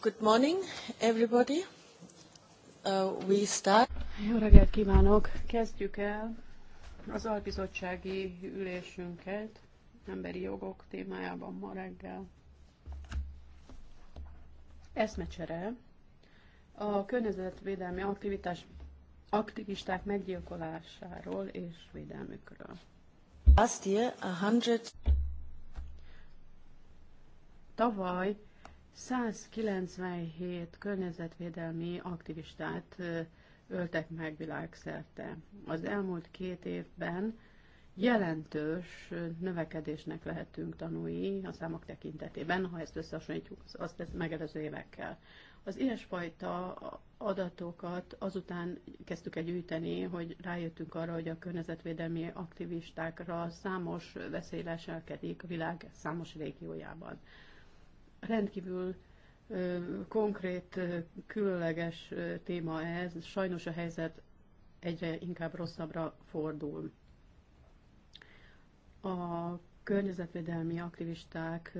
good morning, everybody. Uh, we start. Jó reggelt kívánok! Kezdjük el az albizottsági ülésünket emberi jogok témájában ma reggel. Eszmecsere a környezetvédelmi aktivitás, aktivisták meggyilkolásáról és védelmükről. Last year, a hundred... Tavaly 197 környezetvédelmi aktivistát öltek meg világszerte. Az elmúlt két évben jelentős növekedésnek lehetünk tanúi a számok tekintetében, ha ezt összehasonlítjuk azt megelőző évekkel. Az ilyesfajta adatokat azután kezdtük egy gyűjteni, hogy rájöttünk arra, hogy a környezetvédelmi aktivistákra számos veszély leselkedik a világ számos régiójában. Rendkívül konkrét, különleges téma ez, sajnos a helyzet egyre inkább rosszabbra fordul. A környezetvédelmi aktivisták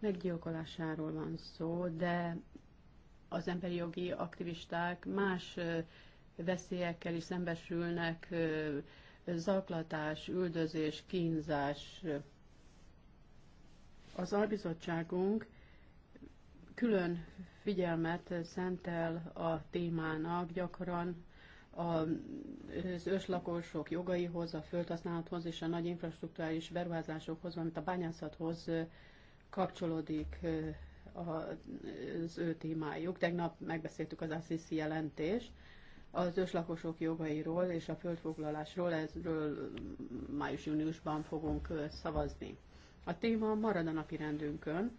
meggyilkolásáról van szó, de az emberi jogi aktivisták más veszélyekkel is szembesülnek, zaklatás, üldözés, kínzás. Az albizottságunk külön figyelmet szentel a témának, gyakran az őslakosok jogaihoz, a földhasználathoz és a nagy infrastruktúrális beruházásokhoz, valamint a bányászathoz kapcsolódik az ő témájuk. Tegnap megbeszéltük az ACC jelentést az őslakosok jogairól és a földfoglalásról, ezről május-júniusban fogunk szavazni. A téma marad a napi rendünkön,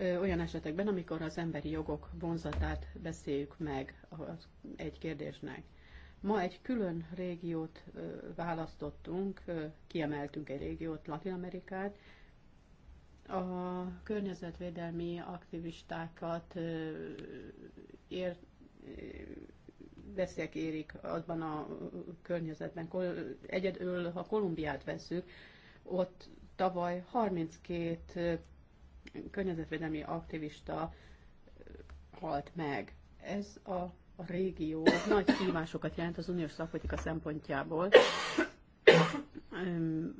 olyan esetekben, amikor az emberi jogok vonzatát beszéljük meg az egy kérdésnek. Ma egy külön régiót választottunk, kiemeltünk egy régiót, Latin Amerikát. A környezetvédelmi aktivistákat ér, veszélyek érik abban a környezetben. Egyedül, ha Kolumbiát veszük, ott tavaly 32 környezetvédelmi aktivista halt meg. Ez a régió nagy kívásokat jelent az uniós szakpolitika szempontjából.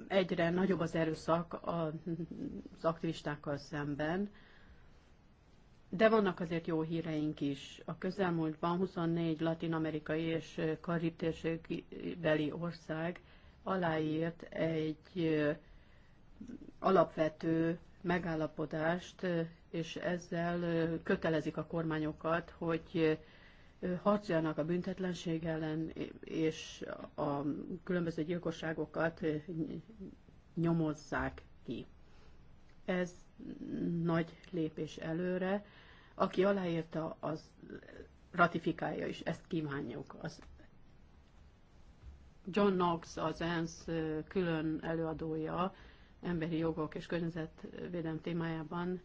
Egyre nagyobb az erőszak az aktivistákkal szemben, de vannak azért jó híreink is. A közelmúltban 24 latin-amerikai és karib térségbeli ország aláírt egy alapvető megállapodást, és ezzel kötelezik a kormányokat, hogy harcoljanak a büntetlenség ellen, és a különböző gyilkosságokat nyomozzák ki. Ez nagy lépés előre. Aki aláírta, az ratifikálja is, ezt kívánjuk. Az John Knox, az ENSZ külön előadója, emberi jogok és környezetvédelem témájában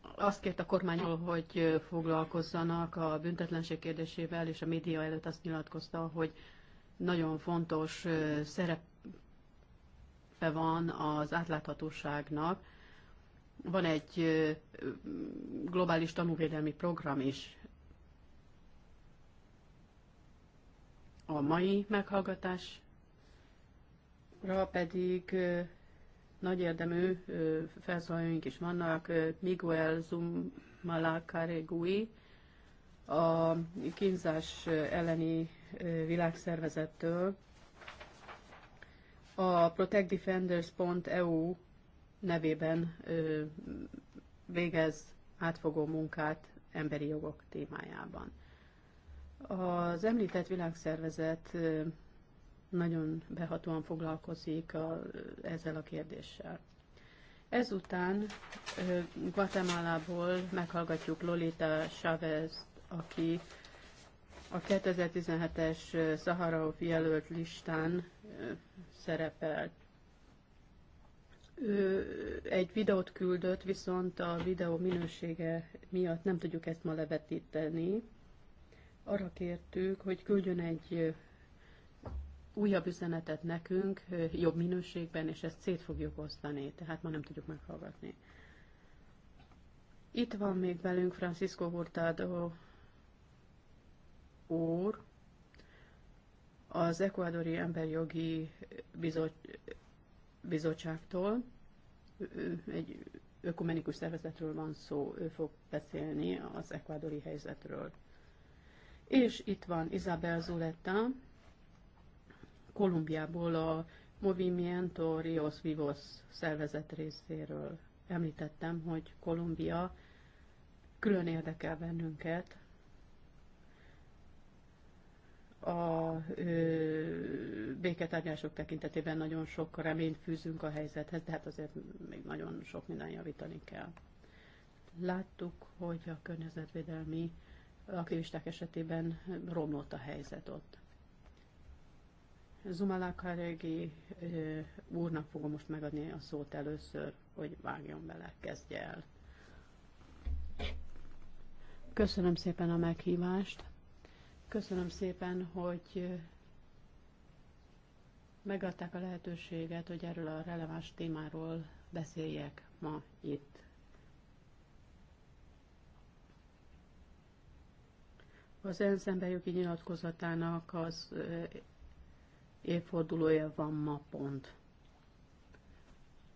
azt kért a kormányról, hogy foglalkozzanak a büntetlenség kérdésével, és a média előtt azt nyilatkozta, hogy nagyon fontos szerepe van az átláthatóságnak. Van egy globális tanúvédelmi program is. A mai meghallgatás Ra pedig nagy érdemű felszólalóink is vannak. Miguel Zumalakaregui, a kínzás elleni világszervezettől, a protectdefenders.eu nevében végez átfogó munkát emberi jogok témájában. Az említett világszervezet nagyon behatóan foglalkozik a, ezzel a kérdéssel. Ezután Guatemalából meghallgatjuk Lolita Chavez, aki a 2017-es Szaharov jelölt listán szerepelt. Ő egy videót küldött, viszont a videó minősége miatt nem tudjuk ezt ma levetíteni. Arra kértük, hogy küldjön egy újabb üzenetet nekünk, jobb minőségben, és ezt szét fogjuk osztani, tehát ma nem tudjuk meghallgatni. Itt van még velünk Francisco Hurtado úr, az Ecuadori Emberjogi jogi Bizottságtól, egy ökumenikus szervezetről van szó, ő fog beszélni az ekvádori helyzetről. És itt van Isabel Zuletta, Kolumbiából a Movimiento Rios Vivos szervezet részéről. Említettem, hogy Kolumbia külön érdekel bennünket, a béketárgyások tekintetében nagyon sok reményt fűzünk a helyzethez, de hát azért még nagyon sok minden javítani kell. Láttuk, hogy a környezetvédelmi aktivisták esetében romlott a helyzet ott. Karegi úrnak fogom most megadni a szót először, hogy vágjon bele, kezdje el. Köszönöm szépen a meghívást. Köszönöm szépen, hogy megadták a lehetőséget, hogy erről a releváns témáról beszéljek ma itt. Az ENSZ emberjogi nyilatkozatának az évfordulója van ma pont.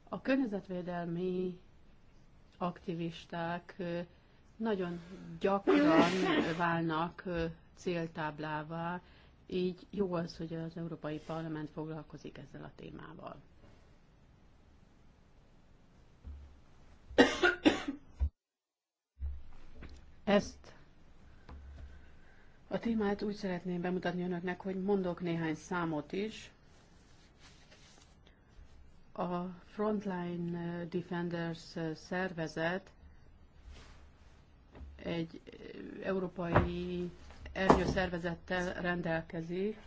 A környezetvédelmi aktivisták nagyon gyakran válnak céltáblává, így jó az, hogy az Európai Parlament foglalkozik ezzel a témával. Ezt a témát úgy szeretném bemutatni önöknek, hogy mondok néhány számot is. A Frontline Defenders szervezet egy európai szervezettel rendelkezik,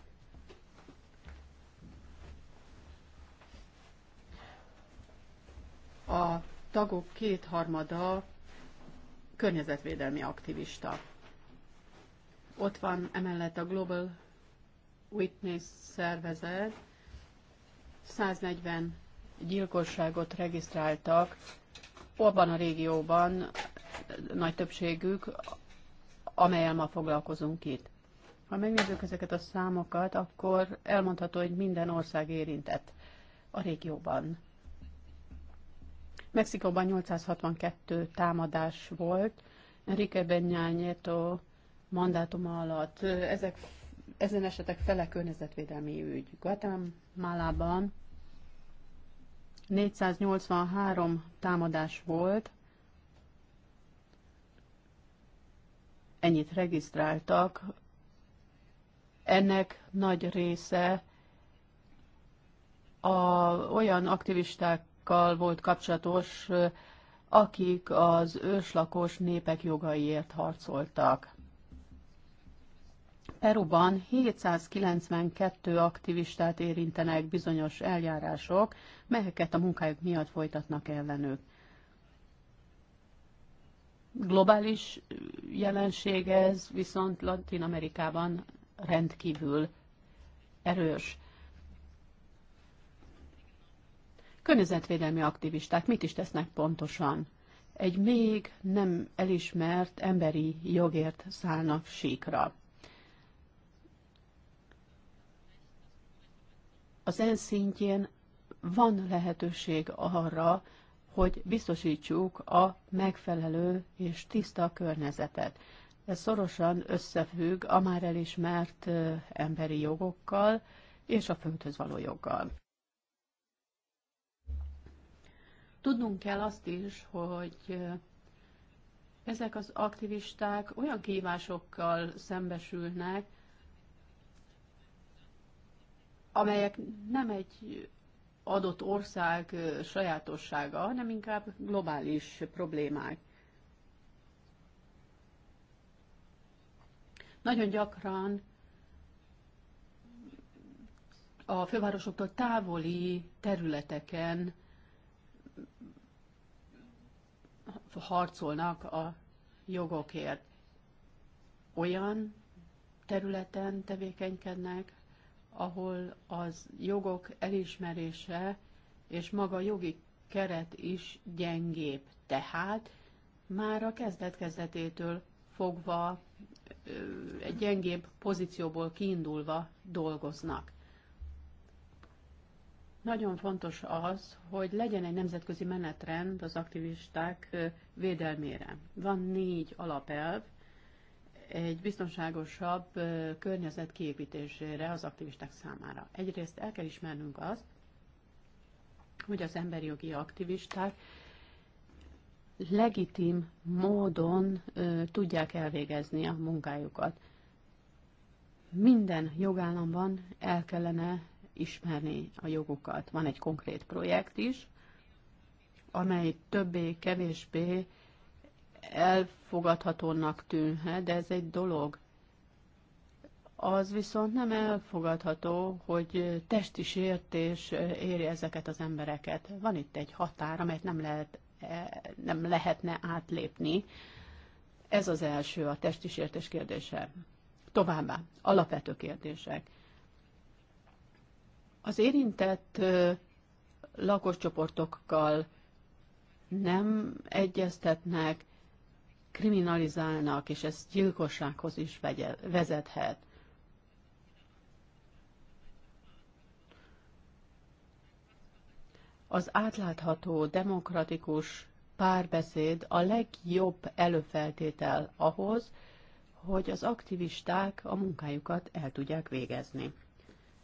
a tagok kétharmada környezetvédelmi aktivista. Ott van emellett a Global Witness szervezet, 140 gyilkosságot regisztráltak abban a régióban, nagy többségük, amelyel ma foglalkozunk itt. Ha megnézzük ezeket a számokat, akkor elmondható, hogy minden ország érintett a régióban. Mexikóban 862 támadás volt, Enrique Benyányétó mandátuma alatt. Ezek, ezen esetek fele környezetvédelmi ügy. Guatemala-ban 483 támadás volt, ennyit regisztráltak. Ennek nagy része a, olyan aktivistákkal volt kapcsolatos, akik az őslakos népek jogaiért harcoltak. Peruban 792 aktivistát érintenek bizonyos eljárások, melyeket a munkájuk miatt folytatnak ellenük. Globális jelenség ez, viszont Latin Amerikában rendkívül erős. Környezetvédelmi aktivisták mit is tesznek pontosan? Egy még nem elismert emberi jogért szállnak síkra. az ENSZ szintjén van lehetőség arra, hogy biztosítsuk a megfelelő és tiszta környezetet. Ez szorosan összefügg a már elismert emberi jogokkal és a földhöz való joggal. Tudnunk kell azt is, hogy ezek az aktivisták olyan kívásokkal szembesülnek, amelyek nem egy adott ország sajátossága, hanem inkább globális problémák. Nagyon gyakran a fővárosoktól távoli területeken harcolnak a jogokért. Olyan területen tevékenykednek, ahol az jogok elismerése és maga jogi keret is gyengébb. Tehát már a kezdet-kezdetétől fogva egy gyengébb pozícióból kiindulva dolgoznak. Nagyon fontos az, hogy legyen egy nemzetközi menetrend az aktivisták védelmére. Van négy alapelv, egy biztonságosabb környezet kiépítésére az aktivisták számára. Egyrészt el kell ismernünk azt, hogy az emberi jogi aktivisták legitim módon ö, tudják elvégezni a munkájukat. Minden jogállamban el kellene ismerni a jogokat. Van egy konkrét projekt is, amely többé-kevésbé elfogadhatónak tűnhet, de ez egy dolog. Az viszont nem elfogadható, hogy testi sértés éri ezeket az embereket. Van itt egy határ, amelyet nem, lehet, e, nem lehetne átlépni. Ez az első, a testi sértés kérdése. Továbbá, alapvető kérdések. Az érintett lakoscsoportokkal nem egyeztetnek, kriminalizálnak, és ez gyilkossághoz is vezethet. Az átlátható, demokratikus párbeszéd a legjobb előfeltétel ahhoz, hogy az aktivisták a munkájukat el tudják végezni.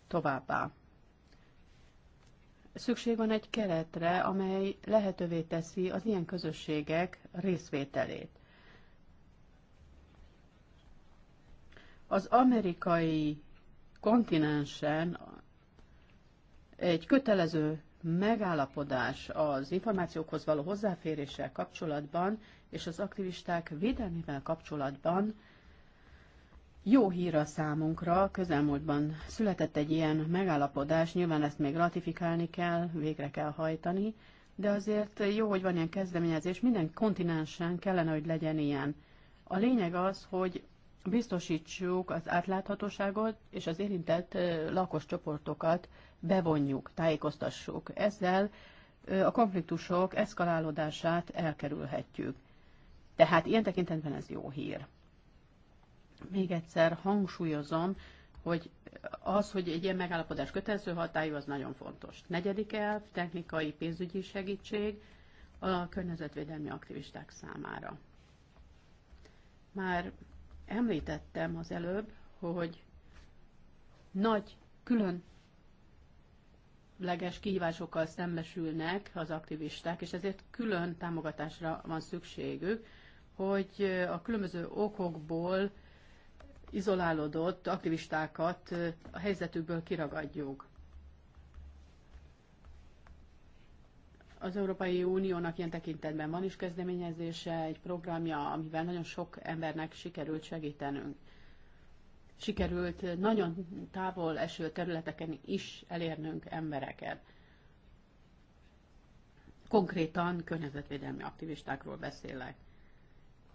Továbbá. Szükség van egy keretre, amely lehetővé teszi az ilyen közösségek részvételét. Az amerikai kontinensen egy kötelező megállapodás az információkhoz való hozzáféréssel kapcsolatban és az aktivisták védelmével kapcsolatban jó hír a számunkra, közelmúltban született egy ilyen megállapodás, nyilván ezt még ratifikálni kell, végre kell hajtani, de azért jó, hogy van ilyen kezdeményezés, minden kontinensen kellene, hogy legyen ilyen. A lényeg az, hogy biztosítsuk az átláthatóságot, és az érintett lakos csoportokat bevonjuk, tájékoztassuk. Ezzel a konfliktusok eszkalálódását elkerülhetjük. Tehát ilyen tekintetben ez jó hír. Még egyszer hangsúlyozom, hogy az, hogy egy ilyen megállapodás kötelező hatályú, az nagyon fontos. Negyedik elv, technikai pénzügyi segítség a környezetvédelmi aktivisták számára. Már Említettem az előbb, hogy nagy, külön leges kihívásokkal szembesülnek az aktivisták, és ezért külön támogatásra van szükségük, hogy a különböző okokból izolálódott aktivistákat a helyzetükből kiragadjuk. Az Európai Uniónak ilyen tekintetben van is kezdeményezése, egy programja, amivel nagyon sok embernek sikerült segítenünk. Sikerült nagyon távol eső területeken is elérnünk embereket. Konkrétan környezetvédelmi aktivistákról beszélek.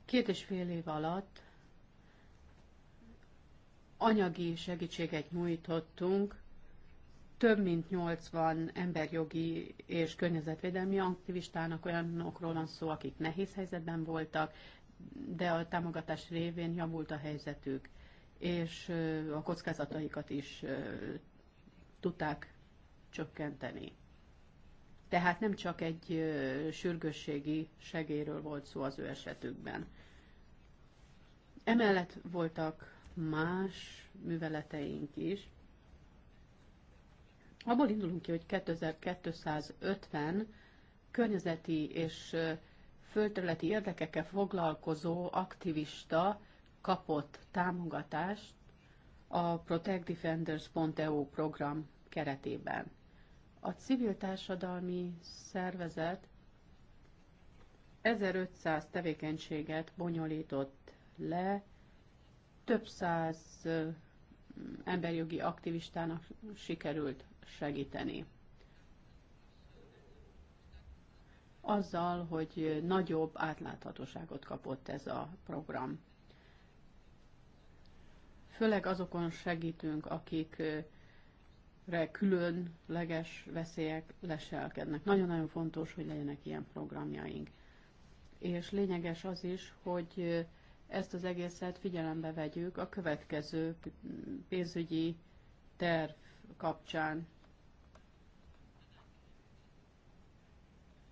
Két és fél év alatt anyagi segítséget nyújtottunk több mint 80 emberjogi és környezetvédelmi aktivistának olyanokról van szó, akik nehéz helyzetben voltak, de a támogatás révén javult a helyzetük, és a kockázataikat is tudták csökkenteni. Tehát nem csak egy sürgősségi segélyről volt szó az ő esetükben. Emellett voltak más műveleteink is, Abból indulunk ki, hogy 2250 környezeti és földterületi érdekekkel foglalkozó aktivista kapott támogatást a Protect Defenders.eu program keretében. A civil társadalmi szervezet 1500 tevékenységet bonyolított le, több száz emberjogi aktivistának sikerült segíteni. Azzal, hogy nagyobb átláthatóságot kapott ez a program. Főleg azokon segítünk, akikre különleges veszélyek leselkednek. Nagyon-nagyon fontos, hogy legyenek ilyen programjaink. És lényeges az is, hogy ezt az egészet figyelembe vegyük a következő pénzügyi terv kapcsán.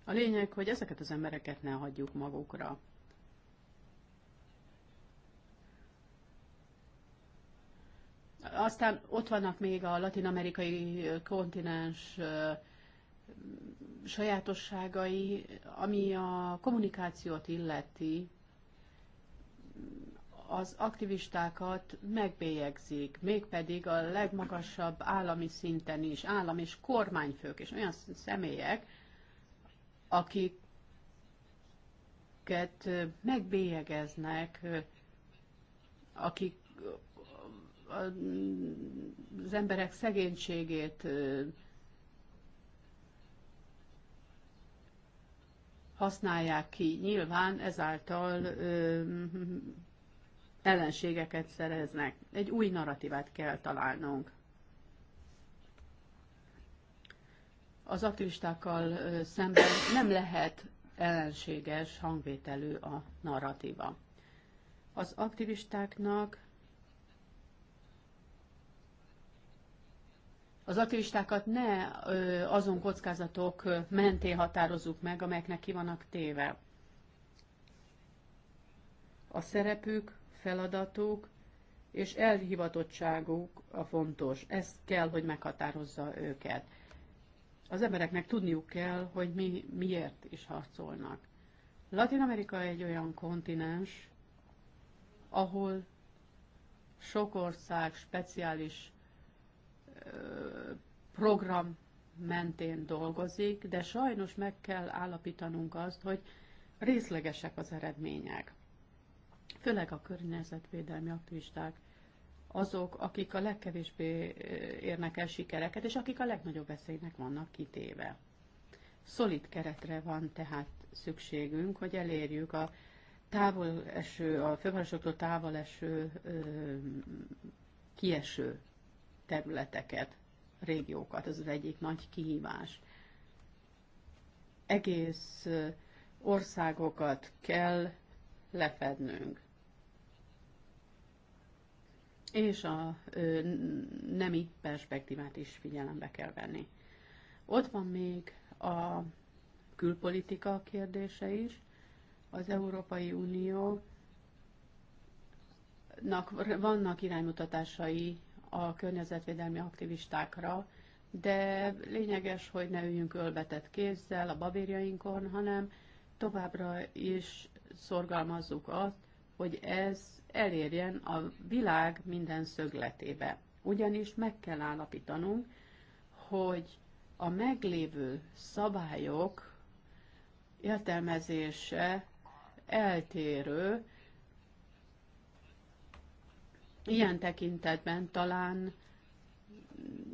A lényeg, hogy ezeket az embereket ne hagyjuk magukra. Aztán ott vannak még a latin-amerikai kontinens sajátosságai, ami a kommunikációt illeti, az aktivistákat megbélyegzik, mégpedig a legmagasabb állami szinten is, állam és kormányfők és olyan személyek, akiket megbélyegeznek, akik az emberek szegénységét használják ki. Nyilván ezáltal ellenségeket szereznek. Egy új narratívát kell találnunk. az aktivistákkal szemben nem lehet ellenséges hangvételű a narratíva. Az aktivistáknak az aktivistákat ne azon kockázatok menté határozzuk meg, amelyeknek ki vannak téve. A szerepük, feladatuk és elhivatottságuk a fontos. Ez kell, hogy meghatározza őket az embereknek tudniuk kell, hogy mi, miért is harcolnak. Latin Amerika egy olyan kontinens, ahol sok ország speciális program mentén dolgozik, de sajnos meg kell állapítanunk azt, hogy részlegesek az eredmények. Főleg a környezetvédelmi aktivisták azok, akik a legkevésbé eh, érnek el sikereket, és akik a legnagyobb veszélynek vannak kitéve. Szolid keretre van tehát szükségünk, hogy elérjük a távol eső, a fővárosoktól távol eső, eh, kieső területeket, régiókat. Ez az egyik nagy kihívás. Egész eh, országokat kell lefednünk és a ö, nemi perspektívát is figyelembe kell venni. Ott van még a külpolitika kérdése is. Az Európai Uniónak vannak iránymutatásai a környezetvédelmi aktivistákra, de lényeges, hogy ne üljünk ölbetett kézzel a babérjainkon, hanem továbbra is szorgalmazzuk azt, hogy ez elérjen a világ minden szögletébe. Ugyanis meg kell állapítanunk, hogy a meglévő szabályok értelmezése eltérő, ilyen tekintetben talán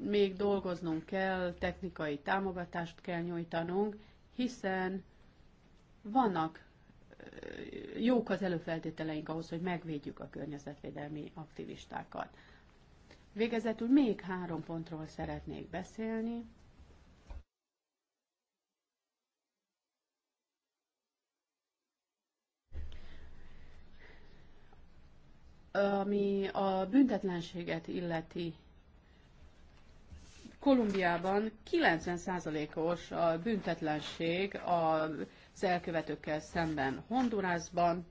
még dolgoznunk kell, technikai támogatást kell nyújtanunk, hiszen vannak jók az előfeltételeink ahhoz, hogy megvédjük a környezetvédelmi aktivistákat. Végezetül még három pontról szeretnék beszélni. Ami a büntetlenséget illeti, Kolumbiában 90%-os a büntetlenség a az elkövetőkkel szemben Hondurasban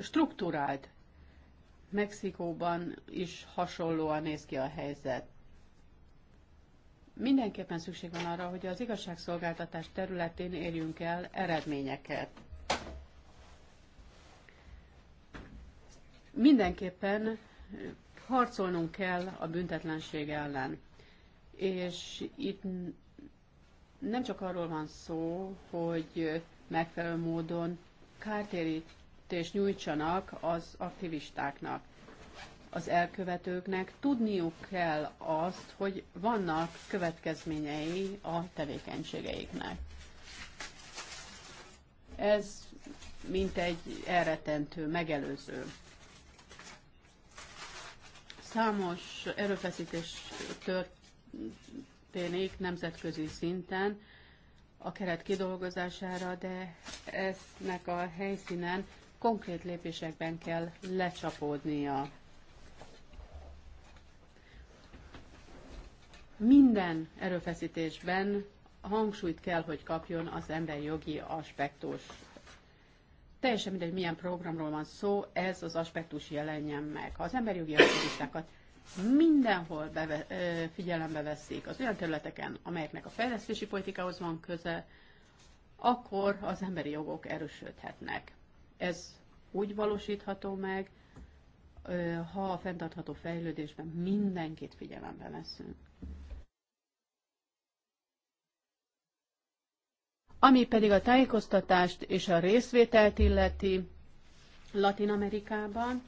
struktúrált Mexikóban is hasonlóan néz ki a helyzet. Mindenképpen szükség van arra, hogy az igazságszolgáltatás területén érjünk el eredményeket. Mindenképpen harcolnunk kell a büntetlenség ellen. És itt nem csak arról van szó, hogy megfelelő módon kártérítést nyújtsanak az aktivistáknak. Az elkövetőknek tudniuk kell azt, hogy vannak következményei a tevékenységeiknek. Ez mint egy elretentő, megelőző. Számos erőfeszítés tört, történik nemzetközi szinten a keret kidolgozására, de eznek a helyszínen konkrét lépésekben kell lecsapódnia. Minden erőfeszítésben hangsúlyt kell, hogy kapjon az emberi jogi aspektus. Teljesen mindegy, milyen programról van szó, ez az aspektus jelenjen meg. Ha az emberi jogi aktivistákat mindenhol beve, figyelembe veszik az olyan területeken, amelyeknek a fejlesztési politikához van köze, akkor az emberi jogok erősödhetnek. Ez úgy valósítható meg, ha a fenntartható fejlődésben mindenkit figyelembe veszünk. Ami pedig a tájékoztatást és a részvételt illeti Latin Amerikában,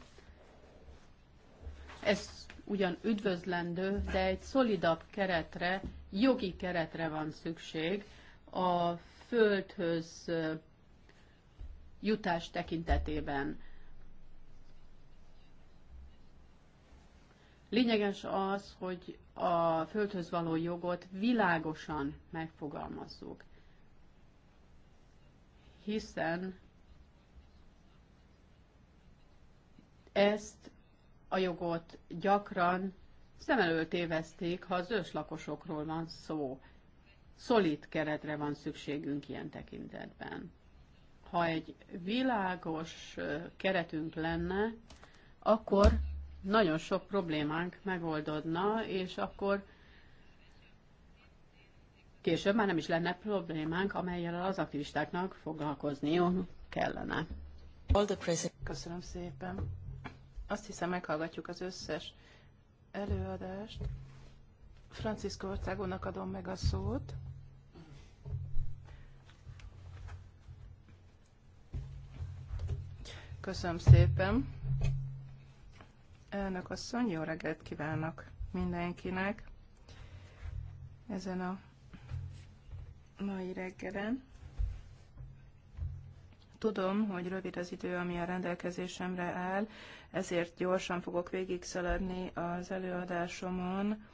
ez ugyan üdvözlendő, de egy szolidabb keretre, jogi keretre van szükség a földhöz jutás tekintetében. Lényeges az, hogy a földhöz való jogot világosan megfogalmazzuk, hiszen ezt a jogot gyakran szem előtt tévezték, ha az őslakosokról van szó. Szolid keretre van szükségünk ilyen tekintetben. Ha egy világos keretünk lenne, akkor nagyon sok problémánk megoldodna, és akkor később már nem is lenne problémánk, amelyel az aktivistáknak foglalkozniuk kellene. Köszönöm szépen! Azt hiszem, meghallgatjuk az összes előadást. Francisco Országónak adom meg a szót. Köszönöm szépen. Elnök asszony, jó reggelt kívánok mindenkinek ezen a mai reggelen. Tudom, hogy rövid az idő, ami a rendelkezésemre áll, ezért gyorsan fogok végigszaladni az előadásomon.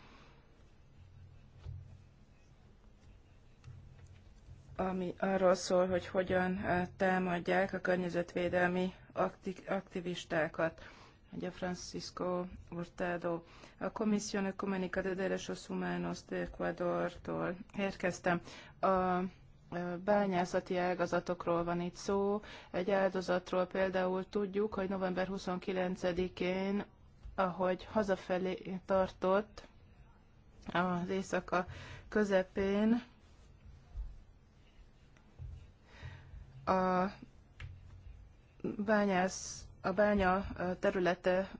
ami arról szól, hogy hogyan támadják a környezetvédelmi aktivistákat. Ugye Francisco Hurtado. A Comisión Ecuménica de Derechos Humanos de Ecuador-tól érkeztem. A bányászati ágazatokról van itt szó. Egy áldozatról például tudjuk, hogy november 29-én, ahogy hazafelé tartott az éjszaka közepén, a bányász, a bánya területe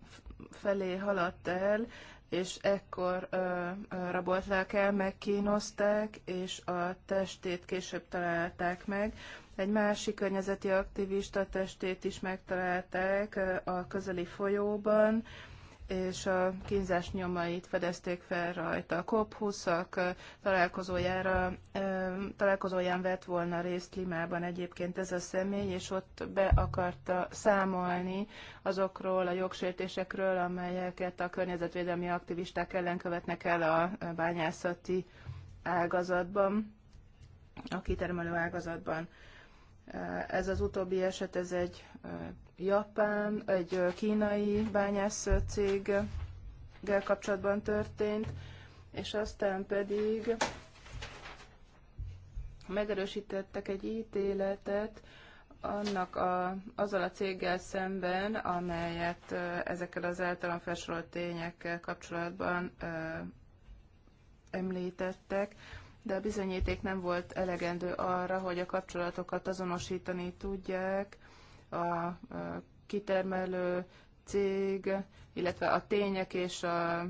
felé haladt el, és ekkor ö, rabolták el, megkínozták, és a testét később találták meg. Egy másik környezeti aktivista testét is megtalálták a közeli folyóban, és a kínzás nyomait fedezték fel rajta. A cop 20 találkozójára, találkozóján vett volna részt Limában egyébként ez a személy, és ott be akarta számolni azokról a jogsértésekről, amelyeket a környezetvédelmi aktivisták ellen követnek el a bányászati ágazatban, a kitermelő ágazatban. Ez az utóbbi eset, ez egy Japán, egy kínai bányászcéggel kapcsolatban történt, és aztán pedig megerősítettek egy ítéletet annak a, azzal a céggel szemben, amelyet ezekkel az általán felsorolt tényekkel kapcsolatban ö, említettek, de a bizonyíték nem volt elegendő arra, hogy a kapcsolatokat azonosítani tudják, a kitermelő cég, illetve a tények és a,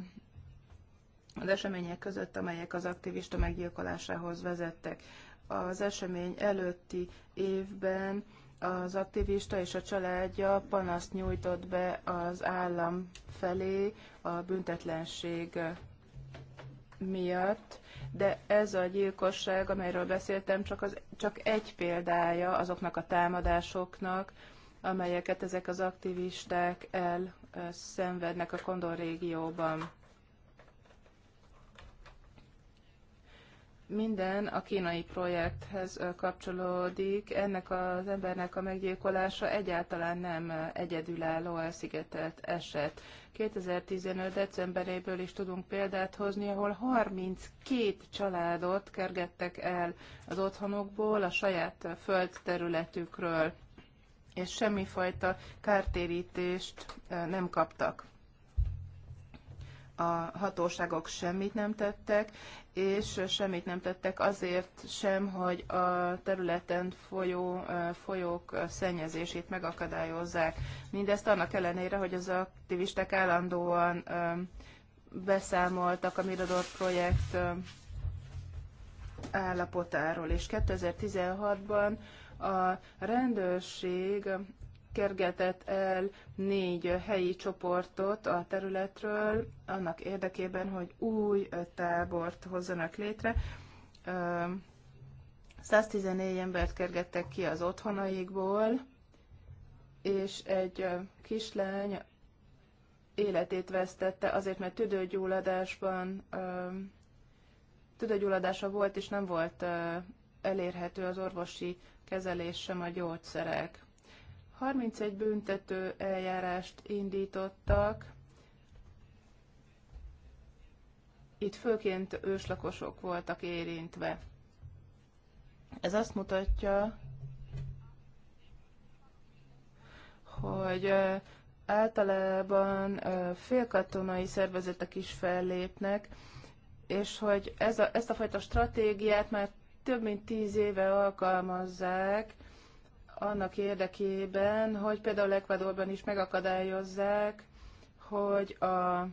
az események között, amelyek az aktivista meggyilkolásához vezettek. Az esemény előtti évben az aktivista és a családja panaszt nyújtott be az állam felé a büntetlenség miatt, de ez a gyilkosság, amelyről beszéltem, csak, az, csak egy példája azoknak a támadásoknak, amelyeket ezek az aktivisták elszenvednek a Kondor régióban. minden a kínai projekthez kapcsolódik. Ennek az embernek a meggyilkolása egyáltalán nem egyedülálló elszigetelt eset. 2015. decemberéből is tudunk példát hozni, ahol 32 családot kergettek el az otthonokból, a saját földterületükről, és semmifajta kártérítést nem kaptak a hatóságok semmit nem tettek, és semmit nem tettek azért sem, hogy a területen folyó, folyók szennyezését megakadályozzák. Mindezt annak ellenére, hogy az aktivisták állandóan beszámoltak a Mirador projekt állapotáról, és 2016-ban a rendőrség kergetett el négy helyi csoportot a területről, annak érdekében, hogy új tábort hozzanak létre. 114 embert kergettek ki az otthonaikból, és egy kislány életét vesztette azért, mert tüdőgyulladásban tüdőgyulladása volt, és nem volt elérhető az orvosi kezelés sem a gyógyszerek. 31 büntető eljárást indítottak. Itt főként őslakosok voltak érintve. Ez azt mutatja, hogy általában félkatonai szervezetek is fellépnek, és hogy ez a, ezt a fajta stratégiát már több mint tíz éve alkalmazzák, annak érdekében, hogy például Ecuadorban is megakadályozzák, hogy a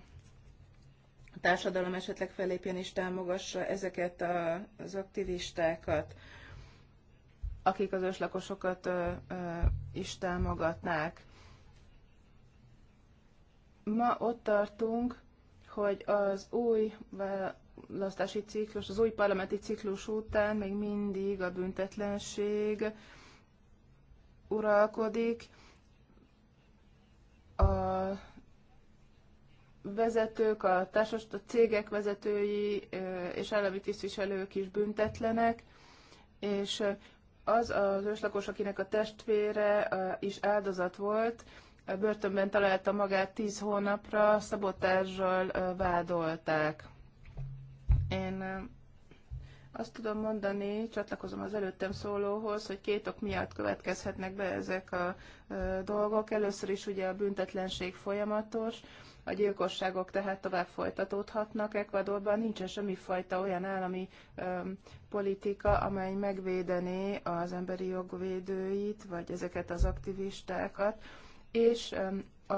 társadalom esetleg felépjen és támogassa ezeket a, az aktivistákat, akik az őslakosokat ö, ö, is támogatnák. Ma ott tartunk, hogy az új választási ciklus, az új parlamenti ciklus után még mindig a büntetlenség uralkodik, a vezetők, a társas a cégek vezetői és állami tisztviselők is büntetlenek, és az az őslakos, akinek a testvére is áldozat volt, börtönben találta magát tíz hónapra, szabotással vádolták. Én azt tudom mondani, csatlakozom az előttem szólóhoz, hogy két ok miatt következhetnek be ezek a dolgok. Először is ugye a büntetlenség folyamatos, a gyilkosságok tehát tovább folytatódhatnak. Ekvadorban nincsen semmifajta olyan állami öm, politika, amely megvédené az emberi jogvédőit, vagy ezeket az aktivistákat, és öm, a,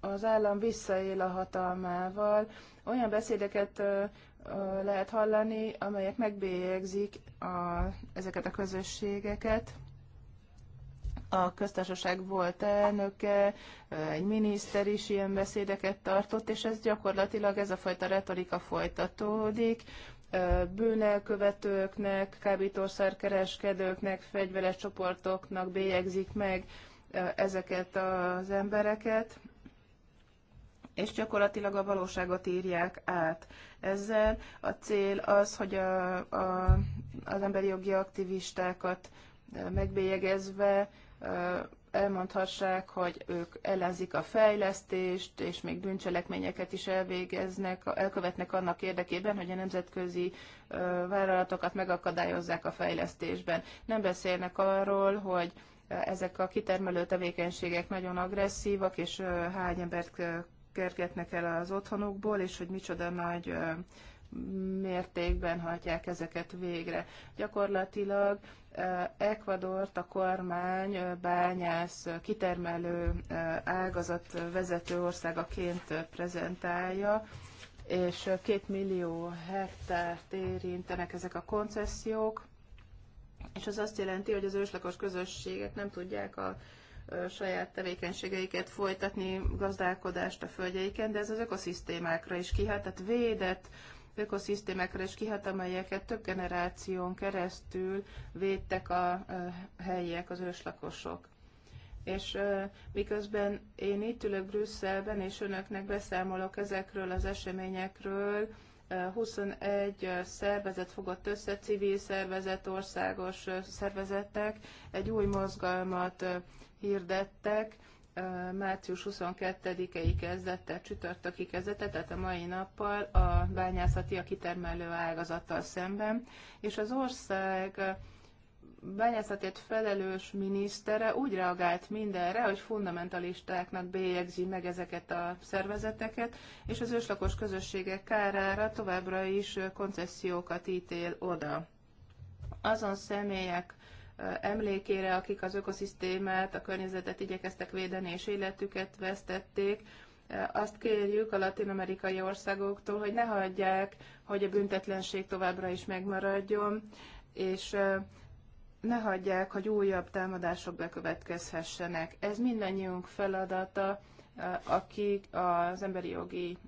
az állam visszaél a hatalmával. Olyan beszédeket lehet hallani, amelyek megbélyegzik a, ezeket a közösségeket. A köztársaság volt elnöke, egy miniszter is ilyen beszédeket tartott, és ez gyakorlatilag ez a fajta retorika folytatódik, bűnelkövetőknek, kábítószerkereskedőknek, fegyveres csoportoknak bélyegzik meg ezeket az embereket, és gyakorlatilag a valóságot írják át. Ezzel a cél az, hogy a, a, az emberi jogi aktivistákat e, megbélyegezve e, elmondhassák, hogy ők ellenzik a fejlesztést, és még bűncselekményeket is elvégeznek, elkövetnek annak érdekében, hogy a nemzetközi e, vállalatokat megakadályozzák a fejlesztésben. Nem beszélnek arról, hogy ezek a kitermelő tevékenységek nagyon agresszívak, és hány embert kergetnek el az otthonukból, és hogy micsoda nagy mértékben hajtják ezeket végre. Gyakorlatilag Ecuadort a kormány bányász, kitermelő ágazat vezető országaként prezentálja, és két millió hektárt érintenek ezek a koncesziók, és az azt jelenti, hogy az őslakos közösségek nem tudják a saját tevékenységeiket folytatni, gazdálkodást a földjeiken, de ez az ökoszisztémákra is kihat, tehát védett ökoszisztémákra is kihat, amelyeket több generáción keresztül védtek a helyiek, az őslakosok. És miközben én itt ülök Brüsszelben, és önöknek beszámolok ezekről az eseményekről, 21 szervezet fogott össze, civil szervezet, országos szervezetek, egy új mozgalmat hirdettek, március 22-i kezdettel, csütörtöki kezdete, tehát a mai nappal a bányászati, a kitermelő ágazattal szemben, és az ország bányászatért felelős minisztere úgy reagált mindenre, hogy fundamentalistáknak bélyegzi meg ezeket a szervezeteket, és az őslakos közösségek kárára továbbra is koncesziókat ítél oda. Azon személyek emlékére, akik az ökoszisztémát, a környezetet igyekeztek védeni és életüket vesztették, azt kérjük a latin-amerikai országoktól, hogy ne hagyják, hogy a büntetlenség továbbra is megmaradjon, és ne hagyják, hogy újabb támadások bekövetkezhessenek. Ez mindannyiunk feladata, akik az emberi jogi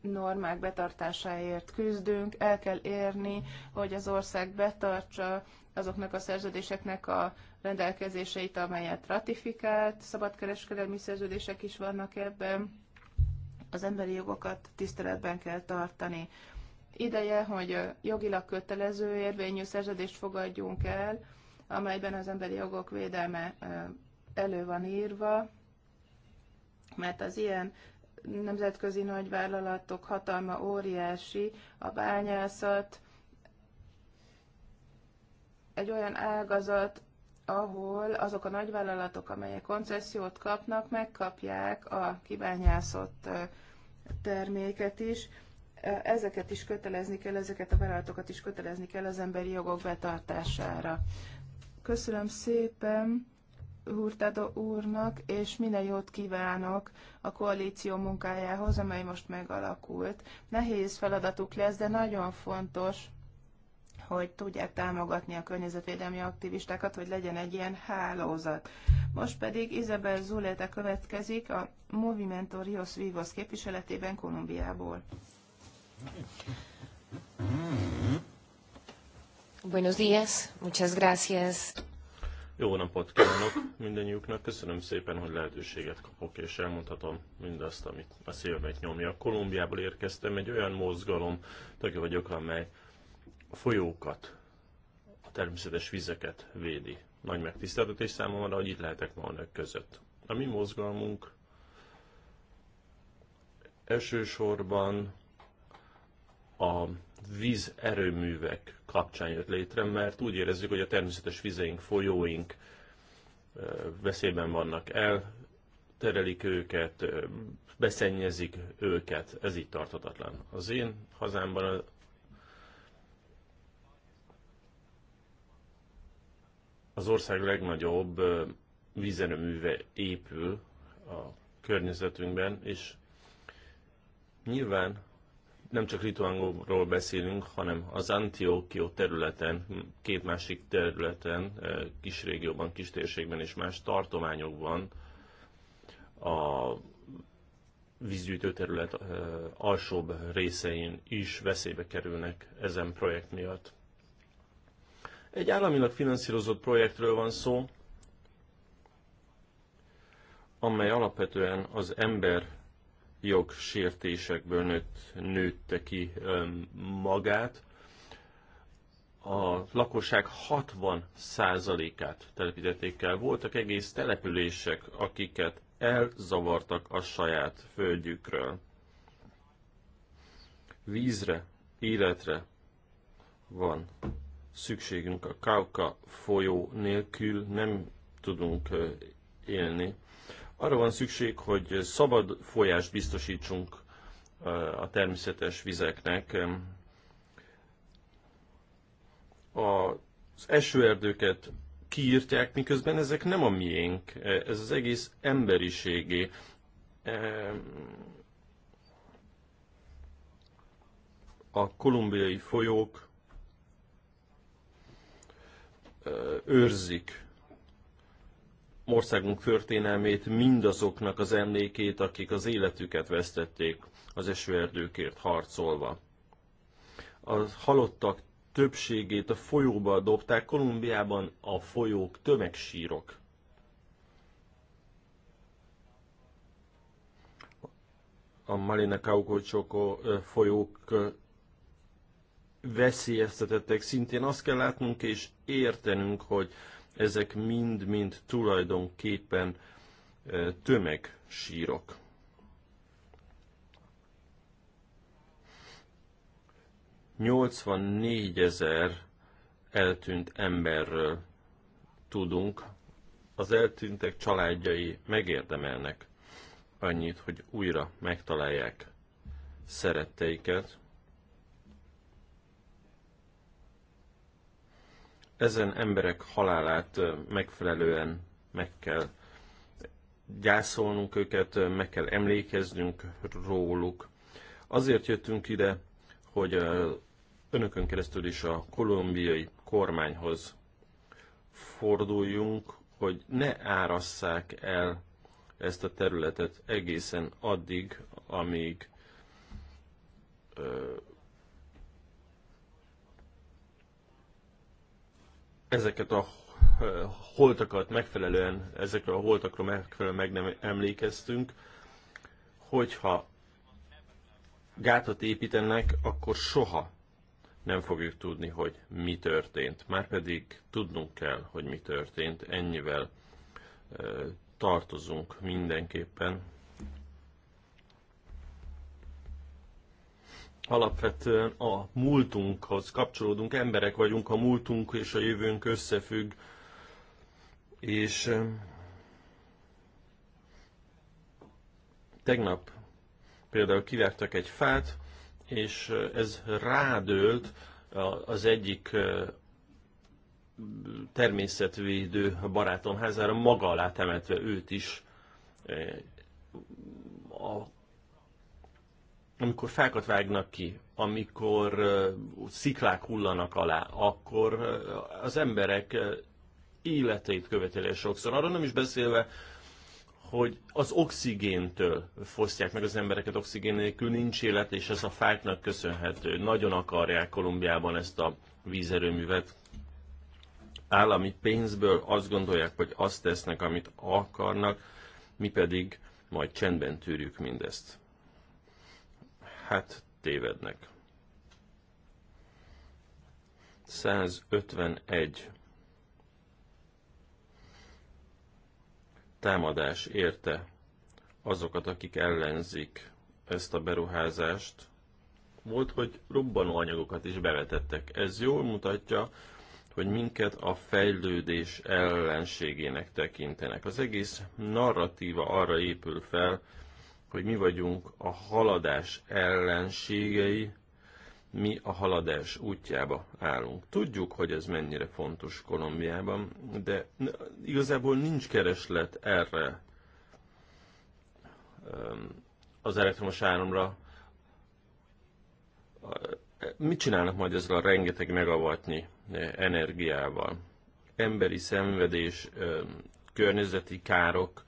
normák betartásáért küzdünk, el kell érni, hogy az ország betartsa azoknak a szerződéseknek a rendelkezéseit, amelyet ratifikált, szabadkereskedelmi szerződések is vannak ebben, az emberi jogokat tiszteletben kell tartani. Ideje, hogy jogilag kötelező érvényű szerződést fogadjunk el, amelyben az emberi jogok védelme elő van írva, mert az ilyen nemzetközi nagyvállalatok hatalma óriási, a bányászat egy olyan ágazat, ahol azok a nagyvállalatok, amelyek koncesziót kapnak, megkapják a kibányászott terméket is ezeket is kötelezni kell, ezeket a vállalatokat is kötelezni kell az emberi jogok betartására. Köszönöm szépen Hurtado úrnak, és minden jót kívánok a koalíció munkájához, amely most megalakult. Nehéz feladatuk lesz, de nagyon fontos, hogy tudják támogatni a környezetvédelmi aktivistákat, hogy legyen egy ilyen hálózat. Most pedig Izabel Zuleta következik a Movimento Rios Vivos képviseletében Kolumbiából. Buenos días, muchas gracias. Jó napot kívánok mindenjüknek, köszönöm szépen, hogy lehetőséget kapok, és elmondhatom mindazt, amit a szélmet nyomja. Kolumbiából érkeztem, egy olyan mozgalom tagja vagyok, amely a folyókat, a természetes vizeket védi. Nagy megtiszteltetés számomra, hogy itt lehetek ma önök között. A mi mozgalmunk elsősorban a vízerőművek kapcsán jött létre, mert úgy érezzük, hogy a természetes vizeink, folyóink veszélyben vannak el, terelik őket, beszennyezik őket, ez így tarthatatlan. Az én hazámban a az ország legnagyobb vízerőműve épül a környezetünkben, és nyilván nem csak Lituánról beszélünk, hanem az Antiokió területen, két másik területen, eh, kis régióban, kis térségben és más tartományokban a vízgyűjtő terület eh, alsóbb részein is veszélybe kerülnek ezen projekt miatt. Egy államilag finanszírozott projektről van szó, amely alapvetően az ember jogsértésekből nőtt, nőtte ki magát. A lakosság 60%-át telepítették el. Voltak egész települések, akiket elzavartak a saját földjükről. Vízre, életre van szükségünk. A Kauka folyó nélkül nem tudunk élni. Arra van szükség, hogy szabad folyást biztosítsunk a természetes vizeknek. Az esőerdőket kiírtják, miközben ezek nem a miénk, ez az egész emberiségé. A kolumbiai folyók őrzik országunk történelmét, mindazoknak az emlékét, akik az életüket vesztették az esőerdőkért harcolva. A halottak többségét a folyóba dobták, Kolumbiában a folyók tömegsírok. A Malina Kaukocsoko folyók veszélyeztetettek, szintén azt kell látnunk és értenünk, hogy ezek mind-mind tulajdonképpen tömegsírok. ezer eltűnt emberről tudunk, az eltűntek családjai megérdemelnek annyit, hogy újra megtalálják szeretteiket, ezen emberek halálát megfelelően meg kell gyászolnunk őket, meg kell emlékeznünk róluk. Azért jöttünk ide, hogy önökön keresztül is a kolumbiai kormányhoz forduljunk, hogy ne árasszák el ezt a területet egészen addig, amíg ezeket a eh, holtakat megfelelően, ezekről a holtakról megfelelően meg nem emlékeztünk, hogyha gátat építenek, akkor soha nem fogjuk tudni, hogy mi történt. Márpedig tudnunk kell, hogy mi történt. Ennyivel eh, tartozunk mindenképpen alapvetően a múltunkhoz kapcsolódunk, emberek vagyunk, a múltunk és a jövőnk összefügg, és tegnap például kivertek egy fát, és ez rádőlt az egyik természetvédő barátom házára, maga alá temetve őt is. A amikor fákat vágnak ki, amikor sziklák hullanak alá, akkor az emberek életét követeli sokszor. Arra nem is beszélve, hogy az oxigéntől fosztják meg az embereket, oxigén nélkül nincs élet, és ez a fáknak köszönhető. Nagyon akarják Kolumbiában ezt a vízerőművet. Állami pénzből azt gondolják, hogy azt tesznek, amit akarnak, mi pedig majd csendben tűrjük mindezt. Hát tévednek. 151 támadás érte azokat, akik ellenzik ezt a beruházást. Volt, hogy robbanó anyagokat is bevetettek. Ez jól mutatja, hogy minket a fejlődés ellenségének tekintenek. Az egész narratíva arra épül fel, hogy mi vagyunk a haladás ellenségei, mi a haladás útjába állunk. Tudjuk, hogy ez mennyire fontos Kolumbiában, de igazából nincs kereslet erre az elektromos áramra. Mit csinálnak majd ezzel a rengeteg megavatni energiával? Emberi szenvedés, környezeti károk,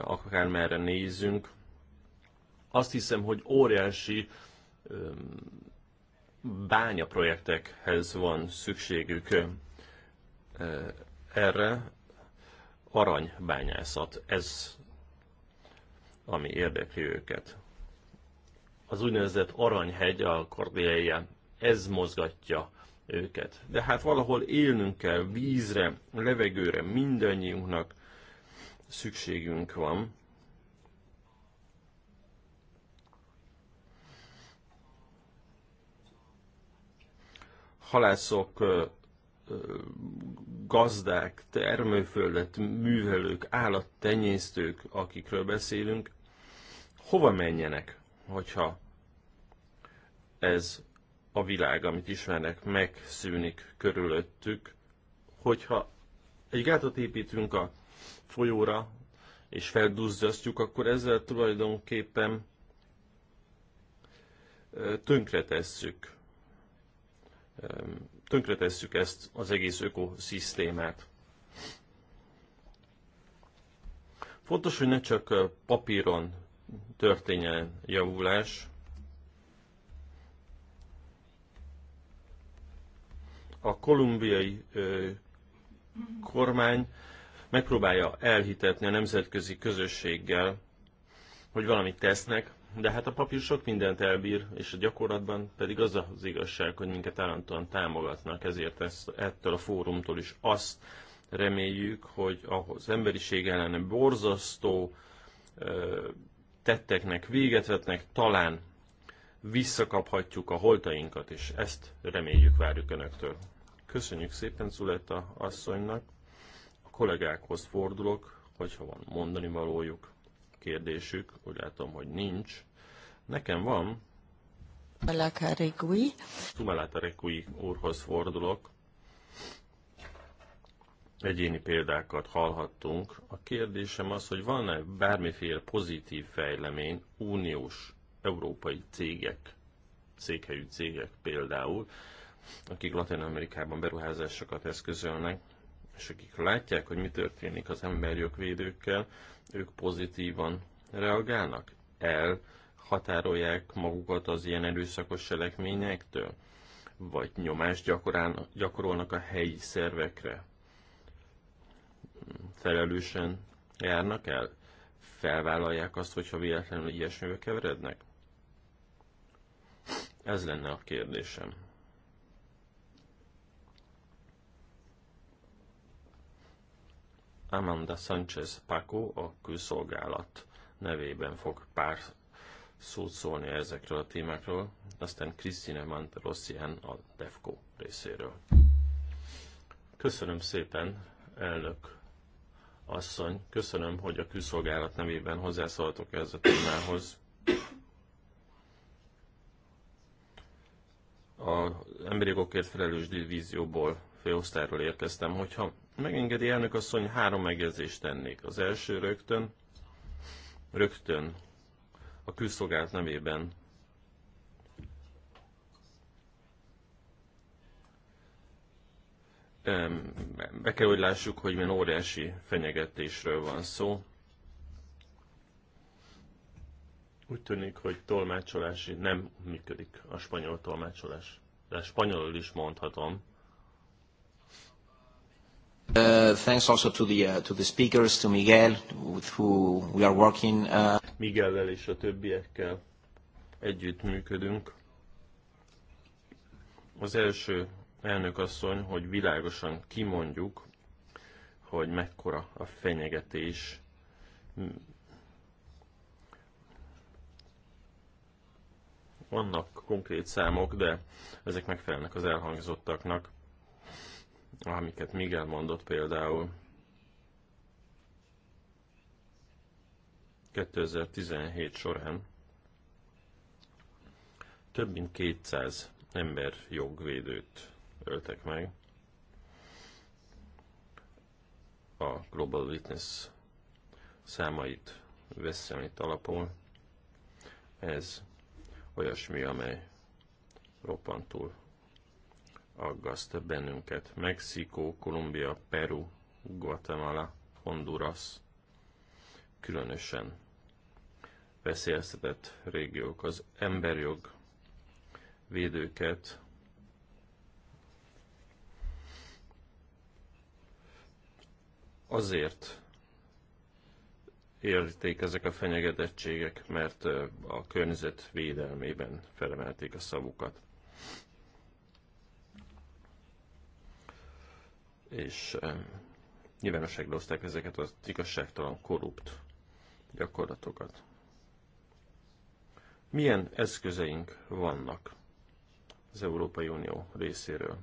akár merre nézzünk, azt hiszem, hogy óriási bányaprojektekhez van szükségük erre. Aranybányászat, ez ami érdekli őket. Az úgynevezett aranyhegy a kordélyáján, ez mozgatja őket. De hát valahol élnünk kell, vízre, levegőre, mindannyiunknak szükségünk van. halászok, gazdák, termőföldet, művelők, állattenyésztők, akikről beszélünk, hova menjenek, hogyha ez a világ, amit ismernek, megszűnik körülöttük, hogyha egy gátat építünk a folyóra, és felduzzasztjuk, akkor ezzel tulajdonképpen tönkretesszük tönkretesszük ezt az egész ökoszisztémát. Fontos, hogy ne csak papíron történjen javulás, a kolumbiai kormány megpróbálja elhitetni a nemzetközi közösséggel, hogy valamit tesznek, de hát a papír sok mindent elbír, és a gyakorlatban pedig az az igazság, hogy minket állandóan támogatnak, ezért ezt, ettől a fórumtól is azt reméljük, hogy az emberiség ellen borzasztó tetteknek véget vetnek, talán visszakaphatjuk a holtainkat, és ezt reméljük, várjuk Önöktől. Köszönjük szépen Zuletta asszonynak, a kollégákhoz fordulok, hogyha van mondani valójuk kérdésük, úgy látom, hogy nincs. Nekem van. Tumalata Rekui. úrhoz fordulok. Egyéni példákat hallhattunk. A kérdésem az, hogy van-e bármiféle pozitív fejlemény uniós európai cégek, székhelyű cégek például, akik Latin Amerikában beruházásokat eszközölnek, és akik látják, hogy mi történik az emberjogvédőkkel, ők pozitívan reagálnak? Elhatárolják magukat az ilyen erőszakos cselekményektől? Vagy nyomást gyakorolnak a helyi szervekre? Felelősen járnak el? Felvállalják azt, hogyha véletlenül ilyesmibe keverednek? Ez lenne a kérdésem. Amanda Sanchez Paco a külszolgálat nevében fog pár szót szólni ezekről a témákról, aztán Krisztina Manterossian a DEFCO részéről. Köszönöm szépen, elnök asszony, köszönöm, hogy a külszolgálat nevében hozzászóltok ez a témához. Az emberi jogokért felelős divízióból főosztályról érkeztem. Hogyha megengedi elnök asszony, három megjegyzést tennék. Az első rögtön, rögtön a külszolgált nevében be kell, hogy lássuk, hogy milyen óriási fenyegetésről van szó. Úgy tűnik, hogy tolmácsolási nem működik a spanyol tolmácsolás. De spanyolul is mondhatom. Uh, thanks also to the, uh, to the speakers, to Miguel, with who we are working. Uh... Miguellel és a többiekkel együtt működünk. Az első elnök asszony, hogy világosan kimondjuk, hogy mekkora a fenyegetés, vannak konkrét számok, de ezek megfelelnek az elhangzottaknak amiket Miguel mondott például. 2017 során több mint 200 ember jogvédőt öltek meg a Global Witness számait veszem itt alapul. Ez olyasmi, amely roppantul aggaszt bennünket. Mexikó, Kolumbia, Peru, Guatemala, Honduras különösen veszélyeztetett régiók. Az emberjog védőket azért érték ezek a fenyegetettségek, mert a környezet védelmében felemelték a szavukat. és nyilvánosságra hozták ezeket az igazságtalan, korrupt gyakorlatokat. Milyen eszközeink vannak az Európai Unió részéről?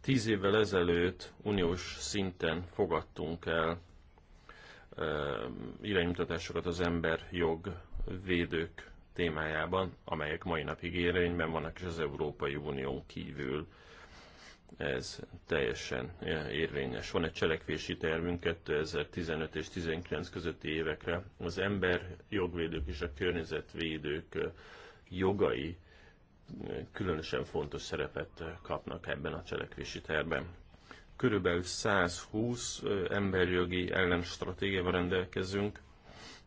Tíz évvel ezelőtt uniós szinten fogadtunk el iránymutatásokat az emberjog jog védők témájában, amelyek mai napig érvényben vannak, és az Európai Unión kívül ez teljesen érvényes. Van egy cselekvési tervünk 2015 és 2019 közötti évekre. Az ember jogvédők és a környezetvédők jogai különösen fontos szerepet kapnak ebben a cselekvési terben. Körülbelül 120 emberjogi ellenstratégiával rendelkezünk,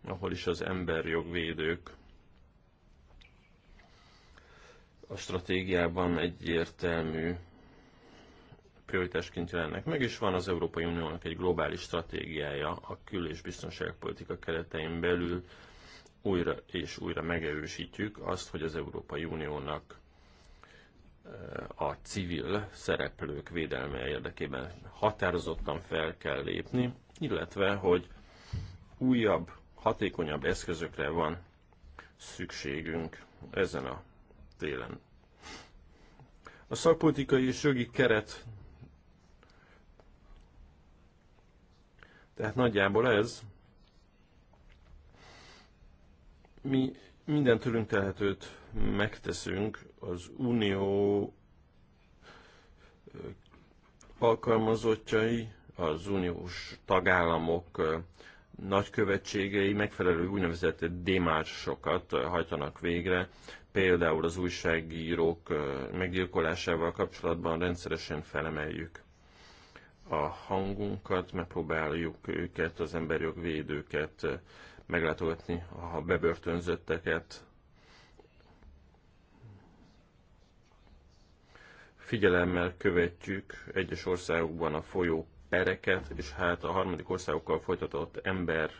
ahol is az emberjogvédők a stratégiában egyértelmű prioritásként jelennek meg, és van az Európai Uniónak egy globális stratégiája a kül- és biztonságpolitika keretein belül újra és újra megerősítjük azt, hogy az Európai Uniónak eh, a civil szereplők védelme érdekében határozottan fel kell lépni, illetve, hogy újabb, hatékonyabb eszközökre van szükségünk ezen a télen. A szakpolitikai és jogi keret Tehát nagyjából ez. Mi minden tőlünk tehetőt megteszünk az unió alkalmazottjai, az uniós tagállamok nagykövetségei megfelelő úgynevezett démársokat hajtanak végre, például az újságírók meggyilkolásával kapcsolatban rendszeresen felemeljük a hangunkat, megpróbáljuk őket, az emberjogvédőket eh, meglátogatni, a bebörtönzötteket. Figyelemmel követjük egyes országokban a folyó pereket, és hát a harmadik országokkal folytatott emberjogi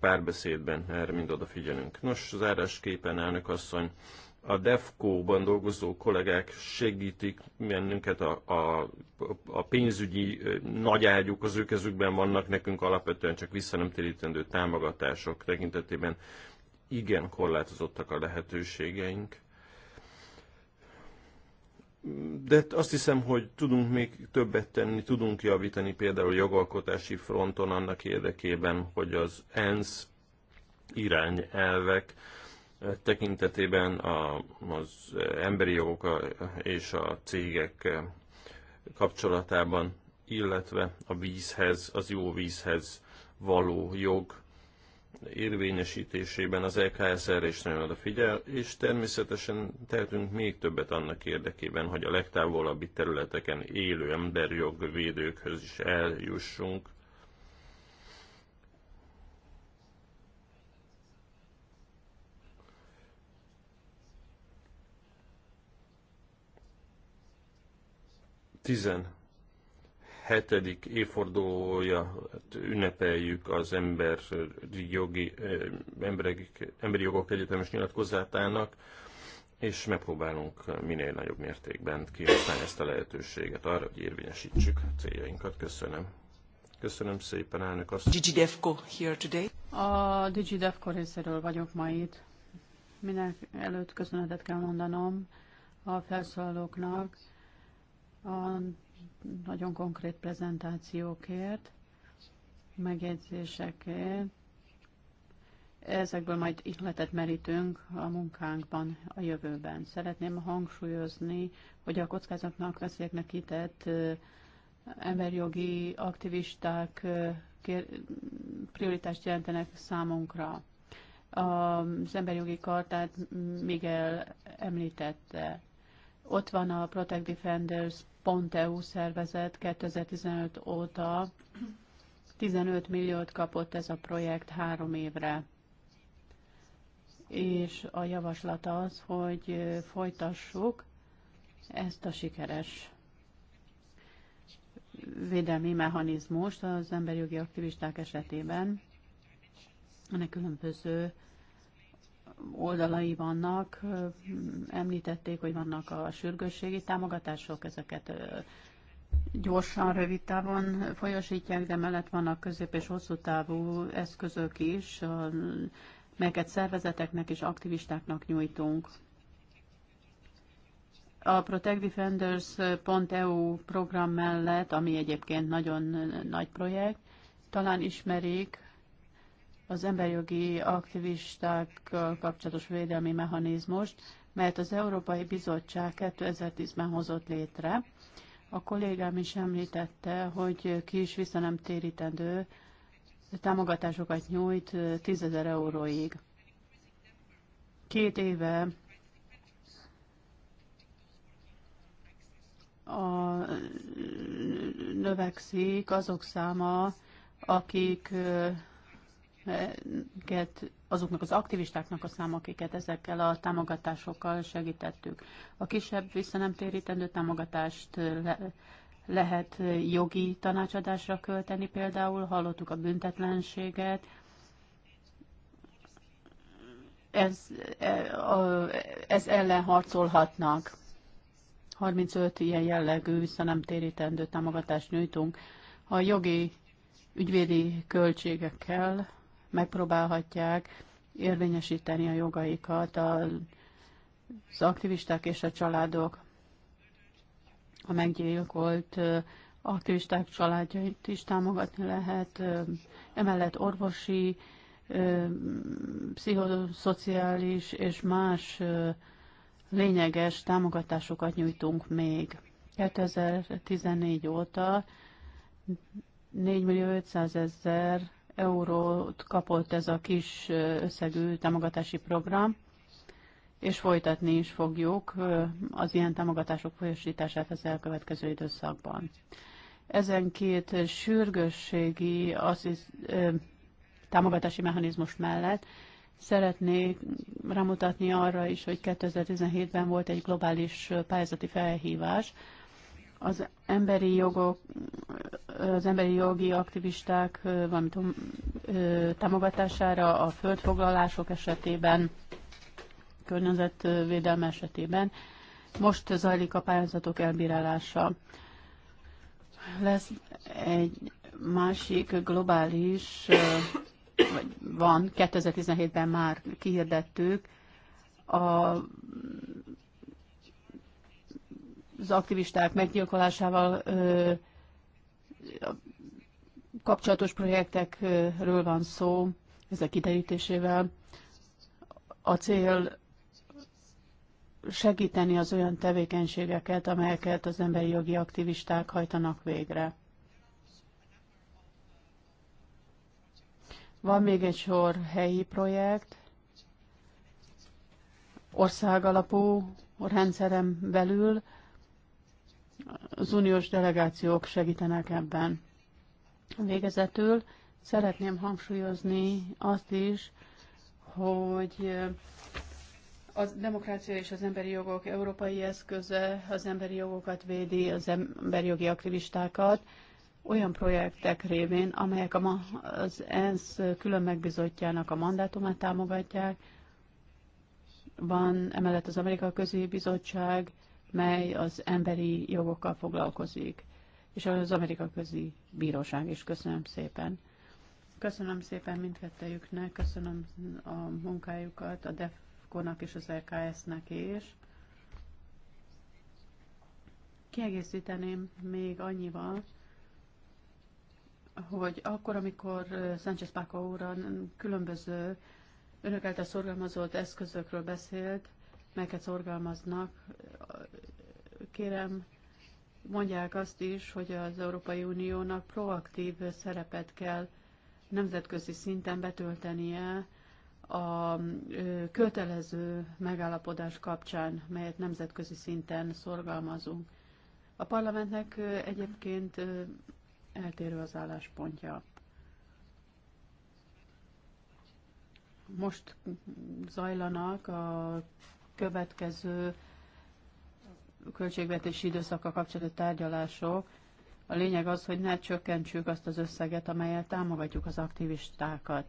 párbeszédben erre mind odafigyelünk. Nos, zárásképpen elnök asszony, a DEFCO-ban dolgozó kollégák segítik mennünket a, a, a pénzügyi nagy ágyuk az ő kezükben vannak, nekünk alapvetően csak visszanemtérítendő támogatások tekintetében igen korlátozottak a lehetőségeink. De azt hiszem, hogy tudunk még többet tenni, tudunk javítani például jogalkotási fronton annak érdekében, hogy az ENSZ irányelvek, tekintetében az emberi jogok és a cégek kapcsolatában, illetve a vízhez, az jó vízhez való jog érvényesítésében az LKS e erre is nagyon odafigyel, és természetesen tehetünk még többet annak érdekében, hogy a legtávolabbi területeken élő emberjogvédőkhöz is eljussunk, 17. évfordulója hát ünnepeljük az ember eh, jogi, eh, emberi, emberi jogok egyetemes nyilatkozatának, és megpróbálunk minél nagyobb mértékben kihasználni ezt a lehetőséget arra, hogy érvényesítsük céljainkat. Köszönöm. Köszönöm szépen, elnök azt. DigiDefco here today. A DigiDefco részéről vagyok ma itt. Minek előtt köszönetet kell mondanom a felszólalóknak a nagyon konkrét prezentációkért, megjegyzésekért. Ezekből majd ihletet merítünk a munkánkban a jövőben. Szeretném hangsúlyozni, hogy a kockázatnak, veszélyeknek kitett emberjogi aktivisták prioritást jelentenek számunkra. Az emberjogi kartát Miguel említette. Ott van a Protect Defenders .eu szervezet 2015 óta 15 milliót kapott ez a projekt három évre. És a javaslat az, hogy folytassuk ezt a sikeres védelmi mechanizmust az emberi jogi aktivisták esetében, ennek különböző oldalai vannak. Említették, hogy vannak a sürgősségi támogatások, ezeket gyorsan, rövid távon folyosítják, de mellett vannak közép- és hosszú távú eszközök is, melyeket szervezeteknek és aktivistáknak nyújtunk. A Protect e program mellett, ami egyébként nagyon nagy projekt, talán ismerik, az emberjogi aktivisták kapcsolatos védelmi mechanizmust, melyet az Európai Bizottság 2010-ben hozott létre. A kollégám is említette, hogy ki is vissza nem térítendő támogatásokat nyújt 10 ezer euróig. Két éve a, növekszik azok száma, akik azoknak az aktivistáknak a szám, akiket ezekkel a támogatásokkal segítettük. A kisebb visszanemtérítendő támogatást le, lehet jogi tanácsadásra költeni például, hallottuk a büntetlenséget, ez, e, ez ellen harcolhatnak. 35 ilyen jellegű visszanemtérítendő támogatást nyújtunk. A jogi ügyvédi költségekkel megpróbálhatják érvényesíteni a jogaikat az aktivisták és a családok, a meggyilkolt aktivisták családjait is támogatni lehet, emellett orvosi, pszichoszociális és más lényeges támogatásokat nyújtunk még. 2014 óta 4 millió 500 ezer eurót kapott ez a kis összegű támogatási program, és folytatni is fogjuk az ilyen támogatások folyosítását az elkövetkező időszakban. Ezen két sürgősségi asszisz, támogatási mechanizmus mellett szeretnék rámutatni arra is, hogy 2017-ben volt egy globális pályázati felhívás, az emberi jogok, az emberi jogi aktivisták, valamint támogatására a földfoglalások esetében, környezetvédelme esetében. Most zajlik a pályázatok elbírálása. Lesz egy másik globális, vagy van, 2017-ben már kihirdettük, a az aktivisták meggyilkolásával kapcsolatos projektekről van szó, ezek kiderítésével. A cél segíteni az olyan tevékenységeket, amelyeket az emberi jogi aktivisták hajtanak végre. Van még egy sor helyi projekt, országalapú rendszerem belül, az uniós delegációk segítenek ebben. Végezetül szeretném hangsúlyozni azt is, hogy a demokrácia és az emberi jogok európai eszköze az emberi jogokat védi, az emberi jogi aktivistákat, olyan projektek révén, amelyek a, az ENSZ külön megbizotjának a mandátumát támogatják. Van emellett az Amerika Közi Bizottság, mely az emberi jogokkal foglalkozik, és az Amerika Közi Bíróság is. Köszönöm szépen. Köszönöm szépen mindkettejüknek, köszönöm a munkájukat, a DEFCO-nak és az LKS-nek is. Kiegészíteném még annyival, hogy akkor, amikor Sánchez Páka úr különböző önök által szorgalmazott eszközökről beszélt, melyeket szorgalmaznak, kérem, mondják azt is, hogy az Európai Uniónak proaktív szerepet kell nemzetközi szinten betöltenie a kötelező megállapodás kapcsán, melyet nemzetközi szinten szorgalmazunk. A parlamentnek egyébként eltérő az álláspontja. Most zajlanak a következő költségvetési időszakkal kapcsolatos tárgyalások. A lényeg az, hogy ne csökkentsük azt az összeget, amelyel támogatjuk az aktivistákat.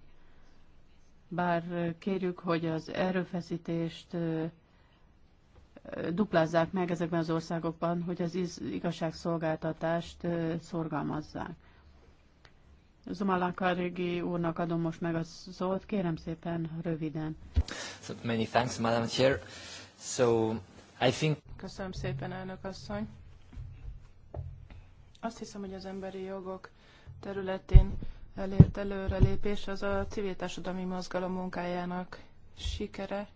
Bár kérjük, hogy az erőfeszítést duplázzák meg ezekben az országokban, hogy az igazságszolgáltatást szorgalmazzák. Zumalaka Régi úrnak adom most meg a szót, kérem szépen röviden. So many thanks, Madam Chair. So I think... Köszönöm szépen, elnök asszony. Azt hiszem, hogy az emberi jogok területén elért előrelépés az a civil társadalmi mozgalom munkájának sikere.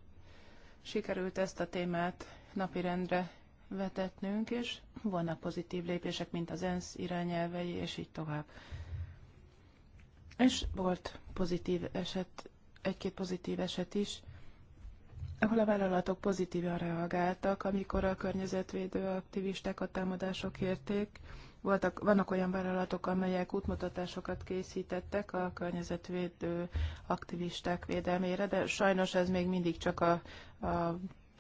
Sikerült ezt a témát napirendre vetetnünk, és vannak pozitív lépések, mint az ENSZ irányelvei, és így tovább. És volt pozitív eset, egy-két pozitív eset is, ahol a vállalatok pozitívan reagáltak, amikor a környezetvédő a támadások érték. Voltak, vannak olyan vállalatok, amelyek útmutatásokat készítettek a környezetvédő aktivisták védelmére, de sajnos ez még mindig csak a, a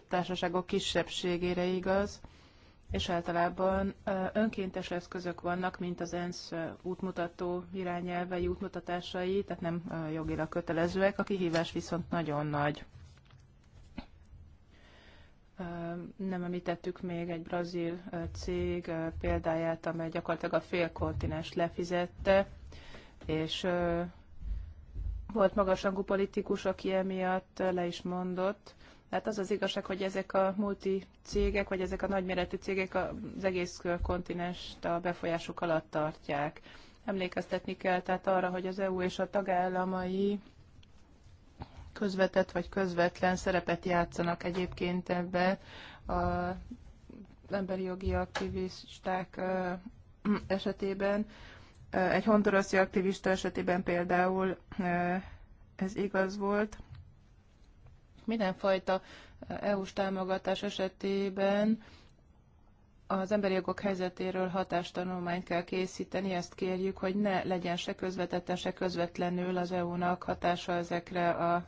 társaságok kisebbségére igaz és általában önkéntes eszközök vannak, mint az ENSZ útmutató irányelvei, útmutatásai, tehát nem jogilag kötelezőek, a kihívás viszont nagyon nagy. Nem említettük még egy brazil cég példáját, amely gyakorlatilag a fél kontinens lefizette, és volt magasrangú politikus, aki emiatt le is mondott, tehát az az igazság, hogy ezek a multi cégek, vagy ezek a nagyméretű cégek az egész kontinens a befolyásuk alatt tartják. Emlékeztetni kell tehát arra, hogy az EU és a tagállamai közvetett vagy közvetlen szerepet játszanak egyébként ebbe a emberi jogi aktivisták esetében. Egy hondoroszi aktivista esetében például ez igaz volt, mindenfajta EU-s támogatás esetében az emberi jogok helyzetéről hatástanulmányt kell készíteni, ezt kérjük, hogy ne legyen se közvetetten, se közvetlenül az EU-nak hatása ezekre a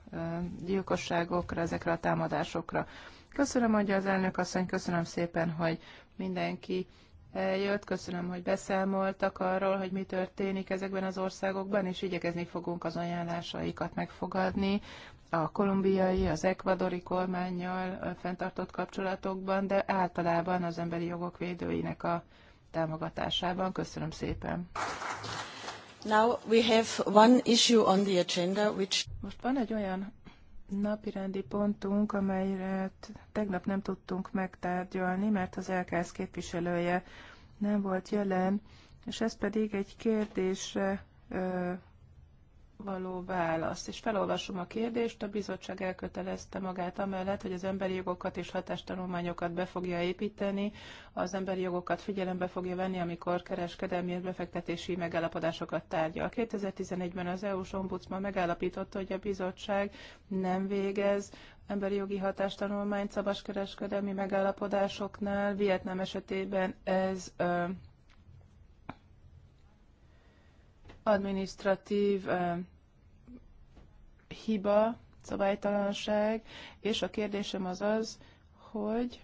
gyilkosságokra, ezekre a támadásokra. Köszönöm, hogy az elnök asszony, köszönöm szépen, hogy mindenki jött, köszönöm, hogy beszámoltak arról, hogy mi történik ezekben az országokban, és igyekezni fogunk az ajánlásaikat megfogadni, a kolumbiai, az ekvadori kormányjal fenntartott kapcsolatokban, de általában az emberi jogok védőinek a támogatásában. Köszönöm szépen. Now we have one issue on the agenda, which... Most van egy olyan napirendi pontunk, amelyet tegnap nem tudtunk megtárgyalni, mert az LKSZ képviselője nem volt jelen, és ez pedig egy kérdésre való választ. És felolvasom a kérdést, a bizottság elkötelezte magát amellett, hogy az emberi jogokat és hatástanulmányokat be fogja építeni, az emberi jogokat figyelembe fogja venni, amikor kereskedelmi és befektetési megállapodásokat tárgyal. 2011-ben az EU-s ombudsman megállapította, hogy a bizottság nem végez emberi jogi hatástanulmányt szabaskereskedelmi megállapodásoknál. Vietnám esetében ez administratív hiba, szabálytalanság, és a kérdésem az az, hogy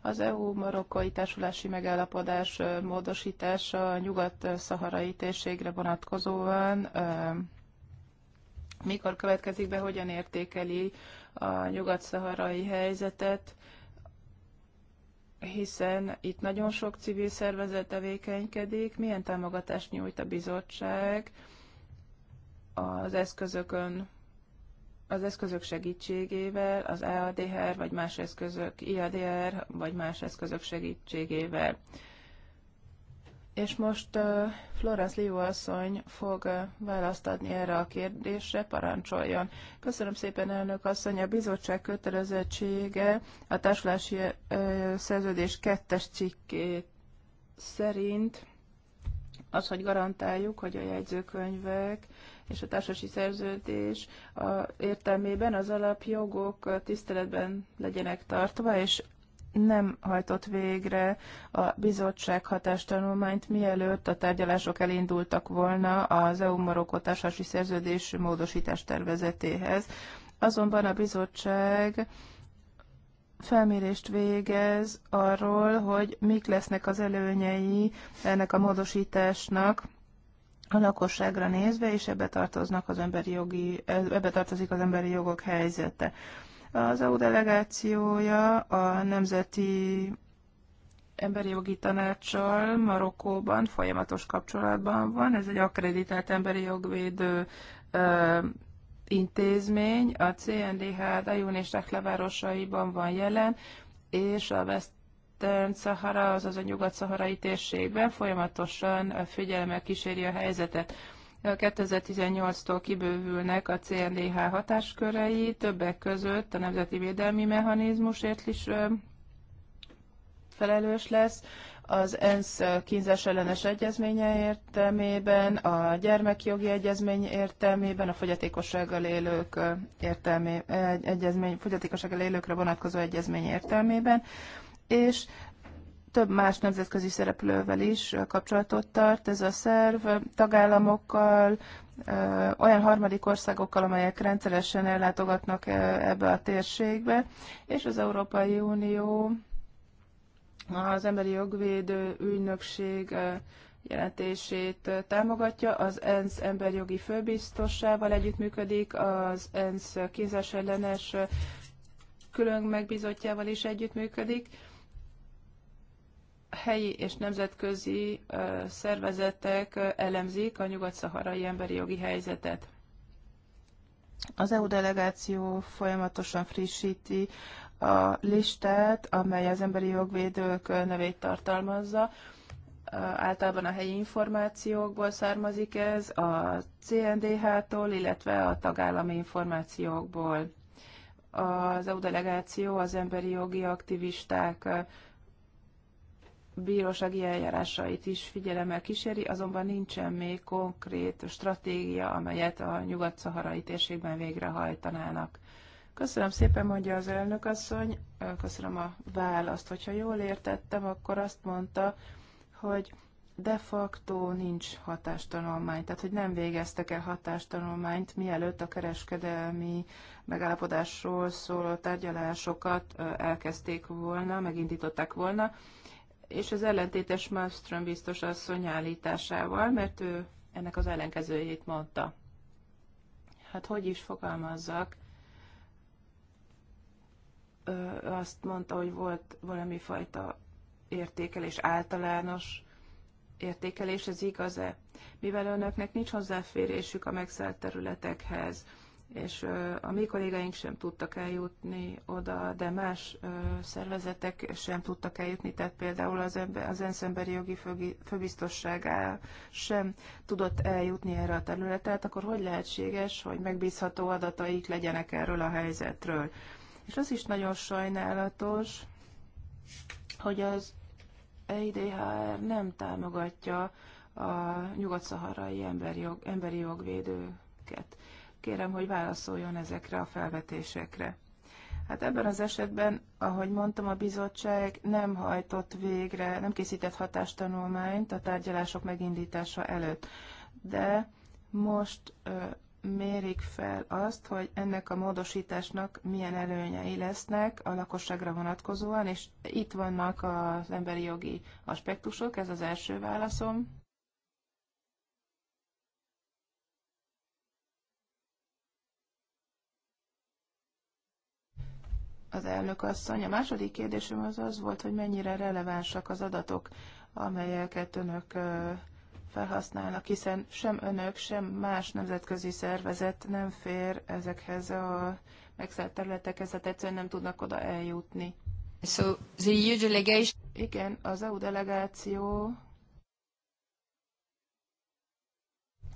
az EU-marokkai társulási megállapodás módosítása a nyugat-szaharai térségre vonatkozóan mikor következik be, hogyan értékeli a nyugat-szaharai helyzetet, hiszen itt nagyon sok civil szervezet tevékenykedik. Milyen támogatást nyújt a bizottság az eszközökön, az eszközök segítségével, az EADR vagy más eszközök, IADR vagy más eszközök segítségével? És most Florence Liu asszony fog választ adni erre a kérdésre, parancsoljon. Köszönöm szépen, elnök asszony, a bizottság kötelezettsége a társulási szerződés kettes cikkét szerint az, hogy garantáljuk, hogy a jegyzőkönyvek és a társasi szerződés a értelmében az alapjogok tiszteletben legyenek tartva, és nem hajtott végre a bizottság hatástanulmányt, mielőtt a tárgyalások elindultak volna az EU-Marokkó társasi szerződés módosítás tervezetéhez. Azonban a bizottság felmérést végez arról, hogy mik lesznek az előnyei ennek a módosításnak a lakosságra nézve, és ebbe, tartoznak az emberi jogi, ebbe tartozik az emberi jogok helyzete. Az EU delegációja a Nemzeti Emberi Jogi Tanácssal Marokkóban folyamatos kapcsolatban van. Ez egy akkreditált emberi jogvédő intézmény. A CNDH Dajun és Reklevárosaiban van jelen, és a West Western-Szahara, azaz a nyugat-szaharai térségben folyamatosan figyelemmel kíséri a helyzetet. 2018-tól kibővülnek a CNDH hatáskörei, többek között a Nemzeti Védelmi Mechanizmusért is felelős lesz, az ENSZ kínzás ellenes egyezménye értelmében, a gyermekjogi egyezmény értelmében, a fogyatékossággal élők értelmé, egyezmény, fogyatékossággal élőkre vonatkozó egyezmény értelmében, és több más nemzetközi szereplővel is kapcsolatot tart ez a szerv, tagállamokkal, olyan harmadik országokkal, amelyek rendszeresen ellátogatnak ebbe a térségbe, és az Európai Unió az emberi jogvédő ügynökség jelentését támogatja, az ENSZ emberjogi főbiztossával együttműködik, az ENSZ kézes ellenes külön megbizotjával is együttműködik, helyi és nemzetközi szervezetek elemzik a nyugat-szaharai emberi jogi helyzetet. Az EU delegáció folyamatosan frissíti a listát, amely az emberi jogvédők nevét tartalmazza. Általában a helyi információkból származik ez, a CNDH-tól, illetve a tagállami információkból. Az EU delegáció az emberi jogi aktivisták bírósági eljárásait is figyelemmel kíséri, azonban nincsen még konkrét stratégia, amelyet a nyugat-szaharai térségben végrehajtanának. Köszönöm szépen, mondja az elnök asszony, köszönöm a választ. Hogyha jól értettem, akkor azt mondta, hogy de facto nincs hatástanulmány, tehát hogy nem végeztek el hatástanulmányt, mielőtt a kereskedelmi megállapodásról szóló tárgyalásokat elkezdték volna, megindították volna, és az ellentétes Malmström biztos asszony állításával, mert ő ennek az ellenkezőjét mondta. Hát hogy is fogalmazzak? Ö, azt mondta, hogy volt valami fajta értékelés, általános értékelés, ez igaz-e? Mivel önöknek nincs hozzáférésük a megszállt területekhez, és a mi kollégáink sem tudtak eljutni oda, de más szervezetek sem tudtak eljutni, tehát például az, az ENSZ emberi jogi főbiztosságá sem tudott eljutni erre a területre, hát akkor hogy lehetséges, hogy megbízható adataik legyenek erről a helyzetről. És az is nagyon sajnálatos, hogy az EIDHR nem támogatja a nyugat-szaharai emberi, jog, emberi jogvédőket. Kérem, hogy válaszoljon ezekre a felvetésekre. Hát ebben az esetben, ahogy mondtam, a bizottság nem hajtott végre, nem készített hatástanulmányt a tárgyalások megindítása előtt. De most ö, mérik fel azt, hogy ennek a módosításnak milyen előnyei lesznek a lakosságra vonatkozóan, és itt vannak az emberi jogi aspektusok, ez az első válaszom. az elnök asszony. A második kérdésem az az volt, hogy mennyire relevánsak az adatok, amelyeket önök felhasználnak, hiszen sem önök, sem más nemzetközi szervezet nem fér ezekhez a megszállt területekhez, tehát egyszerűen nem tudnak oda eljutni. So, the EU delegation... Igen, az EU delegáció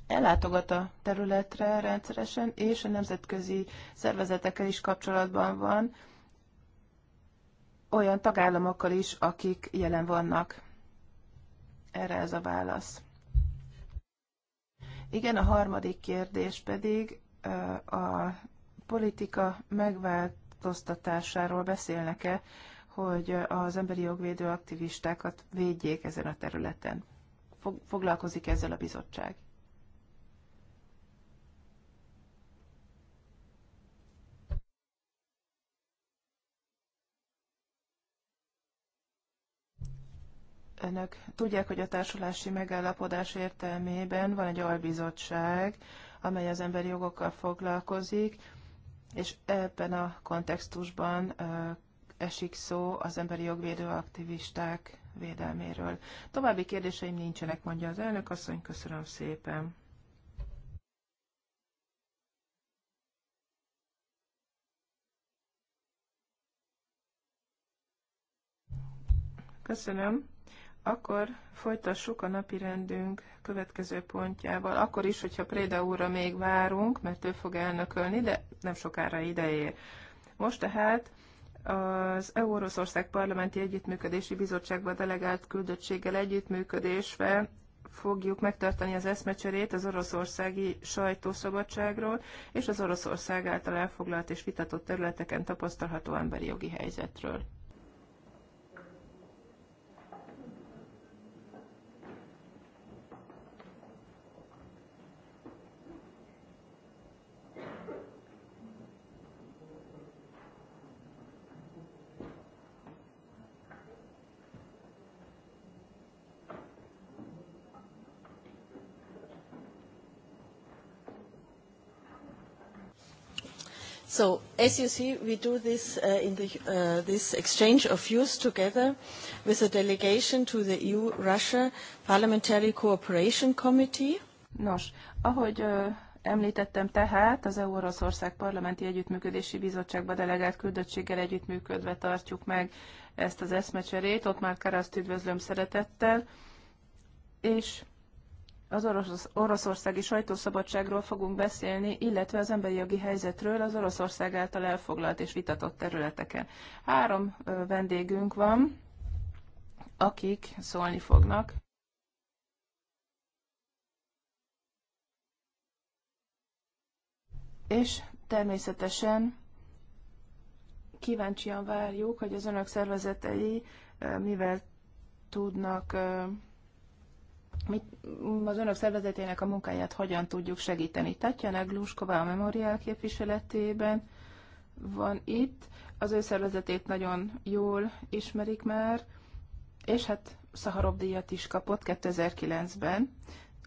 ellátogat a területre rendszeresen, és a nemzetközi szervezetekkel is kapcsolatban van, olyan tagállamokkal is, akik jelen vannak. Erre ez a válasz. Igen, a harmadik kérdés pedig a politika megváltoztatásáról beszélnek-e, hogy az emberi jogvédő aktivistákat védjék ezen a területen. Foglalkozik ezzel a bizottság? önök tudják, hogy a társulási megállapodás értelmében van egy albizottság, amely az emberi jogokkal foglalkozik, és ebben a kontextusban esik szó az emberi jogvédő aktivisták védelméről. További kérdéseim nincsenek, mondja az elnök asszony, köszönöm szépen. Köszönöm akkor folytassuk a napi rendünk következő pontjával. Akkor is, hogyha Préda úrra még várunk, mert ő fog elnökölni, de nem sokára ideér. Most tehát az Eurószország Parlamenti Együttműködési Bizottságba delegált küldöttséggel együttműködésve fogjuk megtartani az eszmecserét az oroszországi sajtószabadságról és az Oroszország által elfoglalt és vitatott területeken tapasztalható emberi jogi helyzetről. So as you see, we do this, uh, in the, uh, this exchange of views together with a delegation to the EU-Russia Parliamentary Cooperation Committee. Nos, ahogy uh, említettem tehát, az Oroszország Parlamenti Együttműködési Bizottságba delegált küldöttséggel együttműködve tartjuk meg ezt az eszmecserét. Ott már Karaszt üdvözlöm szeretettel, és az orosz, oroszországi sajtószabadságról fogunk beszélni, illetve az emberi jogi helyzetről az Oroszország által elfoglalt és vitatott területeken. Három vendégünk van, akik szólni fognak. És természetesen kíváncsian várjuk, hogy az önök szervezetei mivel tudnak mit, az önök szervezetének a munkáját hogyan tudjuk segíteni. Tatjana Gluskova a memoriál képviseletében van itt, az ő szervezetét nagyon jól ismerik már, és hát Szaharov díjat is kapott 2009-ben,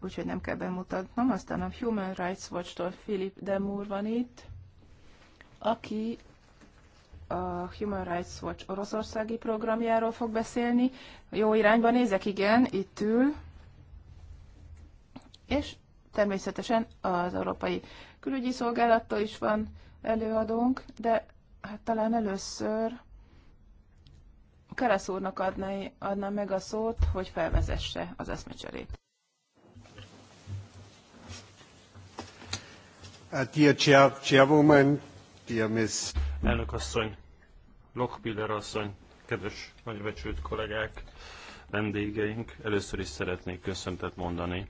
úgyhogy nem kell bemutatnom. Aztán a Human Rights Watch-tól Philip Demur van itt, aki a Human Rights Watch oroszországi programjáról fog beszélni. Jó irányba nézek, igen, itt ül. És természetesen az Európai Külügyi Szolgálattól is van előadónk, de hát talán először Karasz úrnak adná, adná meg a szót, hogy felvezesse az eszmecserét. A hát, dear chair, chairwoman, dear miss. Elnök asszony, Lockpiller asszony, kedves nagybecsült kollégák, vendégeink, először is szeretnék köszöntet mondani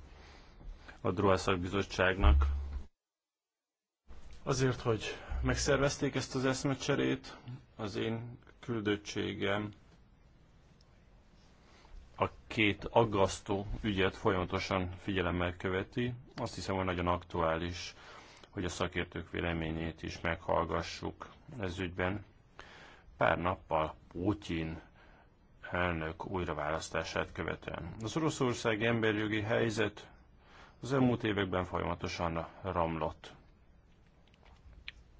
a Drua Szakbizottságnak. Azért, hogy megszervezték ezt az eszmecserét, az én küldöttségem a két aggasztó ügyet folyamatosan figyelemmel követi. Azt hiszem, hogy nagyon aktuális, hogy a szakértők véleményét is meghallgassuk ez ügyben. Pár nappal Putyin elnök újraválasztását követően. Az Oroszország emberjogi helyzet az elmúlt években folyamatosan romlott.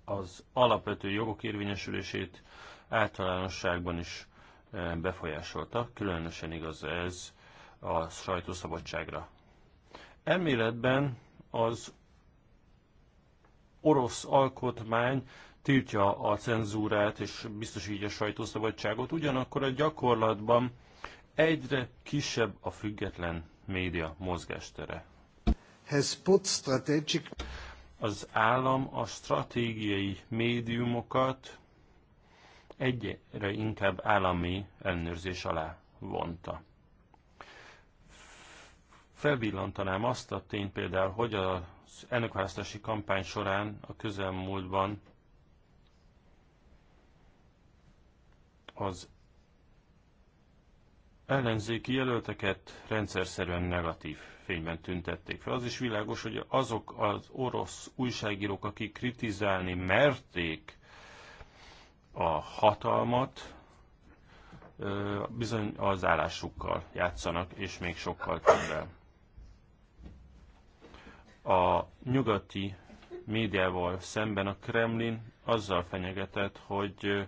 Az alapvető jogok érvényesülését általánosságban is eh, befolyásolta, különösen igaz ez a sajtószabadságra. Elméletben az orosz alkotmány tiltja a cenzúrát és biztosítja a sajtószabadságot, ugyanakkor a gyakorlatban egyre kisebb a független média mozgástere has put strategic... Az állam a stratégiai médiumokat egyre inkább állami ellenőrzés alá vonta. Felvillantanám azt a tényt például, hogy az elnökválasztási kampány során a közelmúltban az ellenzéki jelölteket rendszerszerűen negatív fényben tüntették fel. Az is világos, hogy azok az orosz újságírók, akik kritizálni merték a hatalmat, bizony az állásukkal játszanak, és még sokkal többel. A nyugati médiával szemben a Kremlin azzal fenyegetett, hogy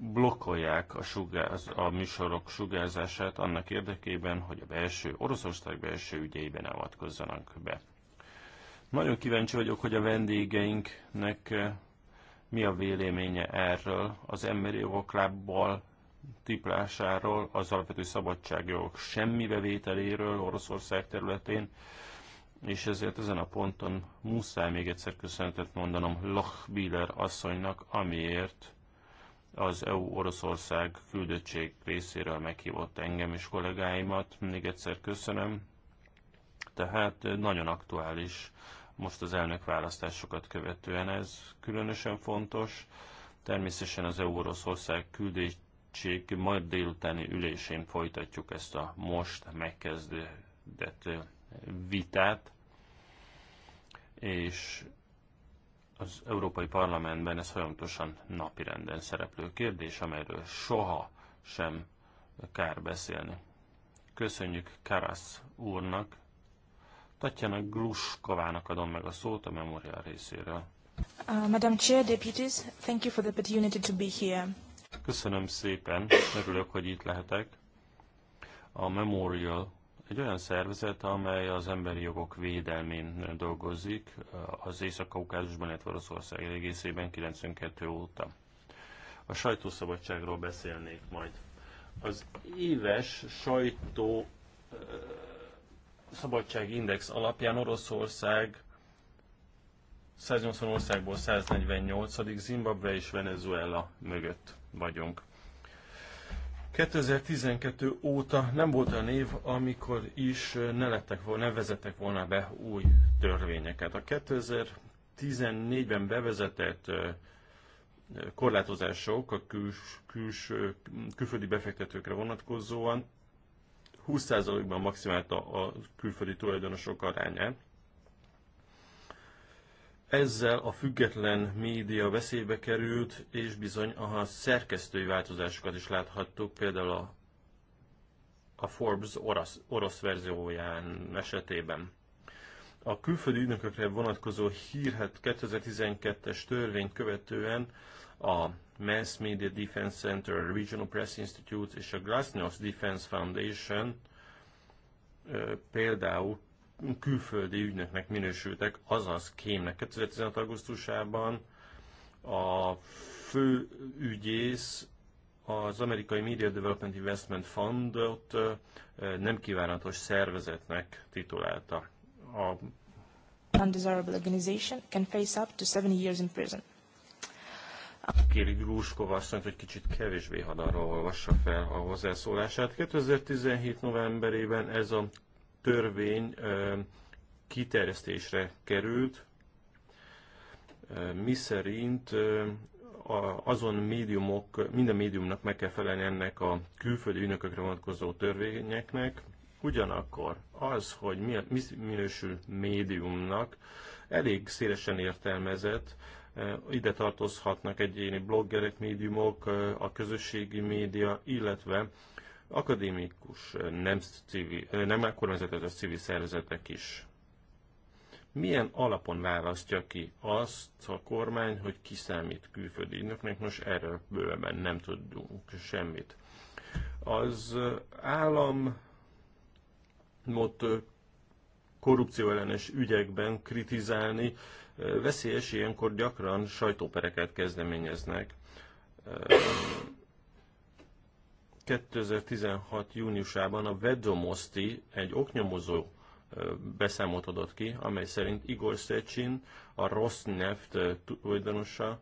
blokkolják a, sugáz, a műsorok sugárzását annak érdekében, hogy a belső, Oroszország belső ügyeiben avatkozzanak be. Nagyon kíváncsi vagyok, hogy a vendégeinknek eh, mi a véleménye erről, az emberi jogok lábbal tiplásáról, az alapvető szabadságjogok semmi bevételéről Oroszország területén, és ezért ezen a ponton muszáj még egyszer köszönetet mondanom Loch Biller asszonynak, amiért az EU-Oroszország küldöttség részéről meghívott engem és kollégáimat. Még egyszer köszönöm. Tehát nagyon aktuális most az elnök választásokat követően ez különösen fontos. Természetesen az EU-Oroszország küldöttség majd délutáni ülésén folytatjuk ezt a most megkezdődött vitát, és az Európai Parlamentben ez folyamatosan napirenden szereplő kérdés, amelyről soha sem kár beszélni. Köszönjük Karasz úrnak. Tatjana Gluskovának adom meg a szót a memorial részéről. Uh, Madam Chair, Deputies, thank you for the opportunity to be here. Köszönöm szépen, örülök, hogy itt lehetek. A Memorial egy olyan szervezet, amely az emberi jogok védelmén dolgozik az Észak-Kaukázusban, illetve Oroszország egészében 92 óta. A sajtószabadságról beszélnék majd. Az éves sajtó szabadságindex alapján Oroszország 180 országból 148. Zimbabwe és Venezuela mögött vagyunk. 2012 óta nem volt olyan év, amikor is ne, lettek ne vezettek volna be új törvényeket. A 2014-ben bevezetett korlátozások a küls, küls, külföldi befektetőkre vonatkozóan 20%-ban maximálta a külföldi tulajdonosok arányát. Ezzel a független média veszélybe került, és bizony a szerkesztői változásokat is láthattuk, például a, a Forbes orosz, orosz verzióján esetében. A külföldi ügynökökre vonatkozó hírhet 2012-es törvényt követően a Mass Media Defense Center, Regional Press Institute és a Glasnost Defense Foundation például külföldi ügynöknek minősültek, azaz kémnek. 2016. augusztusában a fő ügyész az amerikai Media Development Investment Fundot nem kívánatos szervezetnek titulálta. A undesirable organization can face up to seven years in prison. Kéri Grúskova azt mondta, hogy kicsit kevésbé hadarra olvassa fel a hozzászólását. 2017. novemberében ez a törvény kiterjesztésre került, mi szerint azon médiumok, minden médiumnak meg kell felelni ennek a külföldi ügynökökre vonatkozó törvényeknek, ugyanakkor az, hogy mi, minősül médiumnak, elég szélesen értelmezett, ide tartozhatnak egyéni bloggerek, médiumok, a közösségi média, illetve akadémikus, nem, civil, nem kormányzatos civil szervezetek is. Milyen alapon választja ki azt a kormány, hogy kiszámít külföldi ügynöknek? Most erről bőven nem tudunk semmit. Az állam mot ellenes ügyekben kritizálni veszélyes, ilyenkor gyakran sajtópereket kezdeményeznek 2016. júniusában a Vedomosti egy oknyomozó beszámolt adott ki, amely szerint Igor Szecsin, a neft tulajdonosa,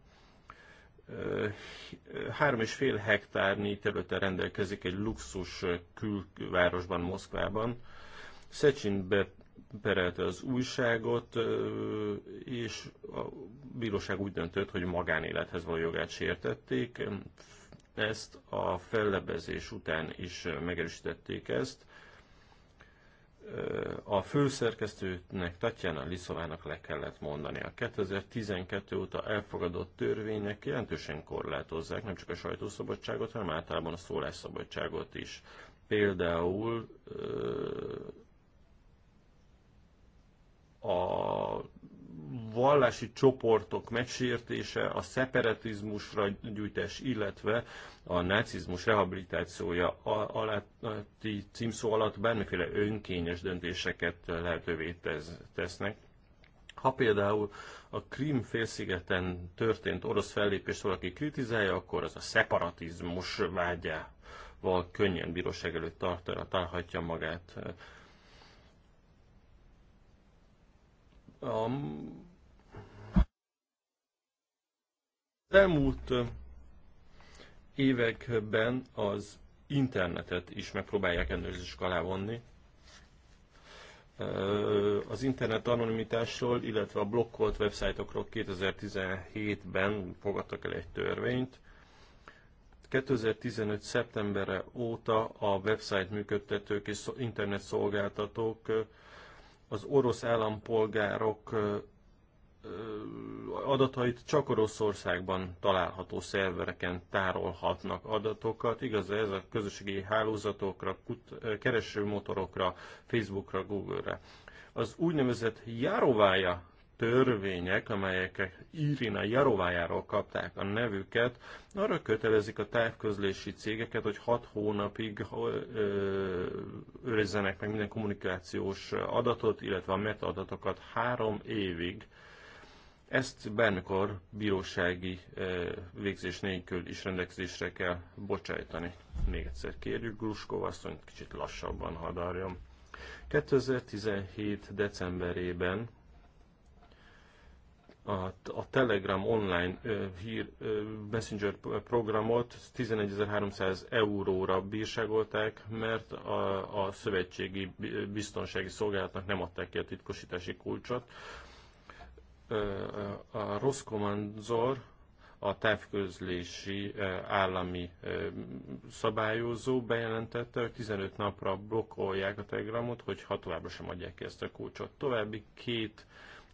3,5 hektárnyi területen rendelkezik egy luxus külvárosban, Moszkvában. Szecsin beperelte az újságot, és a bíróság úgy döntött, hogy magánélethez való jogát sértették, ezt, a fellebezés után is megerősítették ezt. A főszerkesztőnek, Tatjana Liszovának le kellett mondani. A 2012 óta elfogadott törvények jelentősen korlátozzák nem csak a sajtószabadságot, hanem általában a szólásszabadságot is. Például a vallási csoportok megsértése, a szeparatizmusra gyűjtés, illetve a nácizmus rehabilitációja alatti címszó alatt bármiféle önkényes döntéseket lehetővé tesznek. Ha például a Krim félszigeten történt orosz fellépést valaki kritizálja, akkor az a szeparatizmus vágyával könnyen bíróság előtt tartalhatja magát. A, az elmúlt években az internetet is megpróbálják ennőzés alá vonni. Az internet anonimitásról, illetve a blokkolt websájtokról 2017-ben fogadtak el egy törvényt. 2015. szeptemberre óta a website működtetők és internet szolgáltatók az orosz állampolgárok adatait csak Oroszországban található szervereken tárolhatnak adatokat. Igaz, ez a közösségi hálózatokra, kut- keresőmotorokra, Facebookra, Google-re. Az úgynevezett járóvája törvények, amelyek Irina Jarovájáról kapták a nevüket, arra kötelezik a távközlési cégeket, hogy hat hónapig őrizzenek meg minden kommunikációs adatot, illetve a metaadatokat három évig. Ezt bármikor bírósági végzés nélkül is rendelkezésre kell bocsájtani. Még egyszer kérjük Gruskov asszonyt, kicsit lassabban hadarjam. 2017. decemberében a, a Telegram online ö, hír, ö, messenger programot 11.300 euróra bírságolták, mert a, a szövetségi biztonsági szolgálatnak nem adták ki a titkosítási kulcsot. Uh, a Roskommandzor a távközlési állami szabályozó bejelentette, hogy 15 napra blokkolják a telegramot, hogyha továbbra sem adják ki ezt a kulcsot. További két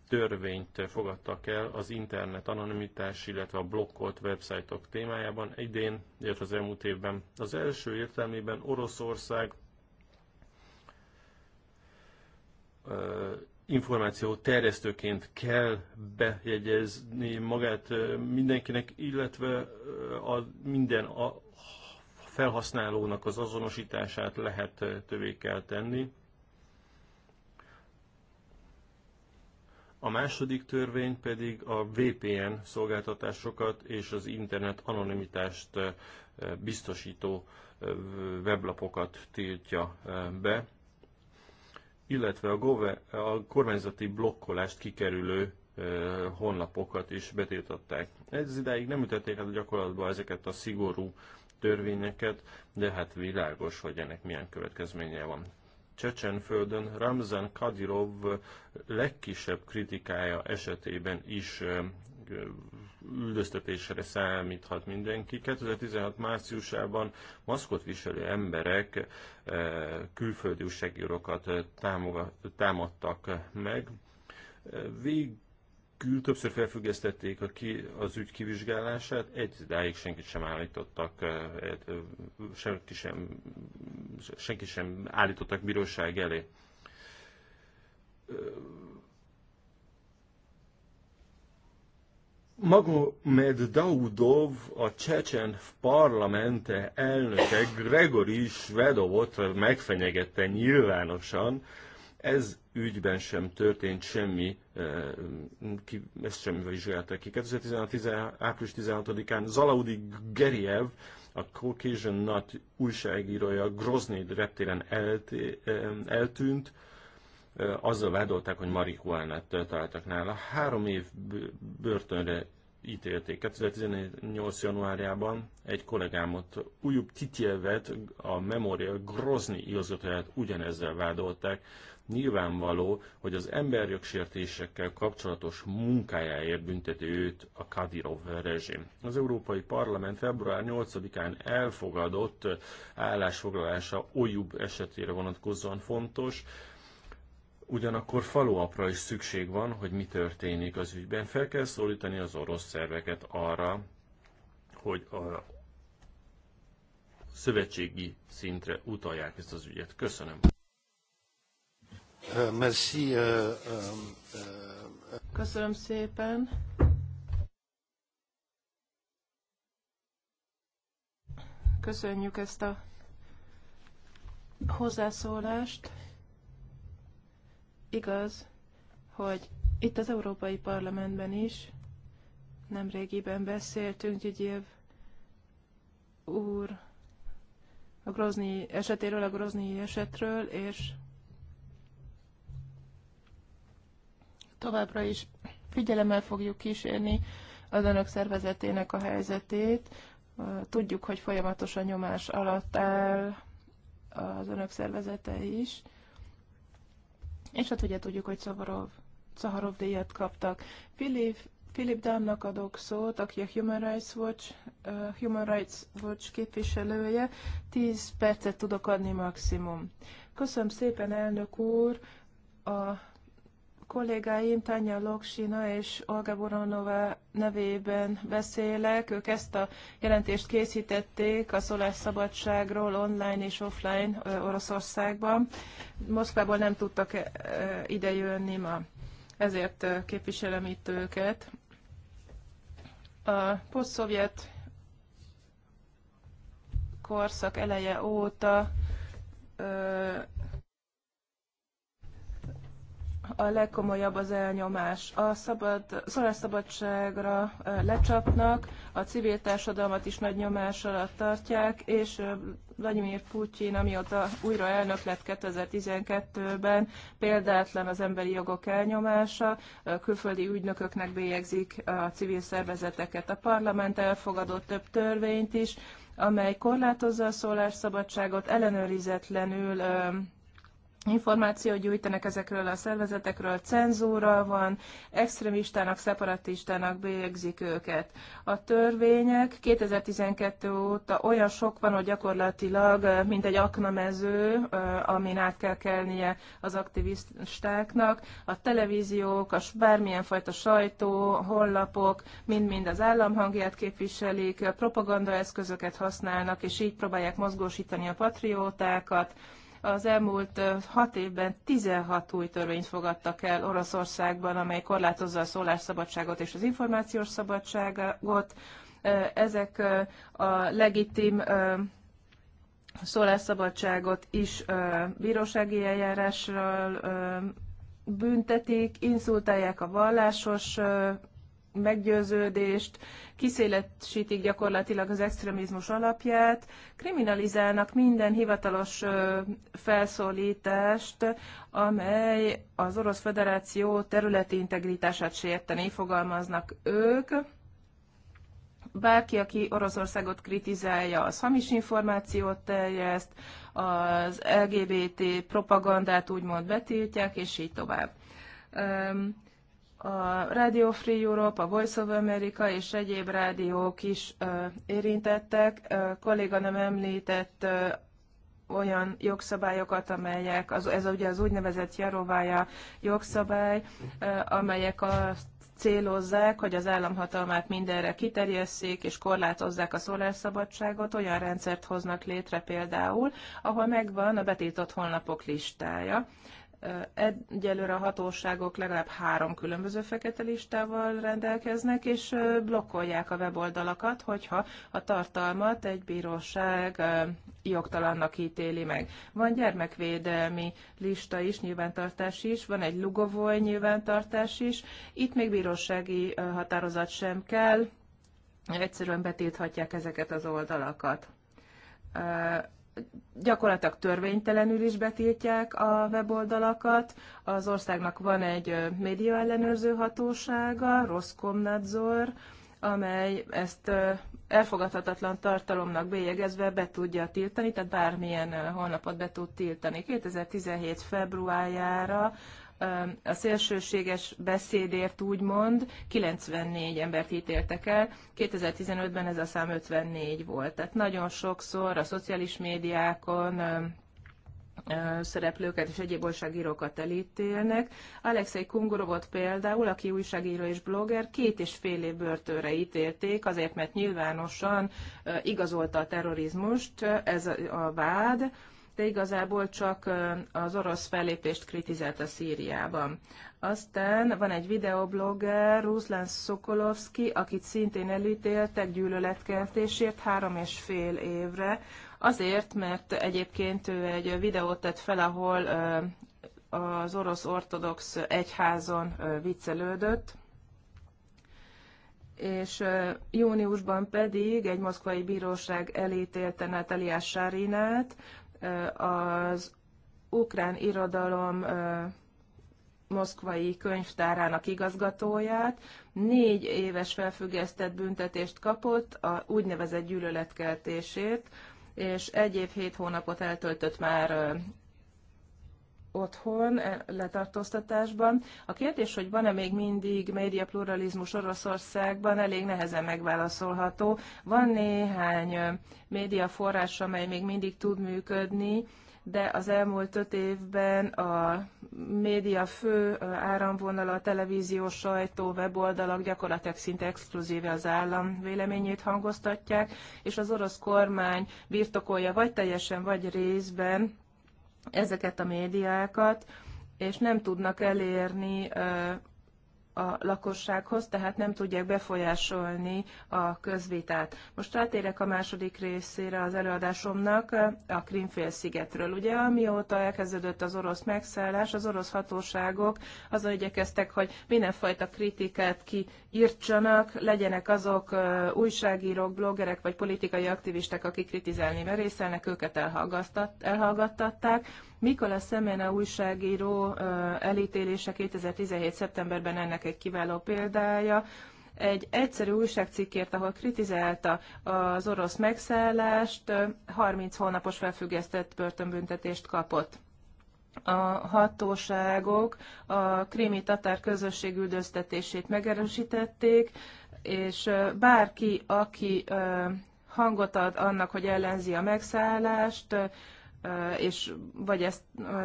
törvényt fogadtak el az internet anonimitás, illetve a blokkolt websájtok témájában idén, illetve az elmúlt évben. Az első értelmében Oroszország információ terjesztőként kell bejegyezni magát mindenkinek, illetve a minden a felhasználónak az azonosítását lehetővé kell tenni. A második törvény pedig a VPN szolgáltatásokat és az internet anonimitást biztosító weblapokat tiltja be, illetve a, gove, a kormányzati blokkolást kikerülő honlapokat is betiltották. Ez idáig nem ütették hát a gyakorlatba ezeket a szigorú törvényeket, de hát világos, hogy ennek milyen következménye van. Csecsenföldön Ramzan Kadirov legkisebb kritikája esetében is üldöztetésre számíthat mindenki. 2016 márciusában maszkot viselő emberek külföldi újságírókat támadtak meg. Vég kül többször felfüggesztették a ki, az ügy kivizsgálását, egy idáig senkit sem állítottak, senki sem, senki sem állítottak bíróság elé. Magomed Daudov, a csecsen parlamente elnöke Gregory Svedovot megfenyegette nyilvánosan, ez ügyben sem történt semmi, eh, ezt semmi vizsgálták ki. 2016. április 16-án Zalaudi Geriev, a Caucasian Nut újságírója Grozny reptéren elt, eh, eltűnt, eh, azzal vádolták, hogy marihuánát találtak nála. Három év börtönre ítélték 2018. januárjában egy kollégámot, újúbb Titjevet, a Memorial Grozny igazgatóját ugyanezzel vádolták. Nyilvánvaló, hogy az emberjogsértésekkel kapcsolatos munkájáért bünteti őt a Kadirov rezsim. Az Európai Parlament február 8-án elfogadott állásfoglalása olyúbb esetére vonatkozóan fontos, Ugyanakkor faluapra is szükség van, hogy mi történik az ügyben. Fel kell szólítani az orosz szerveket arra, hogy a szövetségi szintre utalják ezt az ügyet. Köszönöm. Euh, merci. Euh, euh, Köszönöm szépen. Köszönjük ezt a hozzászólást. Igaz, hogy itt az Európai Parlamentben is nemrégiben beszéltünk Gyügyév úr a Grozni esetéről, a Grozni esetről, és Továbbra is figyelemmel fogjuk kísérni az önök szervezetének a helyzetét. Tudjuk, hogy folyamatosan nyomás alatt áll az önök szervezete is. És hát ugye tudjuk, hogy Szavarov, Szaharov díjat kaptak. Filip, Philip Dámnak adok szót, aki a Human Rights Watch, uh, Human Rights Watch képviselője. 10 percet tudok adni maximum. Köszönöm szépen, elnök úr! A kollégáim Tanya Loksina és Olga Boronova nevében beszélek. Ők ezt a jelentést készítették a szólásszabadságról online és offline Oroszországban. Moszkvából nem tudtak idejönni ma, ezért képviselem itt őket. A posztszovjet korszak eleje óta a legkomolyabb az elnyomás. A szabad, szólásszabadságra lecsapnak, a civil társadalmat is nagy nyomás alatt tartják, és Vladimir Putyin, amióta újra elnök lett 2012-ben, példátlan az emberi jogok elnyomása, külföldi ügynököknek bélyegzik a civil szervezeteket. A parlament elfogadott több törvényt is, amely korlátozza a szólásszabadságot, ellenőrizetlenül információt gyűjtenek ezekről a szervezetekről, cenzúra van, extremistának, szeparatistának bélyegzik őket. A törvények 2012 óta olyan sok van, hogy gyakorlatilag mint egy aknamező, amin át kell kelnie az aktivistáknak. A televíziók, a bármilyen fajta sajtó, honlapok, mind-mind az államhangját képviselik, propagandaeszközöket használnak, és így próbálják mozgósítani a patriótákat, az elmúlt hat évben 16 új törvényt fogadtak el Oroszországban, amely korlátozza a szólásszabadságot és az információs szabadságot. Ezek a legitim szólásszabadságot is bírósági eljárásról büntetik, inszultálják a vallásos meggyőződést, kiszélesítik gyakorlatilag az extrémizmus alapját, kriminalizálnak minden hivatalos felszólítást, amely az Orosz Föderáció területi integritását sérteni fogalmaznak ők. Bárki, aki Oroszországot kritizálja, az hamis információt terjeszt, az LGBT propagandát úgymond betiltják, és így tovább a Radio Free Europe, a Voice of America és egyéb rádiók is ö, érintettek. Ö, kolléga nem említett ö, olyan jogszabályokat, amelyek, az, ez ugye az úgynevezett Jarovája jogszabály, ö, amelyek azt célozzák, hogy az államhatalmát mindenre kiterjesszék és korlátozzák a szólásszabadságot, olyan rendszert hoznak létre például, ahol megvan a betiltott honlapok listája egyelőre a hatóságok legalább három különböző fekete listával rendelkeznek, és blokkolják a weboldalakat, hogyha a tartalmat egy bíróság jogtalannak ítéli meg. Van gyermekvédelmi lista is, nyilvántartás is, van egy lugovoly nyilvántartás is, itt még bírósági határozat sem kell, egyszerűen betilthatják ezeket az oldalakat gyakorlatilag törvénytelenül is betiltják a weboldalakat. Az országnak van egy média ellenőrző hatósága, Roskomnadzor, amely ezt elfogadhatatlan tartalomnak bélyegezve be tudja tiltani, tehát bármilyen honlapot be tud tiltani. 2017. februárjára a szélsőséges beszédért úgymond 94 embert ítéltek el, 2015-ben ez a szám 54 volt. Tehát nagyon sokszor a szociális médiákon szereplőket és egyéb újságírókat elítélnek. Alexei Kungorovot például, aki újságíró és blogger, két és fél év börtönre ítélték, azért, mert nyilvánosan igazolta a terrorizmust, ez a vád, de igazából csak az orosz fellépést kritizálta Szíriában. Aztán van egy videoblogger, Ruslan Szokolovski, akit szintén elítéltek gyűlöletkeltésért három és fél évre, azért, mert egyébként ő egy videót tett fel, ahol az orosz ortodox egyházon viccelődött, és júniusban pedig egy moszkvai bíróság elítélte Nataliás Sárinát, az ukrán irodalom moszkvai könyvtárának igazgatóját, négy éves felfüggesztett büntetést kapott a úgynevezett gyűlöletkeltését, és egy év hét hónapot eltöltött már otthon, e, letartóztatásban. A kérdés, hogy van-e még mindig pluralizmus Oroszországban, elég nehezen megválaszolható. Van néhány forrás, amely még mindig tud működni, de az elmúlt öt évben a média fő áramvonala, a televízió, sajtó, weboldalak gyakorlatilag szinte exkluzíve az állam véleményét hangoztatják, és az orosz kormány birtokolja vagy teljesen, vagy részben ezeket a médiákat, és nem tudnak elérni a lakossághoz, tehát nem tudják befolyásolni a közvitát. Most rátérek a második részére az előadásomnak, a Krimfélszigetről. Ugye, amióta elkezdődött az orosz megszállás, az orosz hatóságok azon igyekeztek, hogy mindenfajta kritikát kiírtsanak, legyenek azok újságírók, bloggerek vagy politikai aktivisták, akik kritizálni merészelnek, őket elhallgattatták, Mikola Szemena újságíró elítélése 2017. szeptemberben ennek egy kiváló példája egy egyszerű újságcikkért, ahol kritizálta az orosz megszállást, 30 hónapos felfüggesztett börtönbüntetést kapott. A hatóságok a krími tatár közösség üldöztetését megerősítették, és bárki, aki hangot ad annak, hogy ellenzi a megszállást, és vagy ezt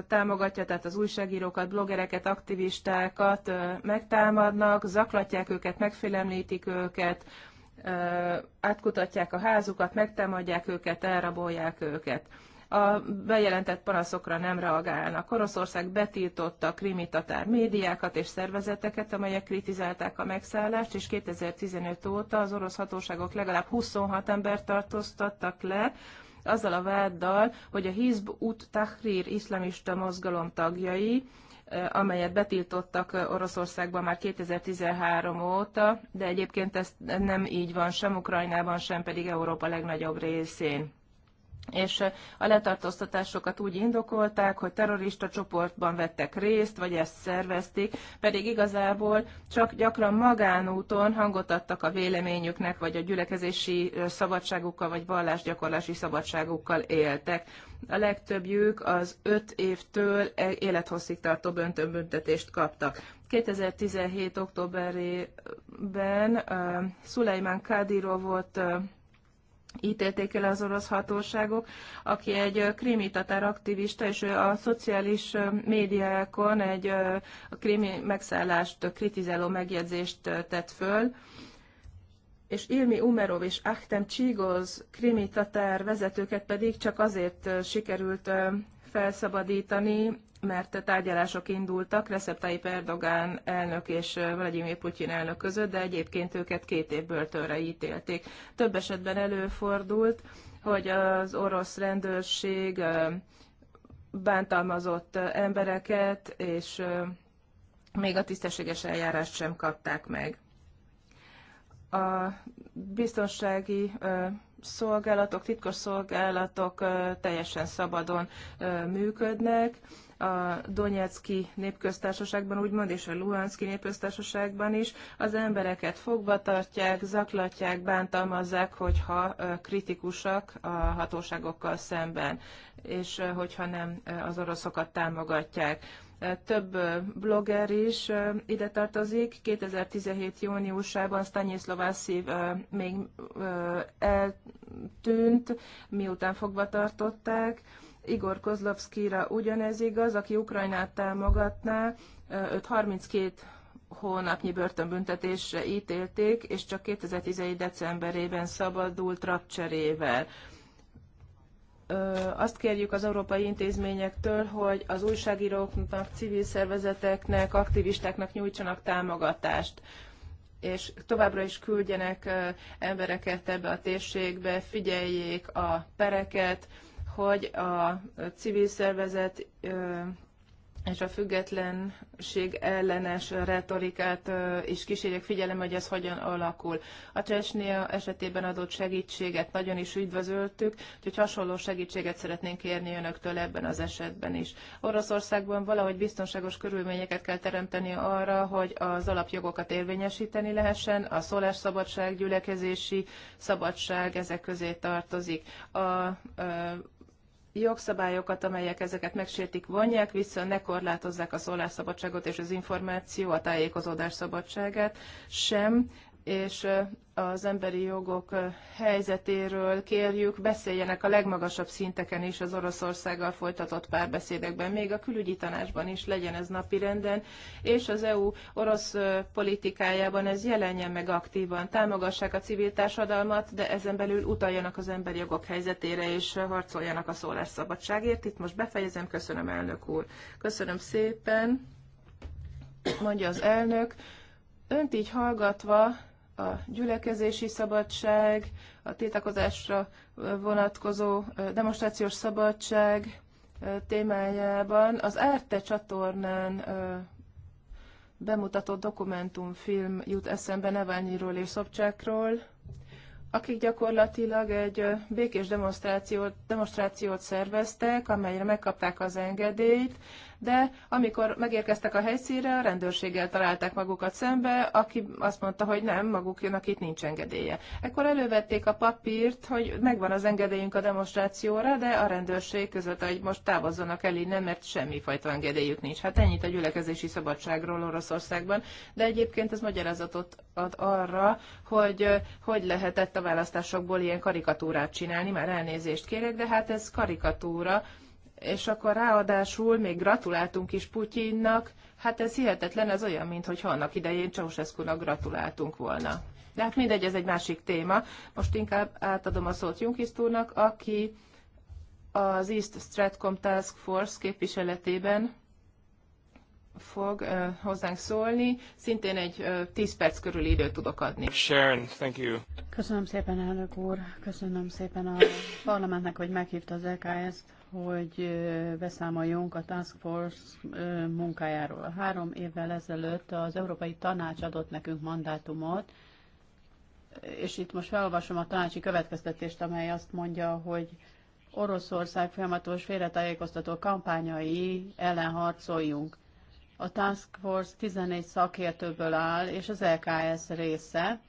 támogatja, tehát az újságírókat, blogereket, aktivistákat megtámadnak, zaklatják őket, megfélemlítik őket, átkutatják a házukat, megtámadják őket, elrabolják őket. A bejelentett panaszokra nem reagálnak. Oroszország betiltotta a tatár médiákat és szervezeteket, amelyek kritizálták a megszállást, és 2015 óta az orosz hatóságok legalább 26 embert tartóztattak le, azzal a váddal, hogy a Hizb ut Tahrir iszlamista mozgalom tagjai, eh, amelyet betiltottak eh, Oroszországban már 2013 óta, de egyébként ez nem így van sem Ukrajnában, sem pedig Európa legnagyobb részén és a letartóztatásokat úgy indokolták, hogy terrorista csoportban vettek részt, vagy ezt szervezték, pedig igazából csak gyakran magánúton hangot adtak a véleményüknek, vagy a gyülekezési szabadságukkal, vagy vallásgyakorlási szabadságukkal éltek. A legtöbbjük az öt évtől e, élethosszig tartó börtönbüntetést kaptak. 2017. októberében uh, Szulejmán Kádirov volt uh, ítélték el az orosz hatóságok, aki egy krimi tatár aktivista, és a szociális médiákon egy a krimi megszállást kritizáló megjegyzést tett föl, és Ilmi Umerov és Achtem Csígoz krimi tatár vezetőket pedig csak azért sikerült felszabadítani, mert tárgyalások indultak Recep Tayyip Erdogan elnök és Vladimir Putyin elnök között, de egyébként őket két év börtönre ítélték. Több esetben előfordult, hogy az orosz rendőrség bántalmazott embereket, és még a tisztességes eljárást sem kapták meg. A biztonsági szolgálatok, titkos szolgálatok teljesen szabadon működnek, a Donetszki népköztársaságban, úgymond, és a Luhanszki népköztársaságban is az embereket fogva tartják, zaklatják, bántalmazzák, hogyha kritikusak a hatóságokkal szemben, és hogyha nem az oroszokat támogatják több blogger is ide tartozik. 2017. júniusában Stanislav Szív még eltűnt, miután fogva tartották Igor Kozlovszkira ugyanez igaz, aki Ukrajnát támogatná, őt 32 hónapnyi börtönbüntetésre ítélték, és csak 2011. decemberében szabadult rabcserével. Azt kérjük az európai intézményektől, hogy az újságíróknak, civil szervezeteknek, aktivistáknak nyújtsanak támogatást és továbbra is küldjenek embereket ebbe a térségbe, figyeljék a pereket, hogy a civil szervezet és a függetlenség ellenes retorikát is kísérjek figyelem, hogy ez hogyan alakul. A Csesnia esetében adott segítséget nagyon is üdvözöltük, úgyhogy hasonló segítséget szeretnénk kérni önöktől ebben az esetben is. Oroszországban valahogy biztonságos körülményeket kell teremteni arra, hogy az alapjogokat érvényesíteni lehessen, a szólásszabadság, gyülekezési szabadság ezek közé tartozik. A, a jogszabályokat, amelyek ezeket megsértik, vonják vissza, ne korlátozzák a szólásszabadságot és az információ, a tájékozódás szabadságát sem, és az emberi jogok helyzetéről kérjük, beszéljenek a legmagasabb szinteken is az Oroszországgal folytatott párbeszédekben, még a külügyi tanácsban is legyen ez renden, és az EU orosz politikájában ez jelenjen meg aktívan. Támogassák a civil társadalmat, de ezen belül utaljanak az emberi jogok helyzetére, és harcoljanak a szólásszabadságért. Itt most befejezem, köszönöm elnök úr. Köszönöm szépen, mondja az elnök. Önt így hallgatva a gyülekezési szabadság, a tiltakozásra vonatkozó demonstrációs szabadság témájában az Árte csatornán bemutatott dokumentumfilm jut eszembe Neványiról és Szobcsákról, akik gyakorlatilag egy békés demonstrációt, demonstrációt szerveztek, amelyre megkapták az engedélyt, de amikor megérkeztek a helyszínre, a rendőrséggel találták magukat szembe, aki azt mondta, hogy nem, maguk jönnek, itt nincs engedélye. Ekkor elővették a papírt, hogy megvan az engedélyünk a demonstrációra, de a rendőrség között, hogy most távozzanak el innen, mert semmifajta engedélyük nincs. Hát ennyit a gyülekezési szabadságról Oroszországban, de egyébként ez magyarázatot ad arra, hogy hogy lehetett a választásokból ilyen karikatúrát csinálni, már elnézést kérek, de hát ez karikatúra, és akkor ráadásul még gratuláltunk is Putyinnak, hát ez hihetetlen, ez olyan, mint hogy annak idején ceausescu gratuláltunk volna. De hát mindegy, ez egy másik téma. Most inkább átadom a szót Junkis úrnak, aki az East Stratcom Task Force képviseletében fog uh, hozzánk szólni. Szintén egy uh, 10 perc körül időt tudok adni. Sharon, thank you. Köszönöm szépen, elnök úr. Köszönöm szépen a parlamentnek, hogy meghívta az LKS-t hogy beszámoljunk a Task Force munkájáról. Három évvel ezelőtt az Európai Tanács adott nekünk mandátumot, és itt most felolvasom a tanácsi következtetést, amely azt mondja, hogy Oroszország folyamatos félretájékoztató kampányai ellen harcoljunk. A Task Force 14 szakértőből áll, és az LKS része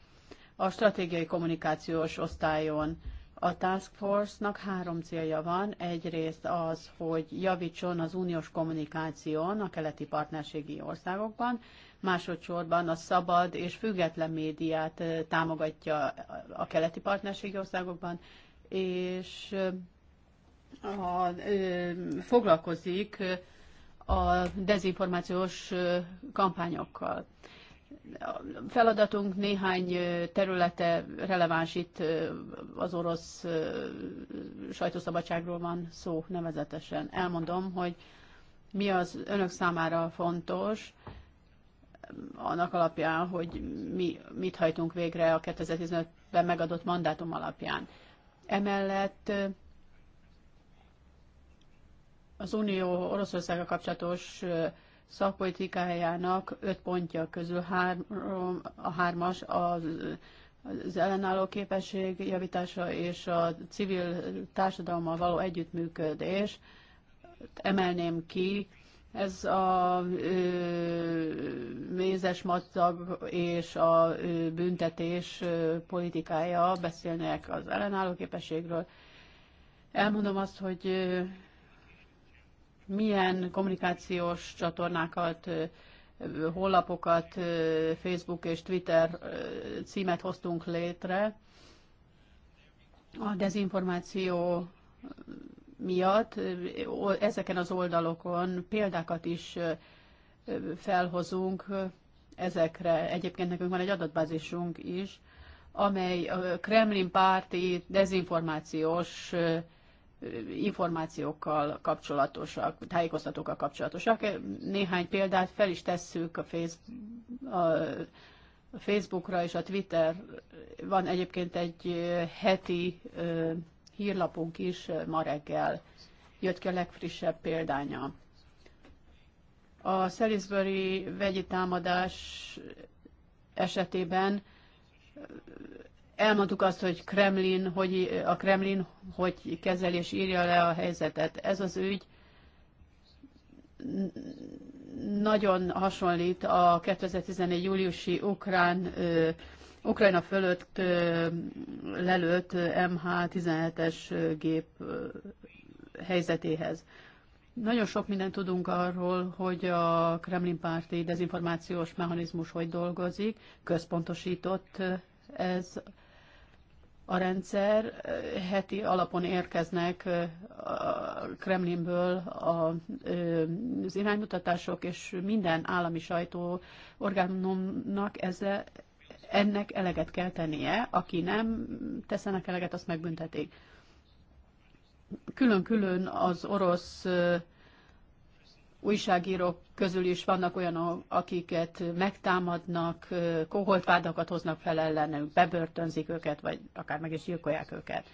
a stratégiai kommunikációs osztályon. A Task Force-nak három célja van. Egyrészt az, hogy javítson az uniós kommunikáción a keleti partnerségi országokban, másodszorban a szabad és független médiát támogatja a keleti partnerségi országokban, és a, ö, foglalkozik a dezinformációs kampányokkal feladatunk néhány területe releváns itt az orosz sajtószabadságról van szó nevezetesen. Elmondom, hogy mi az önök számára fontos, annak alapján, hogy mi mit hajtunk végre a 2015-ben megadott mandátum alapján. Emellett az Unió Oroszországa kapcsolatos szakpolitikájának öt pontja közül három, a hármas az, az ellenálló képesség javítása és a civil társadalommal való együttműködés. Emelném ki, ez a ö, mézes madzag és a ö, büntetés ö, politikája, beszélnek az ellenálló képességről. Elmondom azt, hogy milyen kommunikációs csatornákat, honlapokat, Facebook és Twitter címet hoztunk létre a dezinformáció miatt. Ezeken az oldalokon példákat is felhozunk ezekre. Egyébként nekünk van egy adatbázisunk is, amely Kremlin párti dezinformációs információkkal kapcsolatosak, tájékoztatókkal kapcsolatosak. Néhány példát fel is tesszük a, face, a Facebookra és a Twitter. Van egyébként egy heti hírlapunk is ma reggel. Jött ki a legfrissebb példánya. A Salisbury vegyi támadás esetében Elmondtuk azt, hogy Kremlin, hogy a Kremlin hogy kezel és írja le a helyzetet. Ez az ügy nagyon hasonlít a 2014. júliusi ukrán, ö, Ukrajna fölött ö, lelőtt MH17-es gép ö, helyzetéhez. Nagyon sok mindent tudunk arról, hogy a Kremlin párti dezinformációs mechanizmus hogy dolgozik, központosított ez a rendszer, eh, heti alapon érkeznek eh, a Kremlinből eh, az iránymutatások, és minden állami sajtó orgánumnak ezzel, ennek eleget kell tennie, aki nem teszenek eleget, azt megbüntetik. Külön-külön az orosz újságírók közül is vannak olyanok, akiket megtámadnak, koholt vádakat hoznak fel ellenük, bebörtönzik őket, vagy akár meg is gyilkolják őket.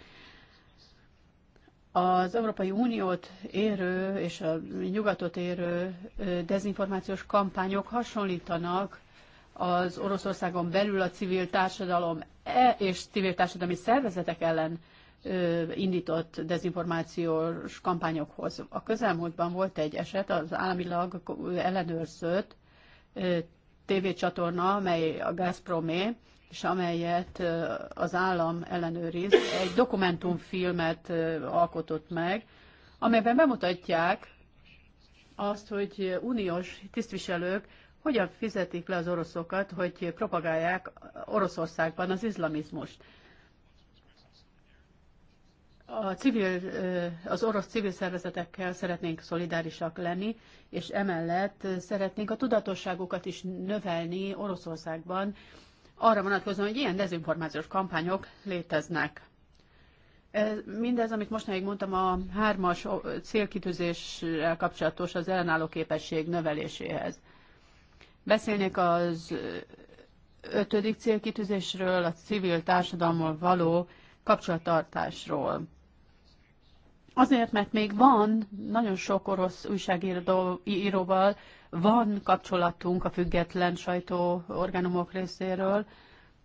Az Európai Uniót érő és a nyugatot érő dezinformációs kampányok hasonlítanak az Oroszországon belül a civil társadalom e- és civil társadalmi szervezetek ellen indított dezinformációs kampányokhoz. A közelmúltban volt egy eset, az államilag ellenőrzött tévécsatorna, amely a Gazpromé, és amelyet az állam ellenőriz, egy dokumentumfilmet alkotott meg, amelyben bemutatják azt, hogy uniós tisztviselők hogyan fizetik le az oroszokat, hogy propagálják Oroszországban az izlamizmust. A civil, az orosz civil szervezetekkel szeretnénk szolidárisak lenni, és emellett szeretnénk a tudatosságukat is növelni Oroszországban, arra vonatkozóan, hogy ilyen dezinformációs kampányok léteznek. Ez, mindez, amit mostanáig mondtam, a hármas célkitűzéssel kapcsolatos az ellenálló képesség növeléséhez. Beszélnék az ötödik célkitűzésről, a civil társadalommal való kapcsolattartásról. Azért, mert még van nagyon sok orosz újságíróval van kapcsolatunk a független sajtó orgánumok részéről,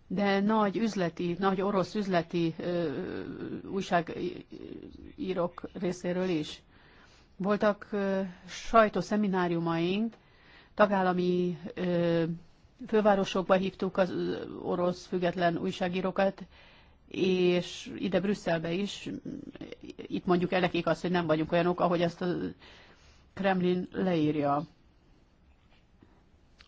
de nagy üzleti, nagy orosz üzleti ö, újságírók részéről is. Voltak ö, szemináriumaink, tagállami ö, fővárosokba hívtuk az orosz független újságírókat, és ide Brüsszelbe is, itt mondjuk elekik azt, hogy nem vagyunk olyanok, ahogy ezt a Kremlin leírja.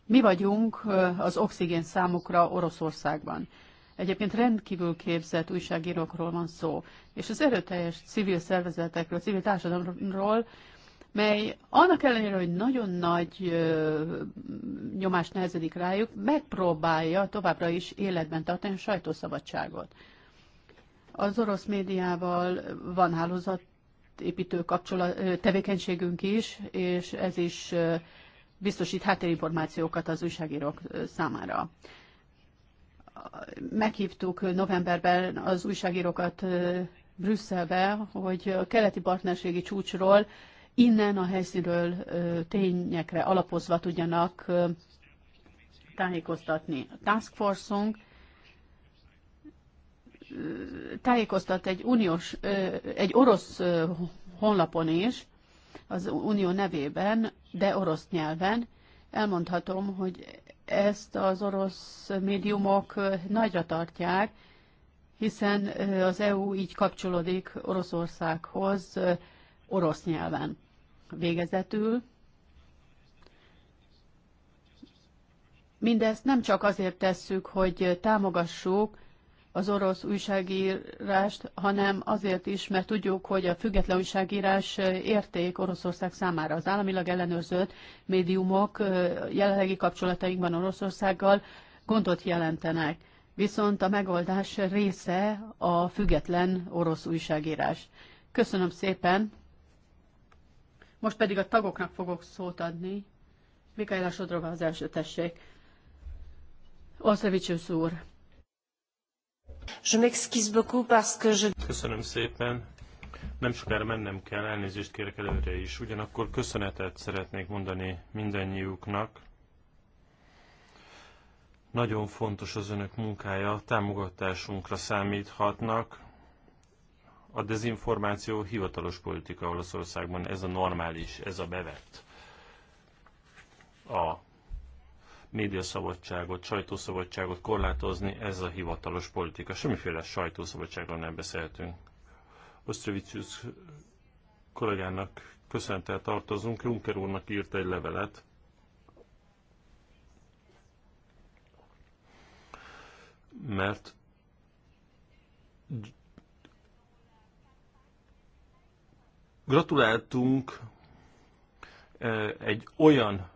Mi vagyunk az oxigén számukra Oroszországban. Egyébként rendkívül képzett újságírókról van szó, és az erőteljes civil szervezetekről, civil társadalomról, mely annak ellenére, hogy nagyon nagy ö, nyomás nehezedik rájuk, megpróbálja továbbra is életben tartani a sajtószabadságot. Az orosz médiával van hálózatépítő kapcsolat, tevékenységünk is, és ez is biztosít háttérinformációkat az újságírók számára. Meghívtuk novemberben az újságírókat Brüsszelbe, hogy a keleti partnerségi csúcsról innen a helyszínről tényekre alapozva tudjanak tájékoztatni. A task force-unk tájékoztat egy, uniós, egy orosz honlapon is, az unió nevében, de orosz nyelven. Elmondhatom, hogy ezt az orosz médiumok nagyra tartják, hiszen az EU így kapcsolódik Oroszországhoz orosz nyelven. Végezetül mindezt nem csak azért tesszük, hogy támogassuk az orosz újságírást, hanem azért is, mert tudjuk, hogy a független újságírás érték Oroszország számára. Az államilag ellenőrzött médiumok jelenlegi kapcsolataikban Oroszországgal gondot jelentenek. Viszont a megoldás része a független orosz újságírás. Köszönöm szépen! Most pedig a tagoknak fogok szót adni. Mikaela Sodrova az első tessék. Oszlevicsusz úr! Köszönöm szépen. Nem sokára mennem kell, elnézést kérek előre is. Ugyanakkor köszönetet szeretnék mondani mindannyiuknak. Nagyon fontos az önök munkája, támogatásunkra számíthatnak. A dezinformáció hivatalos politika Olaszországban, ez a normális, ez a bevett. A médiaszabadságot, sajtószabadságot korlátozni, ez a hivatalos politika. Semmiféle sajtószabadságról nem beszélhetünk. Osztrevicius kollégának köszöntel tartozunk, Juncker úrnak írt egy levelet, mert gratuláltunk eh, egy olyan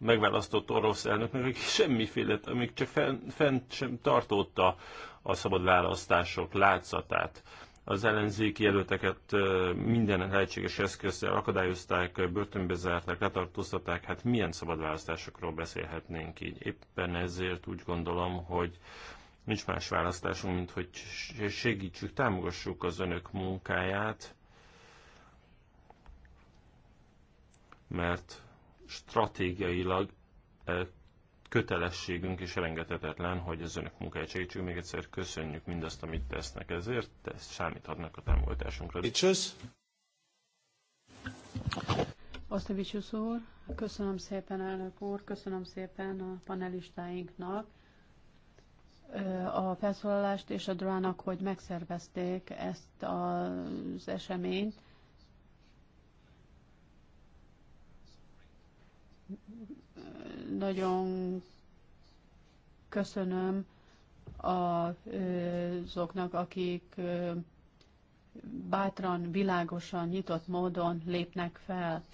megválasztott orosz elnöknek, aki semmiféle, amíg csak fent, fent sem tartotta a szabad választások látszatát. Az ellenzéki jelölteket minden lehetséges eszközzel akadályozták, börtönbe zárták, letartóztatták, hát milyen szabad választásokról beszélhetnénk így. Éppen ezért úgy gondolom, hogy nincs más választásunk, mint hogy segítsük, támogassuk az önök munkáját, mert stratégiailag eh, kötelességünk és elengedhetetlen, hogy az önök munkáját segítsük. Még egyszer köszönjük mindazt, amit tesznek ezért, de ezt számíthatnak a támogatásunkra. Bicsősz? Osztabicsusz úr, köszönöm szépen elnök úr, köszönöm szépen a panelistáinknak eh, a felszólalást és a drának, hogy megszervezték ezt az eseményt Nagyon köszönöm azoknak, akik bátran, világosan, nyitott módon lépnek fel.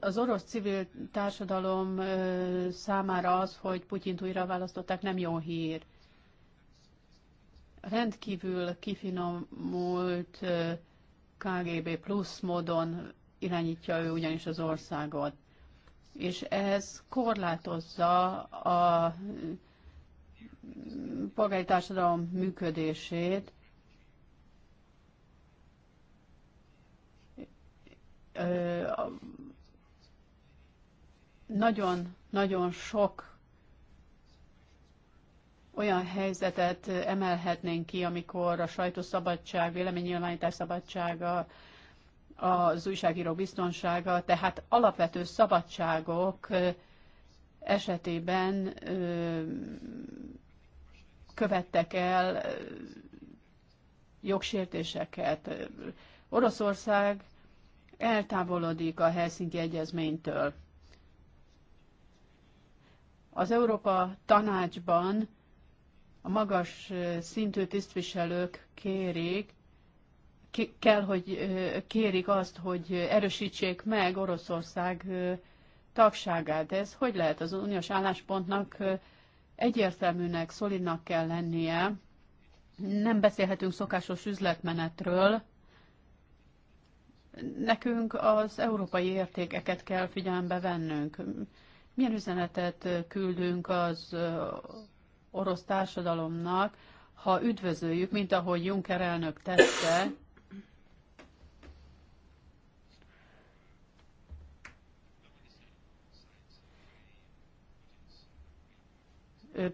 az orosz civil társadalom számára az, hogy Putyint újra választották, nem jó hír. Rendkívül kifinomult KGB plusz módon irányítja ő ugyanis az országot. És ez korlátozza a polgári társadalom működését, nagyon-nagyon sok olyan helyzetet emelhetnénk ki, amikor a sajtószabadság, véleménynyilvánítás szabadsága, az újságírók biztonsága, tehát alapvető szabadságok esetében követtek el jogsértéseket. Oroszország eltávolodik a Helsinki Egyezménytől. Az Európa Tanácsban a magas szintű tisztviselők kérik, kell, hogy kérik azt, hogy erősítsék meg Oroszország tagságát. Ez hogy lehet? Az uniós álláspontnak egyértelműnek, szolidnak kell lennie. Nem beszélhetünk szokásos üzletmenetről. Nekünk az európai értékeket kell figyelembe vennünk. Milyen üzenetet küldünk az orosz társadalomnak, ha üdvözöljük, mint ahogy Juncker elnök tette,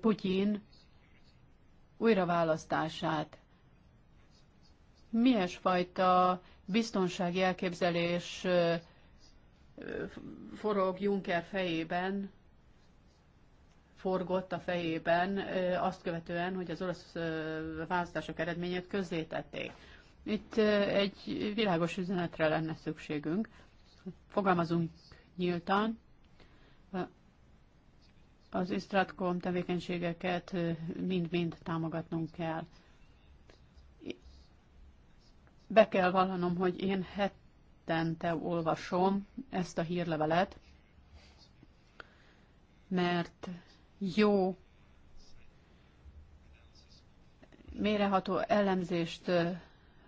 Putyin újraválasztását. Milyes fajta biztonsági elképzelés forog Juncker fejében forgott a fejében azt követően, hogy az orosz választások eredményét közzétették. Itt egy világos üzenetre lenne szükségünk. Fogalmazunk nyíltan, az Istratcom tevékenységeket mind-mind támogatnunk kell. Be kell vallanom, hogy én hetente olvasom ezt a hírlevelet, mert jó méreható elemzést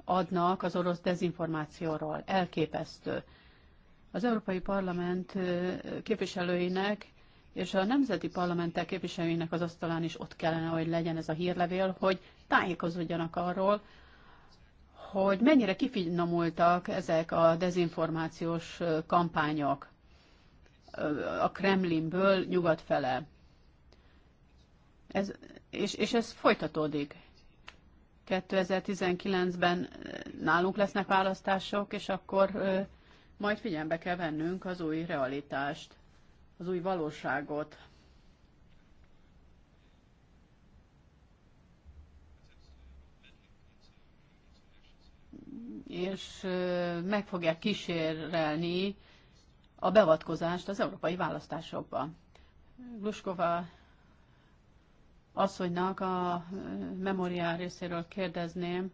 adnak az orosz dezinformációról. Elképesztő. Az Európai Parlament képviselőinek és a nemzeti parlamentek képviselőinek az asztalán is ott kellene, hogy legyen ez a hírlevél, hogy tájékozódjanak arról, hogy mennyire kifinomultak ezek a dezinformációs kampányok a Kremlinből nyugat fele. Ez, és, és ez folytatódik. 2019-ben nálunk lesznek választások, és akkor majd figyelembe kell vennünk az új realitást, az új valóságot. És meg fogják kísérelni a beavatkozást az európai választásokba. Gluskova asszonynak a memoriál részéről kérdezném,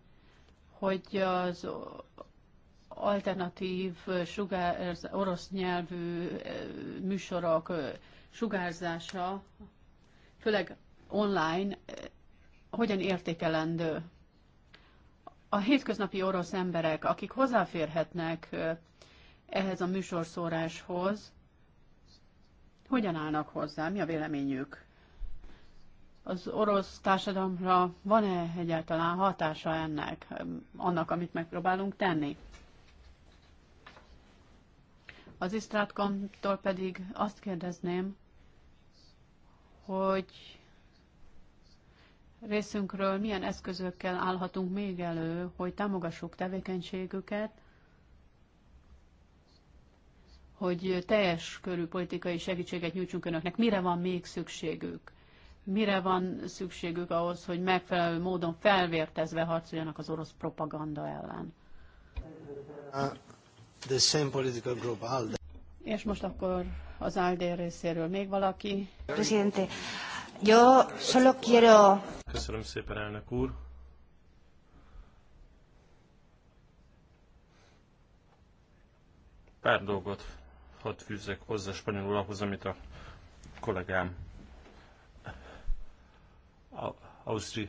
hogy az alternatív sugárz, orosz nyelvű műsorok sugárzása, főleg online, hogyan értékelendő? A hétköznapi orosz emberek, akik hozzáférhetnek ehhez a műsorszóráshoz, hogyan állnak hozzá? Mi a véleményük? az orosz társadalomra van-e egyáltalán hatása ennek, annak, amit megpróbálunk tenni? Az Isztrátkomtól pedig azt kérdezném, hogy részünkről milyen eszközökkel állhatunk még elő, hogy támogassuk tevékenységüket, hogy teljes körű politikai segítséget nyújtsunk önöknek. Mire van még szükségük? mire van szükségük ahhoz, hogy megfelelő módon felvértezve harcoljanak az orosz propaganda ellen. Uh, the same political group, ALDE. És most akkor az ALDE részéről még valaki. Presidente, yo solo quiero... Köszönöm szépen, elnök úr. Pár dolgot hadd fűzzek hozzá spanyolul ahhoz, amit a kollégám Ausztri,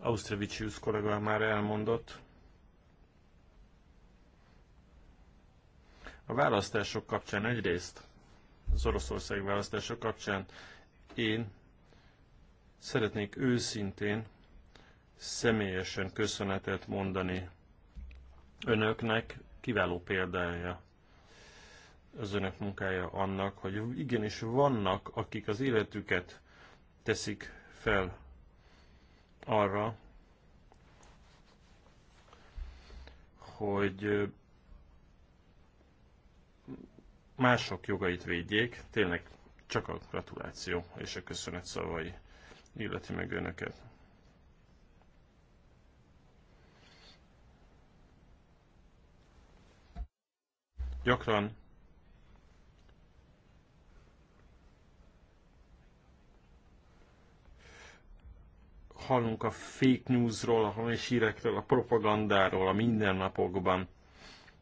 Ausztrevicius kollégám már elmondott. A választások kapcsán egyrészt, az Oroszország választások kapcsán én szeretnék őszintén személyesen köszönetet mondani önöknek, kiváló példája az önök munkája annak, hogy igenis vannak, akik az életüket teszik fel arra, hogy mások jogait védjék, tényleg csak a gratuláció és a köszönet szavai illeti meg önöket. Gyakran hallunk a fake newsról, a hamis hírekről, a propagandáról, a mindennapokban,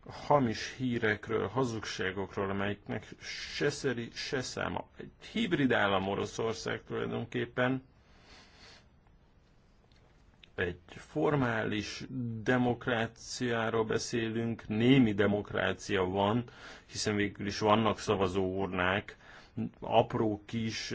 a hamis hírekről, a hazugságokról, amelyiknek se szeri, se száma. Egy hibrid állam Oroszország tulajdonképpen, egy formális demokráciáról beszélünk, némi demokrácia van, hiszen végül is vannak szavazóurnák, apró kis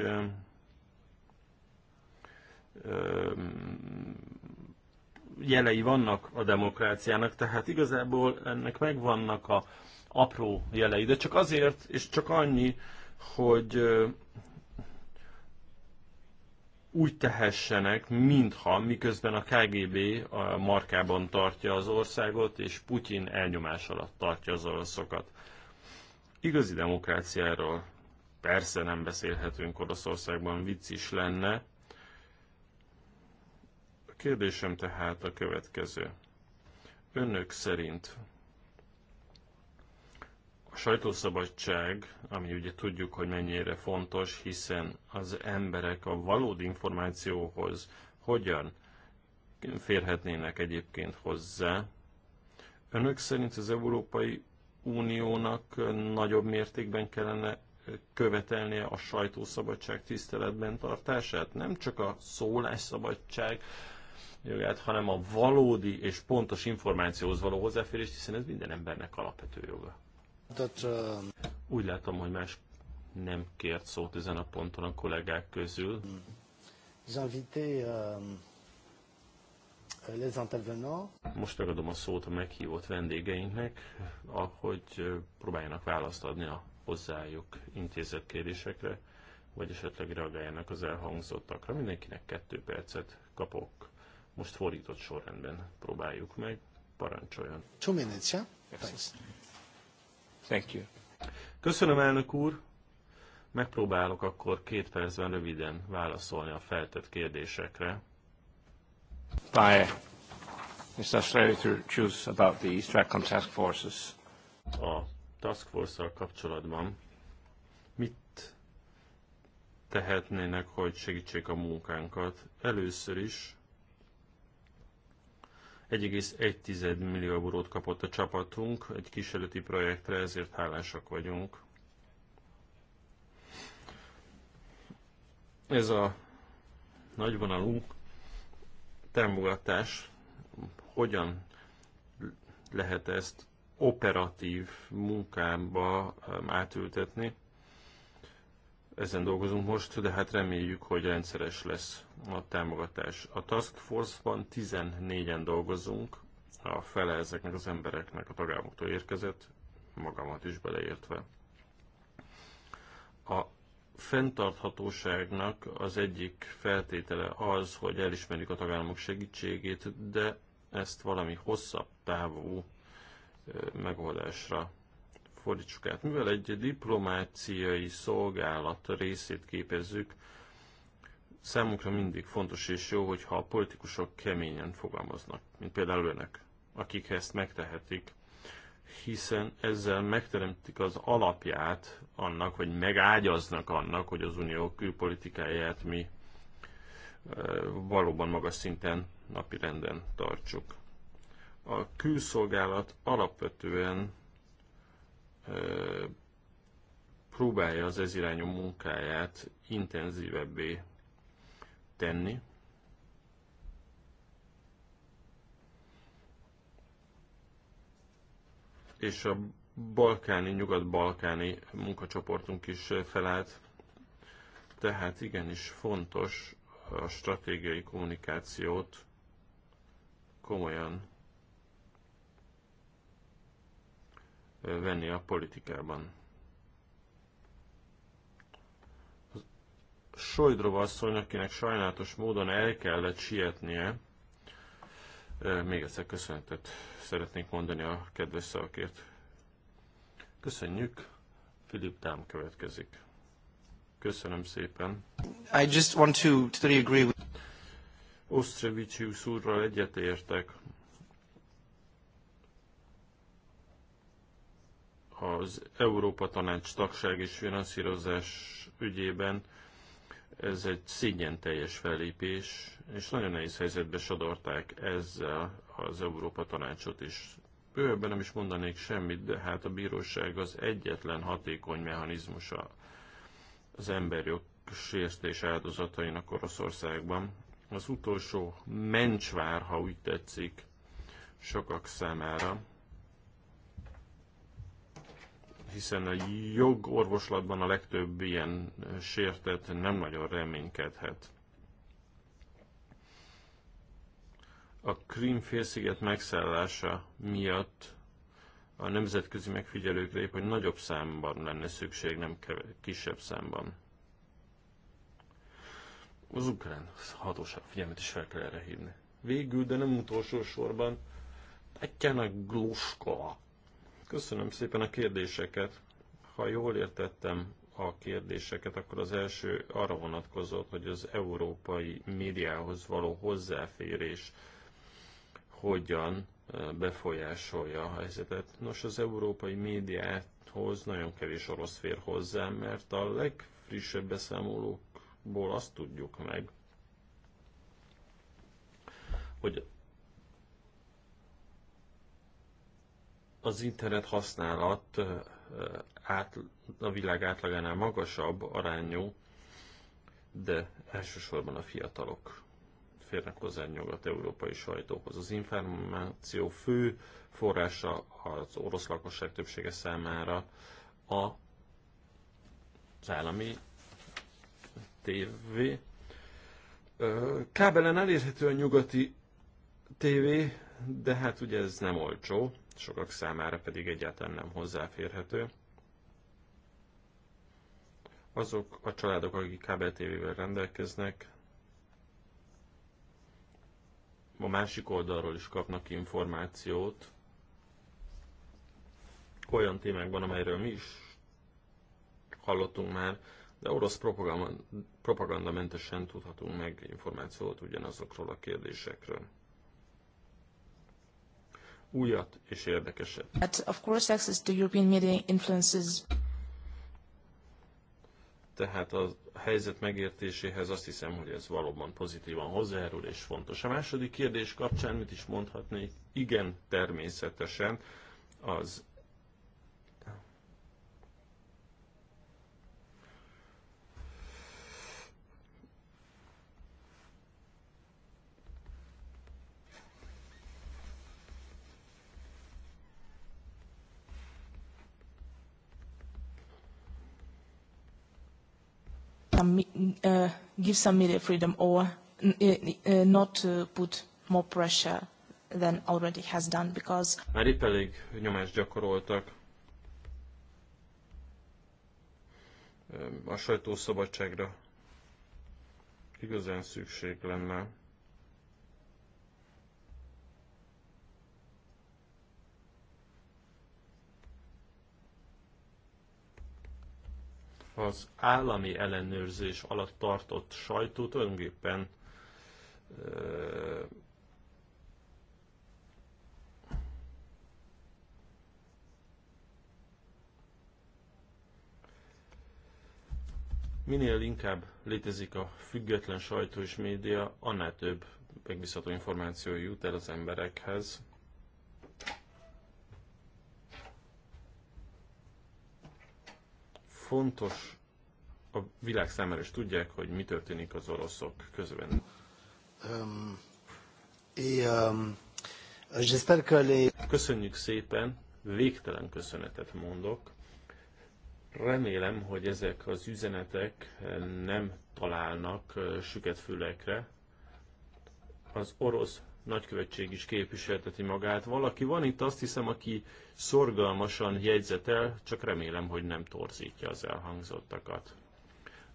jelei vannak a demokráciának, tehát igazából ennek megvannak a apró jelei, de csak azért, és csak annyi, hogy úgy tehessenek, mintha miközben a KGB a markában tartja az országot, és Putyin elnyomás alatt tartja az oroszokat. Igazi demokráciáról persze nem beszélhetünk Oroszországban, vicc is lenne, Kérdésem tehát a következő. Önök szerint a sajtószabadság, ami ugye tudjuk, hogy mennyire fontos, hiszen az emberek a valódi információhoz hogyan férhetnének egyébként hozzá. Önök szerint az Európai Uniónak nagyobb mértékben kellene követelnie a sajtószabadság tiszteletben tartását? Nem csak a szólásszabadság, jogát, hanem a valódi és pontos információhoz való hozzáférés, hiszen ez minden embernek alapvető joga. That, um... Úgy látom, hogy más nem kért szót ezen a ponton a kollégák közül. Most megadom a szót a meghívott vendégeinknek, ahogy próbáljanak választ adni a hozzájuk intézett kérdésekre, vagy esetleg reagáljanak az elhangzottakra. Mindenkinek kettő percet kapok. Most fordított sorrendben próbáljuk meg. Parancsoljon. Two minutes, yeah? Thank you. Köszönöm, elnök úr. Megpróbálok akkor két percben röviden válaszolni a feltett kérdésekre. By Mr. Schroeder choose about the Stratcom Task Forces. A Task force kapcsolatban mit tehetnének, hogy segítsék a munkánkat? Először is 1,1 millió eurót kapott a csapatunk egy kísérleti projektre, ezért hálásak vagyunk. Ez a nagyvonalú támogatás hogyan lehet ezt operatív munkámba átültetni. Ezen dolgozunk most, de hát reméljük, hogy rendszeres lesz a támogatás. A Task Force-ban 14-en dolgozunk, a fele ezeknek az embereknek a tagállamoktól érkezett, magamat is beleértve. A fenntarthatóságnak az egyik feltétele az, hogy elismerjük a tagállamok segítségét, de ezt valami hosszabb távú megoldásra fordítsuk át. Mivel egy diplomáciai szolgálat részét képezzük, számunkra mindig fontos és jó, hogyha a politikusok keményen fogalmaznak, mint például önök, akik ezt megtehetik, hiszen ezzel megteremtik az alapját annak, hogy megágyaznak annak, hogy az unió külpolitikáját mi valóban magas szinten napi renden tartsuk. A külszolgálat alapvetően próbálja az ez irányú munkáját intenzívebbé tenni. És a balkáni, nyugat-balkáni munkacsoportunk is felállt, tehát igenis fontos a stratégiai kommunikációt komolyan venni a politikában. Sojdrov asszony, akinek sajnálatos módon el kellett sietnie, még egyszer köszönetet szeretnék mondani a kedves szavakért. Köszönjük, Filip Dám következik. Köszönöm szépen. I just want to totally agree with... Osztrevicius úrral egyetértek. az Európa Tanács tagság és finanszírozás ügyében ez egy szégyen teljes fellépés, és nagyon nehéz helyzetbe sodorták ezzel az Európa Tanácsot is. Bővebben nem is mondanék semmit, de hát a bíróság az egyetlen hatékony mechanizmusa az emberjog sértés áldozatainak Oroszországban. Az utolsó mencsvár, ha úgy tetszik, sokak számára, hiszen a jogorvoslatban a legtöbb ilyen sértet nem nagyon reménykedhet. A Krím félsziget megszállása miatt a nemzetközi megfigyelők lép, hogy nagyobb számban lenne szükség, nem kisebb számban. Az ukrán hatóság figyelmet is fel kell erre hívni. Végül, de nem utolsó sorban, Tatjana Gluskova Köszönöm szépen a kérdéseket. Ha jól értettem a kérdéseket, akkor az első arra vonatkozott, hogy az európai médiához való hozzáférés hogyan eh, befolyásolja a helyzetet. Nos, az európai médiához nagyon kevés orosz fér hozzá, mert a legfrissebb beszámolókból azt tudjuk meg, hogy az internet használat át, a világ átlagánál magasabb arányú, de elsősorban a fiatalok férnek hozzá nyugat-európai sajtóhoz. Az információ fő forrása az orosz lakosság többsége számára a az állami tévé. Kábelen elérhető a nyugati tévé, de hát ugye ez nem olcsó sokak számára pedig egyáltalán nem hozzáférhető. Azok a családok, akik kábeltévével rendelkeznek, a másik oldalról is kapnak információt olyan témákban, amelyről mi is hallottunk már, de orosz propagandamentesen tudhatunk meg információt ugyanazokról a kérdésekről újat és érdekeset. But of course access to European media influences tehát a helyzet megértéséhez azt hiszem, hogy ez valóban pozitívan hozzájárul és fontos. A második kérdés kapcsán mit is mondhatnék? Igen, természetesen az some, uh, give some media freedom or uh, uh, not to put more pressure than already has done because Már itt elég nyomást gyakoroltak a sajtószabadságra igazán szükség lenne. az állami ellenőrzés alatt tartott sajtó tulajdonképpen minél inkább létezik a független sajtó és média, annál több megbízható információ jut el az emberekhez. fontos a világ számára is tudják, hogy mi történik az oroszok közben. Um, et, um, j'espère que les... Köszönjük szépen, végtelen köszönetet mondok. Remélem, hogy ezek az üzenetek eh, nem találnak eh, süket fülekre. Az orosz nagykövetség is képviselteti magát. Valaki van itt, azt hiszem, aki szorgalmasan jegyzetel, csak remélem, hogy nem torzítja az elhangzottakat.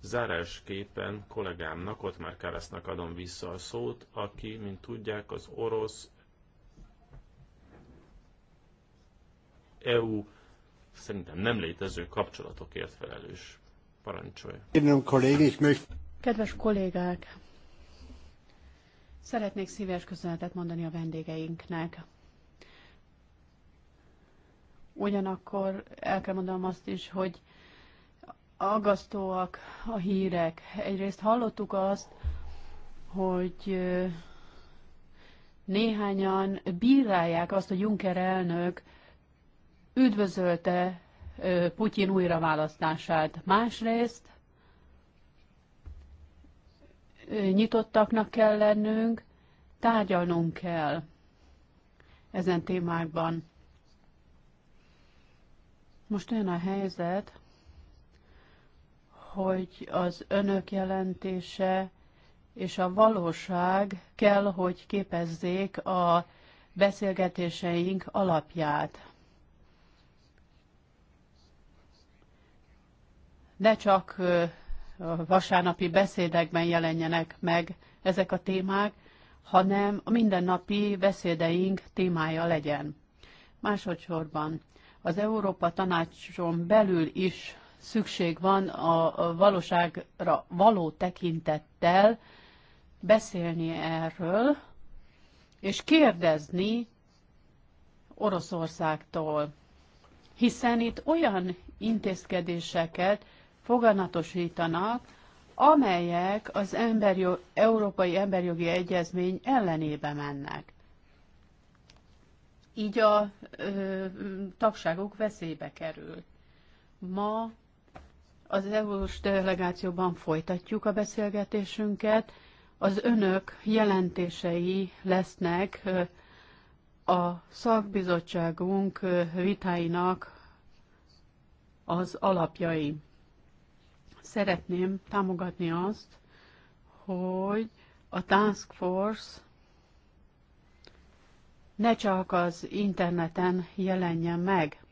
Zárásképpen kollégámnak, ott már Kárasznak adom vissza a szót, aki, mint tudják, az orosz EU szerintem nem létező kapcsolatokért felelős. Parancsolj! Kedves kollégák! Szeretnék szíves köszönetet mondani a vendégeinknek. Ugyanakkor el kell mondanom azt is, hogy aggasztóak a hírek. Egyrészt hallottuk azt, hogy néhányan bírálják azt, hogy Juncker elnök üdvözölte Putyin újraválasztását. Másrészt nyitottaknak kell lennünk, tárgyalnunk kell ezen témákban. Most olyan a helyzet, hogy az önök jelentése és a valóság kell, hogy képezzék a beszélgetéseink alapját. Ne csak vasárnapi beszédekben jelenjenek meg ezek a témák, hanem a mindennapi beszédeink témája legyen. Másodszorban az Európa Tanácson belül is szükség van a valóságra való tekintettel beszélni erről, és kérdezni Oroszországtól, hiszen itt olyan intézkedéseket, foganatosítanak, amelyek az emberjog, Európai Emberjogi Egyezmény ellenébe mennek. Így a ö, tagságok veszélybe kerül. Ma az EU-s delegációban folytatjuk a beszélgetésünket. Az önök jelentései lesznek a szakbizottságunk vitáinak az alapjai szeretném támogatni azt, hogy a Task Force ne csak az interneten jelenjen meg.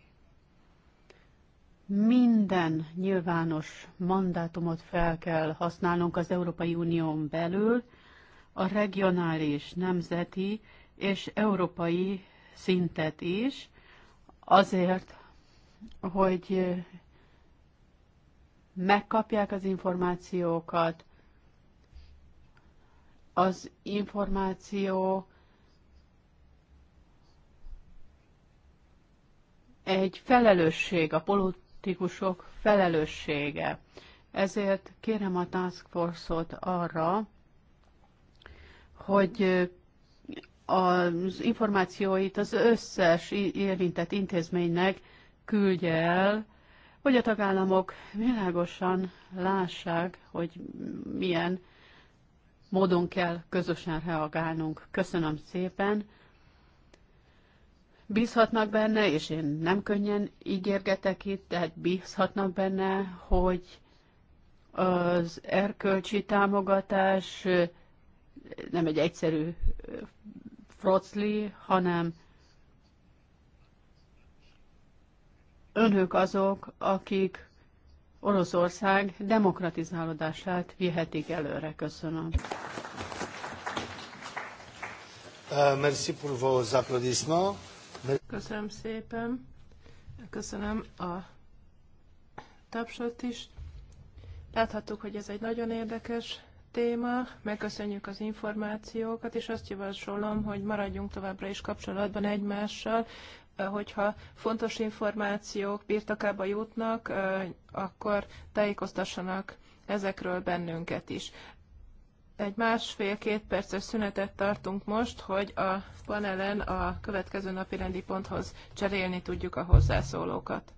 Minden nyilvános mandátumot fel kell használnunk az Európai Unión belül, a regionális, nemzeti és európai szintet is, azért, hogy megkapják az információkat, az információ egy felelősség, a politikusok felelőssége. Ezért kérem a Task Force-ot arra, hogy az információit az összes érintett intézménynek küldje el, hogy a tagállamok világosan lássák, hogy milyen módon kell közösen reagálnunk. Köszönöm szépen. Bízhatnak benne, és én nem könnyen ígérgetek itt, tehát bízhatnak benne, hogy az erkölcsi támogatás nem egy egyszerű frocli, hanem önök azok, akik Oroszország demokratizálódását vihetik előre. Köszönöm. Euh, Köszönöm szépen. Köszönöm a tapsot is. Láthattuk, hogy ez egy nagyon érdekes téma, megköszönjük az információkat, és azt javasolom, hogy maradjunk továbbra is kapcsolatban egymással, hogyha fontos információk birtokába jutnak, akkor tájékoztassanak ezekről bennünket is. Egy másfél-két perces szünetet tartunk most, hogy a panelen a következő napi rendi ponthoz cserélni tudjuk a hozzászólókat.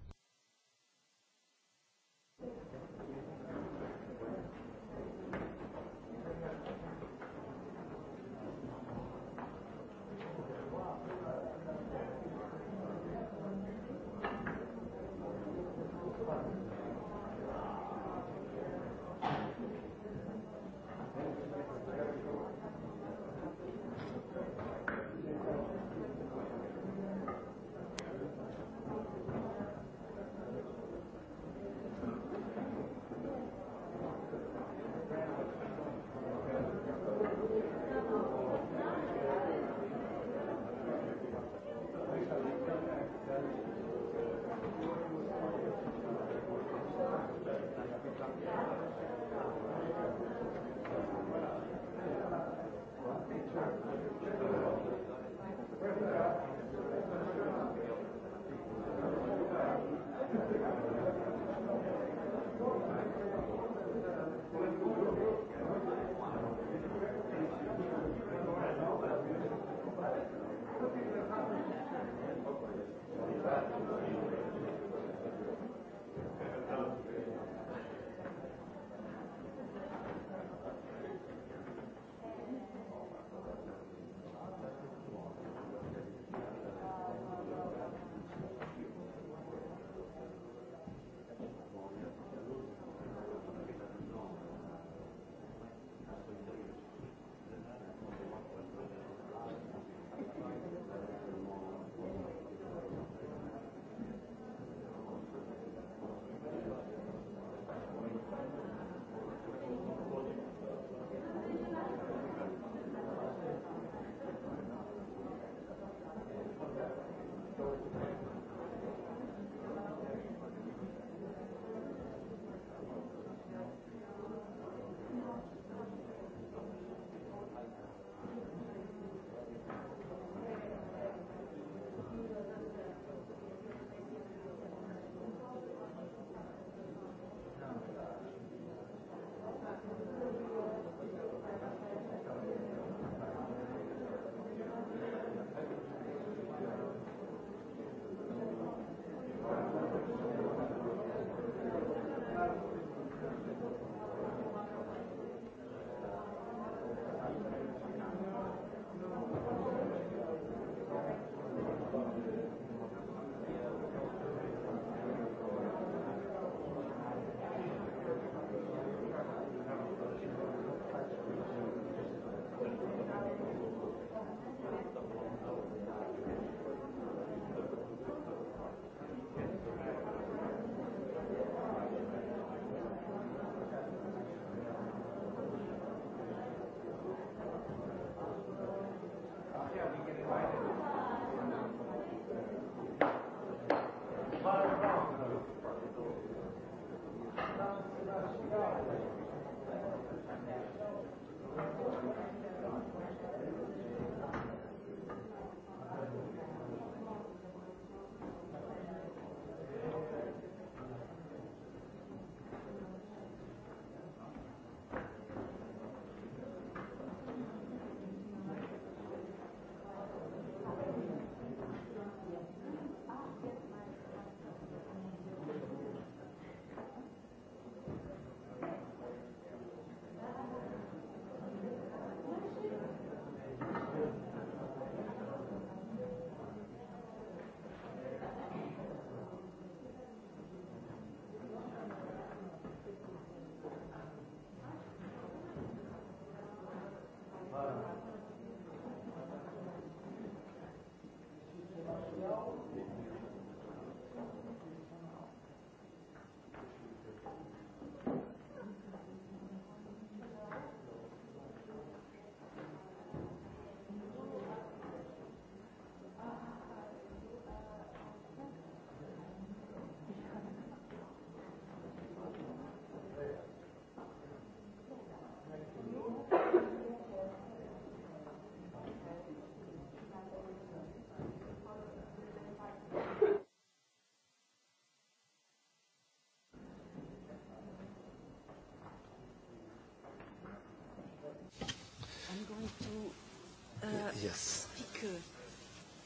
yes. speak. Uh,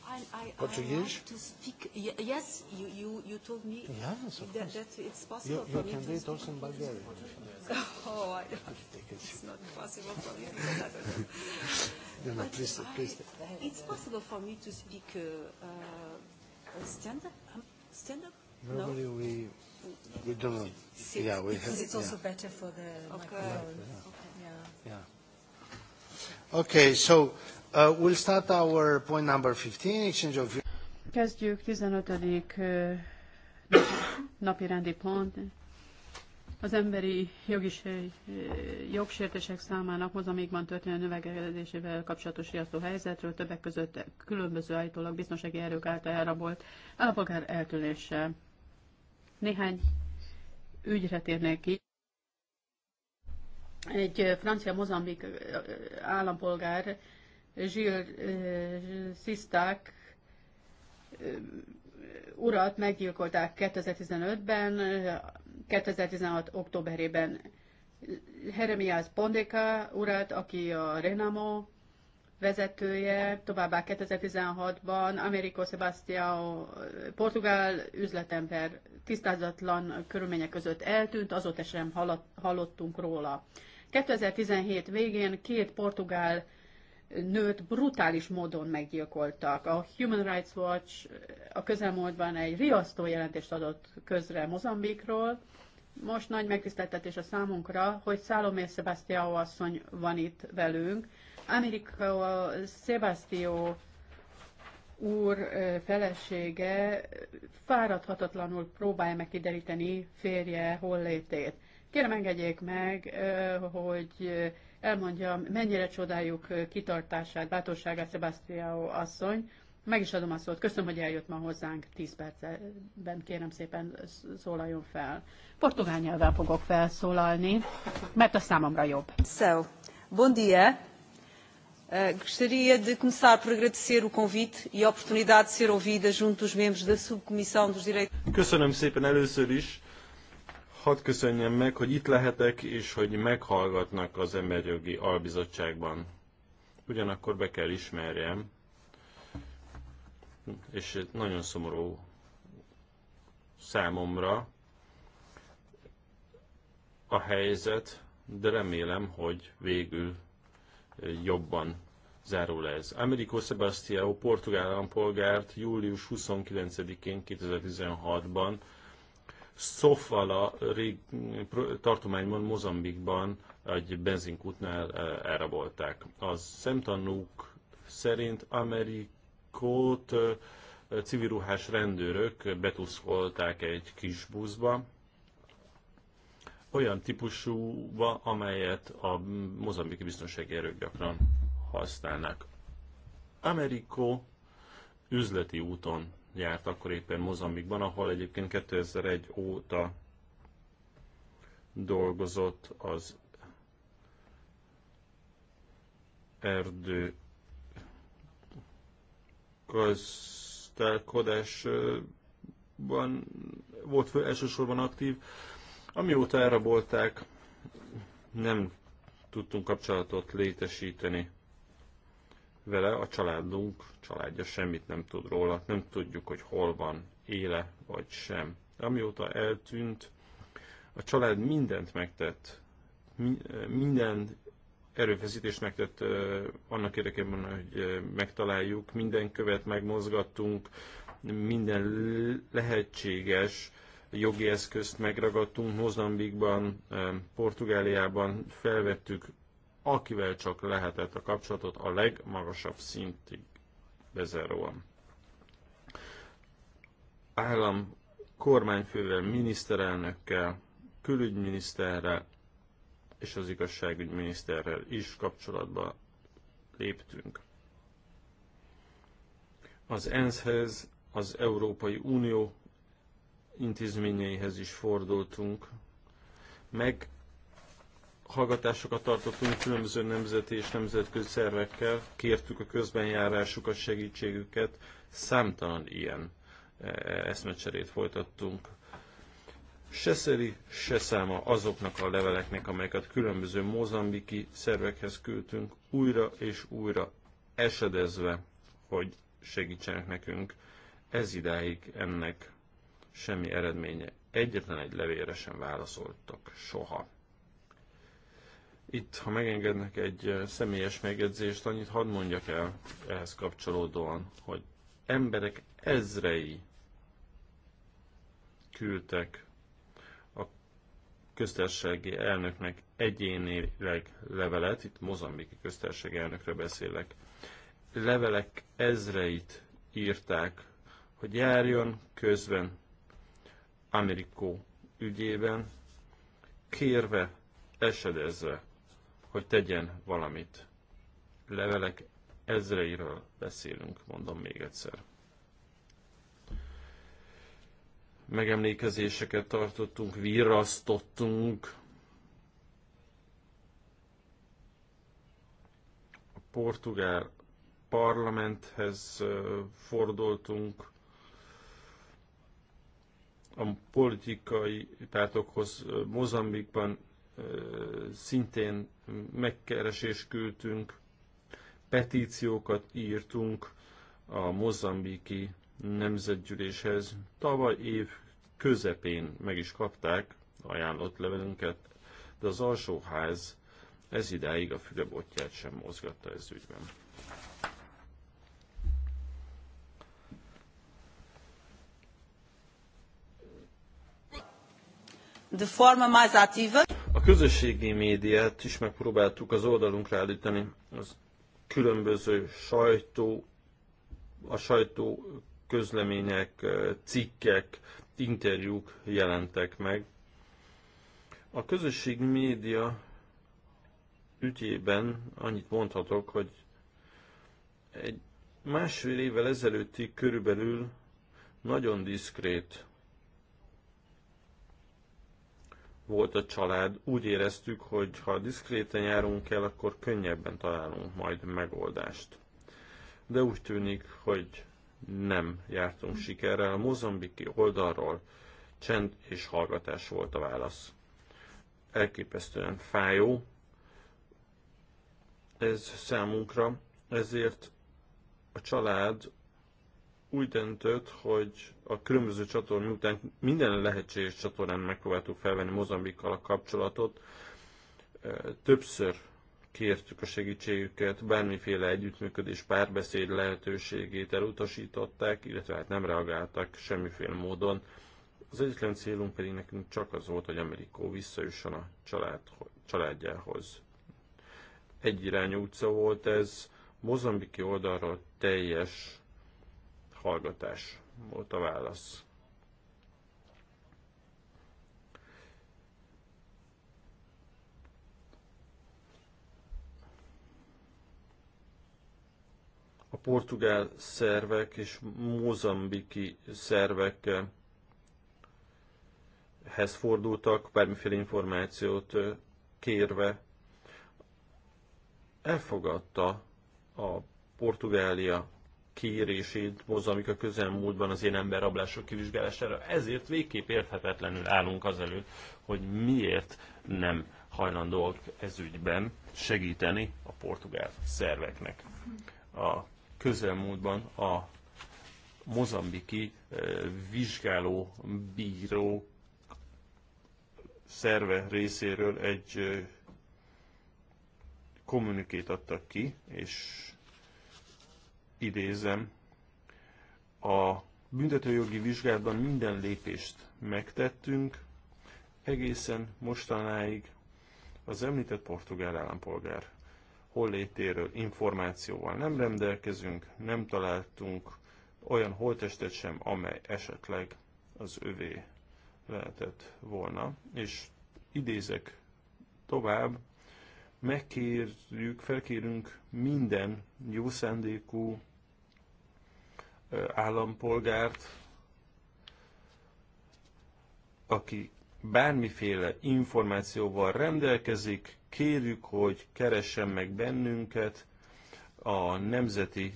I, I, Portuguese? I to speak. Yes, you, you, you told me yes, of that, that it's possible. You, you for can me do speak also in Bulgarian. oh, I don't. It's not possible for me. I don't know. no, no, please, I, please. It's possible for me to speak uh, uh, stand up. Um, stand up. Normally no? we we don't. know. Yeah, we because have, it's also yeah. better for the okay. microphone. Yeah, yeah. Okay. Okay, so uh, we'll start our point number 15, exchange of... Kezdjük 15. napi rendi pont. Az emberi jogis, jogsértések számának Mozamékban történő növekedésével kapcsolatos riasztó helyzetről többek között különböző állítólag biztonsági erők által elrabolt állapokár eltűnése. Néhány ügyre térnék ki egy francia mozambik állampolgár, Gilles Sziszták urat meggyilkolták 2015-ben, 2016. októberében Jeremias Pondeka urat, aki a Renamo vezetője, továbbá 2016-ban Americo Sebastião portugál üzletember tisztázatlan körülmények között eltűnt, azóta sem hallottunk róla. 2017 végén két portugál nőt brutális módon meggyilkoltak. A Human Rights Watch a közelmúltban egy riasztó jelentést adott közre Mozambikról. Most nagy megtiszteltetés a számunkra, hogy Szálomé Sebastiao asszony van itt velünk. Amerika Sebastiao úr felesége fáradhatatlanul próbálja megkideríteni férje hollétét. Kérem engedjék meg, hogy elmondjam, mennyire csodáljuk kitartását, bátorságát Sebastiao asszony. Meg is adom a szót. Köszönöm, hogy eljött ma hozzánk. 10 percben kérem szépen szólaljon fel. Portugál nyelven fogok felszólalni, mert a számomra jobb. So, bom dia. Eh, gostaria de começar por agradecer o convite e a oportunidade de ser ouvida junto dos membros da Subcomissão dos Direitos. Köszönöm szépen először is Hadd köszönjem meg, hogy itt lehetek, és hogy meghallgatnak az Emberjogi Albizottságban. Ugyanakkor be kell ismerjem, és nagyon szomorú számomra a helyzet, de remélem, hogy végül jobban zárul ez. Americo Sebastião portugál állampolgárt július 29-én 2016-ban Szofala rég, tartományban, Mozambikban egy benzinkútnál e, elrabolták. A szemtanúk szerint Amerikót e, civilruhás rendőrök betuszkolták egy kis buszba, olyan típusúba, amelyet a mozambiki biztonsági erők gyakran használnak. Amerikó üzleti úton járt akkor éppen Mozambikban, ahol egyébként 2001 óta dolgozott az erdő gazdálkodásban volt fő, elsősorban aktív. Amióta elrabolták, nem tudtunk kapcsolatot létesíteni vele, a családunk, családja semmit nem tud róla, nem tudjuk, hogy hol van, éle vagy sem. Amióta eltűnt, a család mindent megtett, minden erőfeszítést megtett annak érdekében, hogy megtaláljuk, minden követ megmozgattunk, minden lehetséges jogi eszközt megragadtunk Mozambikban, Portugáliában, felvettük akivel csak lehetett a kapcsolatot a legmagasabb szintig bezáróan. Állam kormányfővel, miniszterelnökkel, külügyminiszterrel és az igazságügyminiszterrel is kapcsolatba léptünk. Az ENSZ-hez, az Európai Unió intézményeihez is fordultunk, meg hallgatásokat tartottunk különböző nemzeti és nemzetközi szervekkel, kértük a közbenjárásukat, segítségüket, számtalan ilyen e, eszmecserét folytattunk. Se szeri, se száma azoknak a leveleknek, amelyeket különböző mozambiki szervekhez küldtünk, újra és újra esedezve, hogy segítsenek nekünk. Ez idáig ennek semmi eredménye. Egyetlen egy levélre sem válaszoltak soha. Itt, ha megengednek egy személyes megjegyzést, annyit hadd mondjak el ehhez kapcsolódóan, hogy emberek ezrei küldtek a köztársasági elnöknek egyénileg levelet, itt mozambiki köztársasági elnökre beszélek, levelek ezreit írták, hogy járjon közben Amerikó ügyében, kérve, esedezve hogy tegyen valamit. Levelek ezreiről beszélünk, mondom még egyszer. Megemlékezéseket tartottunk, virrasztottunk, portugál parlamenthez fordultunk, a politikai pártokhoz Mozambikban szintén megkeresés küldtünk, petíciókat írtunk a mozambiki nemzetgyűléshez. Tavaly év közepén meg is kapták ajánlott levelünket, de az alsóház ez idáig a fülebotját sem mozgatta ez ügyben. de forma mais ativa. A közösségi médiát is megpróbáltuk az oldalunkra állítani. Az különböző sajtó, a sajtó közlemények, cikkek, interjúk jelentek meg. A közösség média ügyében annyit mondhatok, hogy egy másfél évvel ezelőtti körülbelül nagyon diszkrét volt a család, úgy éreztük, hogy ha diszkréten járunk el, akkor könnyebben találunk majd megoldást. De úgy tűnik, hogy nem jártunk sikerrel, a mozambiki oldalról csend és hallgatás volt a válasz. Elképesztően fájó ez számunkra, ezért a család úgy döntött, hogy a különböző csatornán, miután minden lehetséges csatornán megpróbáltuk felvenni Mozambikkal a kapcsolatot, többször kértük a segítségüket, bármiféle együttműködés, párbeszéd lehetőségét elutasították, illetve hát nem reagáltak semmiféle módon. Az egyetlen célunk pedig nekünk csak az volt, hogy Amerikó visszajusson a család, családjához. Egyirányú utca volt ez, mozambiki oldalról teljes hallgatás volt a válasz. A portugál szervek és mozambiki szervek hez fordultak, bármiféle információt kérve. Elfogadta a Portugália kérését Mozambika közelmúltban az én emberrablások kivizsgálására. Ezért végképp érthetetlenül állunk azelőtt, hogy miért nem hajlandóak ügyben segíteni a portugál szerveknek. A közelmúltban a mozambiki eh, vizsgáló bíró szerve részéről egy eh, kommunikét adtak ki, és idézem, a büntetőjogi vizsgálatban minden lépést megtettünk, egészen mostanáig az említett portugál állampolgár hollétéről információval nem rendelkezünk, nem találtunk olyan holtestet sem, amely esetleg az övé lehetett volna. És idézek tovább, megkérjük, felkérünk minden jó szándékú állampolgárt, aki bármiféle információval rendelkezik, kérjük, hogy keressen meg bennünket a Nemzeti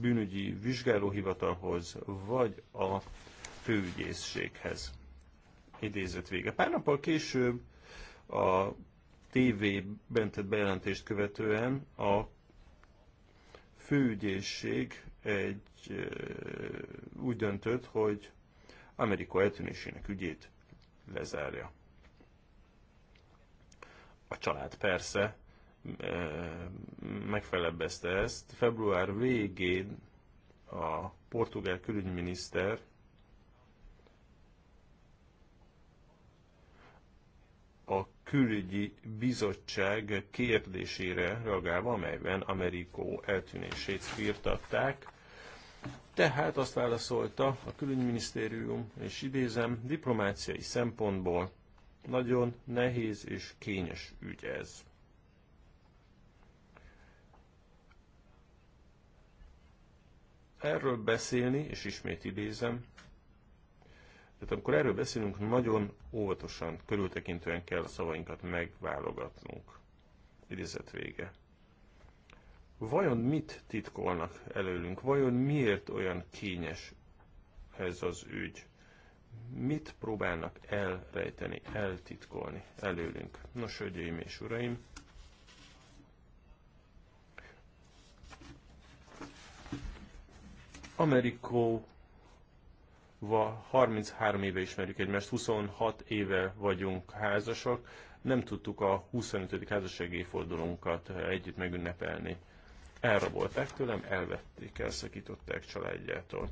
Bűnügyi Vizsgálóhivatalhoz, vagy a főügyészséghez. Idézet vége. Pár nappal később a TV-ben tett bejelentést követően a főügyészség egy, úgy döntött, hogy Amerika eltűnésének ügyét lezárja. A család persze megfelebbezte ezt. Február végén a portugál külügyminiszter a külügyi bizottság kérdésére reagálva, amelyben Amerikó eltűnését firtatták. Tehát azt válaszolta a külügyminisztérium, és idézem, diplomáciai szempontból nagyon nehéz és kényes ügy ez. Erről beszélni, és ismét idézem, tehát amikor erről beszélünk, nagyon óvatosan, körültekintően kell a szavainkat megválogatnunk. Idézet vége. Vajon mit titkolnak előlünk? Vajon miért olyan kényes ez az ügy? Mit próbálnak elrejteni, eltitkolni előlünk? Nos, hölgyeim és uraim, Amerikó Va 33 éve ismerjük egymást, 26 éve vagyunk házasok, nem tudtuk a 25. házassági évfordulónkat együtt megünnepelni. Elrabolták tőlem, elvették, elszakították családjától.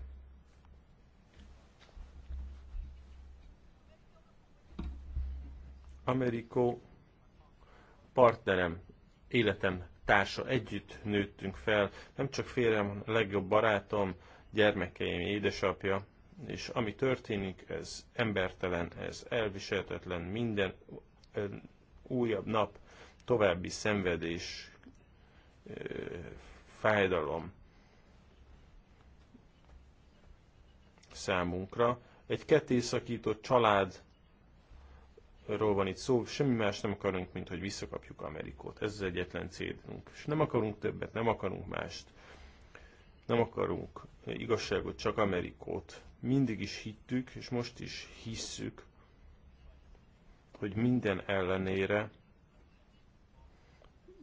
Amerikó partnerem, életem társa, együtt nőttünk fel, nem csak férjem, a legjobb barátom, gyermekeim, édesapja, és ami történik, ez embertelen, ez elviselhetetlen, minden újabb nap további szenvedés, fájdalom számunkra. Egy kettészakított család ról van itt szó, semmi más nem akarunk, mint hogy visszakapjuk Amerikót. Ez az egyetlen célunk. És nem akarunk többet, nem akarunk mást. Nem akarunk igazságot, csak Amerikót mindig is hittük, és most is hisszük, hogy minden ellenére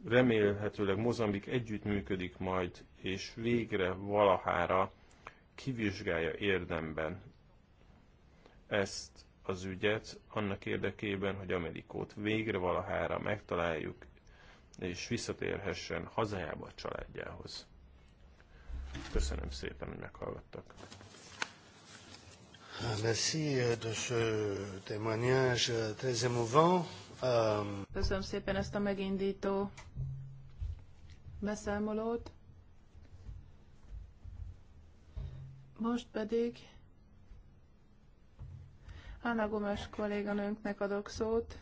remélhetőleg Mozambik együttműködik majd, és végre valahára kivizsgálja érdemben ezt az ügyet annak érdekében, hogy Amerikót végre valahára megtaláljuk, és visszatérhessen hazájába a családjához. Köszönöm szépen, hogy meghallgattak. Merci euh, de ce témoignage euh, très émouvant. Euh, Köszönöm szépen ezt a megindító beszámolót. Most pedig Anna Gomes kolléganőnknek adok szót,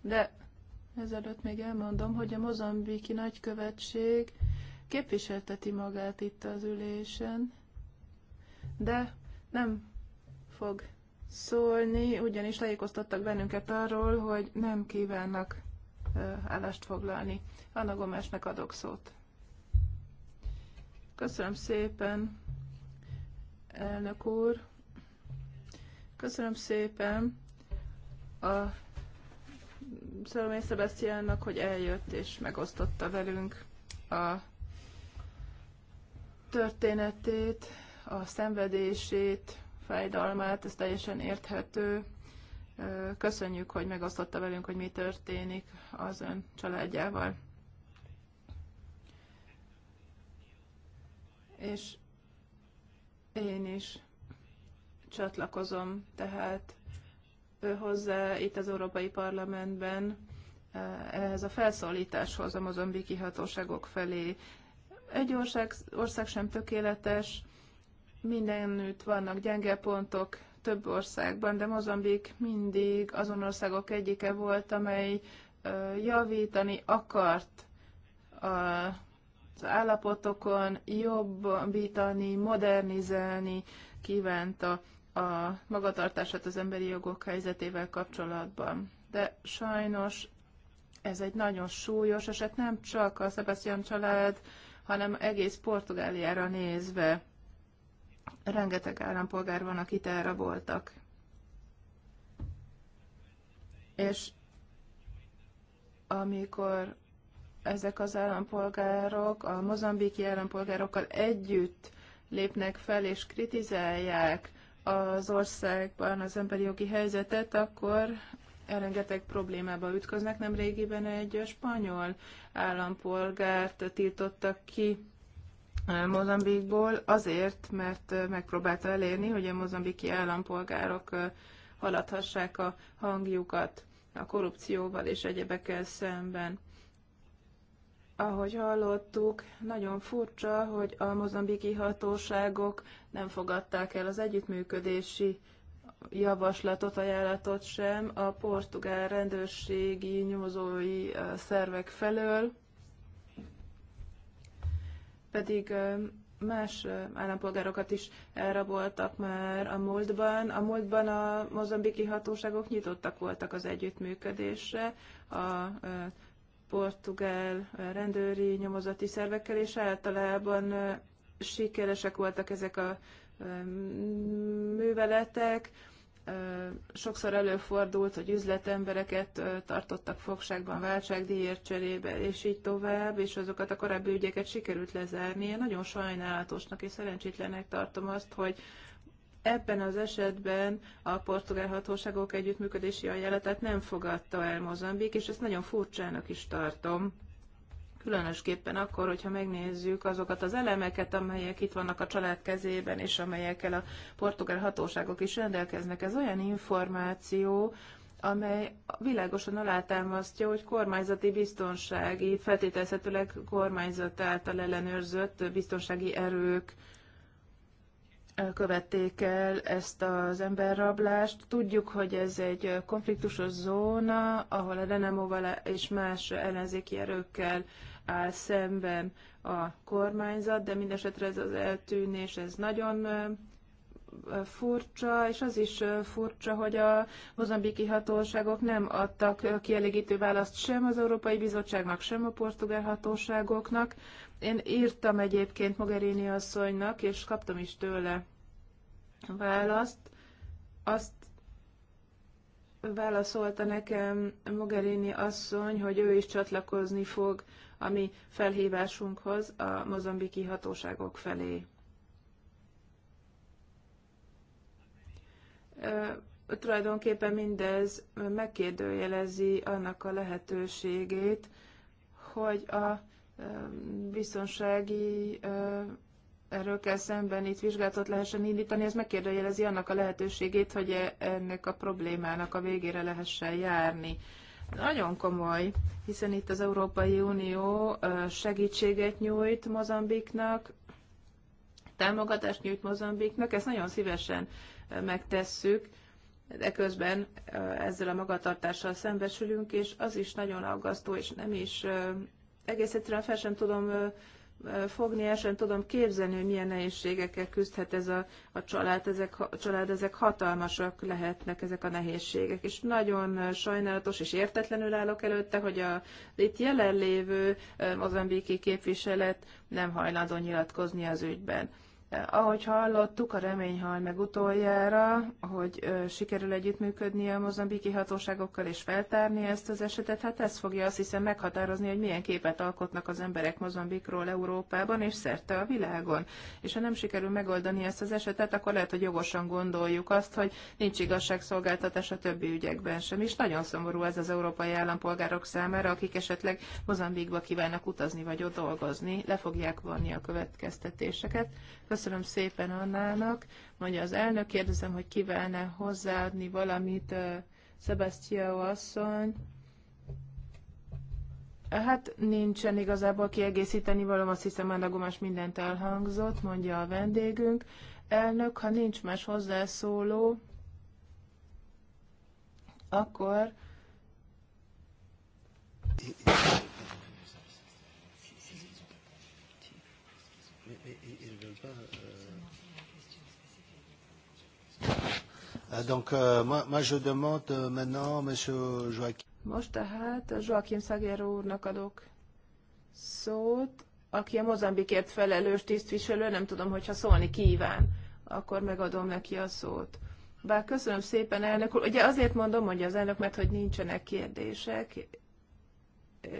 de ezelőtt még elmondom, hogy a mozambiki nagykövetség képviselteti magát itt az ülésen, de nem fog szólni, ugyanis tájékoztattak bennünket arról, hogy nem kívánnak állást foglalni. Anna Gomesnek adok szót. Köszönöm szépen, elnök úr. Köszönöm szépen a Szalomé Szebesztiánnak, hogy eljött és megosztotta velünk a történetét, a szenvedését, fájdalmát, ez teljesen érthető. Köszönjük, hogy megosztotta velünk, hogy mi történik az ön családjával. És én is csatlakozom tehát ő hozzá itt az Európai Parlamentben ehhez a felszólításhoz a mozambiki hatóságok felé. Egy ország, ország sem tökéletes, mindenütt vannak gyenge pontok több országban, de Mozambik mindig azon országok egyike volt, amely javítani akart az állapotokon, jobbítani, modernizálni kívánta a magatartását az emberi jogok helyzetével kapcsolatban. De sajnos ez egy nagyon súlyos eset, nem csak a Sebastian család, hanem egész Portugáliára nézve rengeteg állampolgár van, akit elraboltak. És amikor ezek az állampolgárok a mozambiki állampolgárokkal együtt lépnek fel és kritizálják az országban az emberi jogi helyzetet, akkor rengeteg problémába ütköznek. Nem régiben egy spanyol állampolgárt tiltottak ki Mozambikból, azért, mert megpróbálta elérni, hogy a mozambiki állampolgárok haladhassák a hangjukat a korrupcióval és egyebekkel szemben. Ahogy hallottuk, nagyon furcsa, hogy a mozambiki hatóságok nem fogadták el az együttműködési javaslatot, ajánlatot sem a portugál rendőrségi nyomozói szervek felől, pedig más állampolgárokat is elraboltak már a múltban. A múltban a mozambiki hatóságok nyitottak voltak az együttműködésre, a portugál rendőri nyomozati szervekkel, és általában sikeresek voltak ezek a műveletek sokszor előfordult, hogy üzletembereket tartottak fogságban váltságdíjért cserébe, és így tovább, és azokat a korábbi ügyeket sikerült lezárni. Én nagyon sajnálatosnak és szerencsétlenek tartom azt, hogy ebben az esetben a portugál hatóságok együttműködési ajánlatát nem fogadta el Mozambik, és ezt nagyon furcsának is tartom különösképpen akkor, hogyha megnézzük azokat az elemeket, amelyek itt vannak a család kezében, és amelyekkel a portugál hatóságok is rendelkeznek. Ez olyan információ, amely világosan alátámasztja, hogy kormányzati biztonsági, feltételezhetőleg kormányzat által ellenőrzött biztonsági erők eh, követték el ezt az emberrablást. Tudjuk, hogy ez egy konfliktusos zóna, ahol a Renemóval és más ellenzéki erőkkel áll szemben a kormányzat, de mindesetre ez az eltűnés, ez nagyon furcsa, és az is furcsa, hogy a mozambiki hatóságok nem adtak kielégítő választ sem az Európai Bizottságnak, sem a portugál hatóságoknak. Én írtam egyébként Mogherini asszonynak, és kaptam is tőle választ. Azt válaszolta nekem Mogherini asszony, hogy ő is csatlakozni fog a mi felhívásunkhoz a mozambiki hatóságok felé. Tulajdonképpen mindez megkérdőjelezi annak a lehetőségét, hogy a biztonsági erről kell szemben itt vizsgálatot lehessen indítani, ez megkérdőjelezi annak a lehetőségét, hogy e, ennek a problémának a végére lehessen járni nagyon komoly, hiszen itt az Európai Unió segítséget nyújt Mozambiknak, támogatást nyújt Mozambiknak, ezt nagyon szívesen megtesszük, de közben ezzel a magatartással szembesülünk, és az is nagyon aggasztó, és nem is egész egyszerűen fel sem tudom fogni, el sem tudom képzelni, hogy milyen nehézségekkel küzdhet ez a, a család. Ezek, a család, ezek hatalmasak lehetnek ezek a nehézségek, és nagyon sajnálatos és értetlenül állok előtte, hogy a itt jelenlévő mozambiki képviselet nem hajlandó nyilatkozni az ügyben. Ahogy hallottuk, a remény hal meg utoljára, hogy sikerül együttműködni a mozambiki hatóságokkal és feltárni ezt az esetet. Hát ez fogja azt hiszem meghatározni, hogy milyen képet alkotnak az emberek Mozambikról Európában és szerte a világon. És ha nem sikerül megoldani ezt az esetet, akkor lehet, hogy jogosan gondoljuk azt, hogy nincs igazságszolgáltatás a többi ügyekben sem. És nagyon szomorú ez az európai állampolgárok számára, akik esetleg Mozambikba kívánnak utazni vagy ott dolgozni, le fogják vonni a következtetéseket. Köszönöm Köszönöm szépen Annának, mondja az elnök, kérdezem, hogy kívánne hozzáadni valamit Sebastiao asszony. Hát nincsen igazából kiegészíteni való, azt hiszem a Gomás mindent elhangzott, mondja a vendégünk. Elnök, ha nincs más hozzászóló, akkor Euh, donc, euh, moi, moi je demande euh, maintenant, Monsieur Joachim. Most tehát Joachim Szagér úrnak adok szót, aki a Mozambikért felelős tisztviselő, nem tudom, hogyha szólni kíván, akkor megadom neki a szót. Bár köszönöm szépen, elnök úr. Ugye azért mondom, hogy az elnök, mert hogy nincsenek kérdések,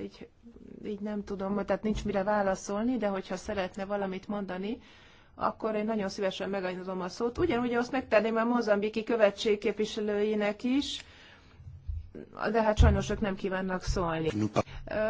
így, így nem tudom, tehát nincs mire válaszolni, de hogyha szeretne valamit mondani, akkor én nagyon szívesen megadom a szót. Ugyanúgy azt megtenném a mozambiki követség képviselőinek is, de hát sajnos ők nem kívánnak szólni.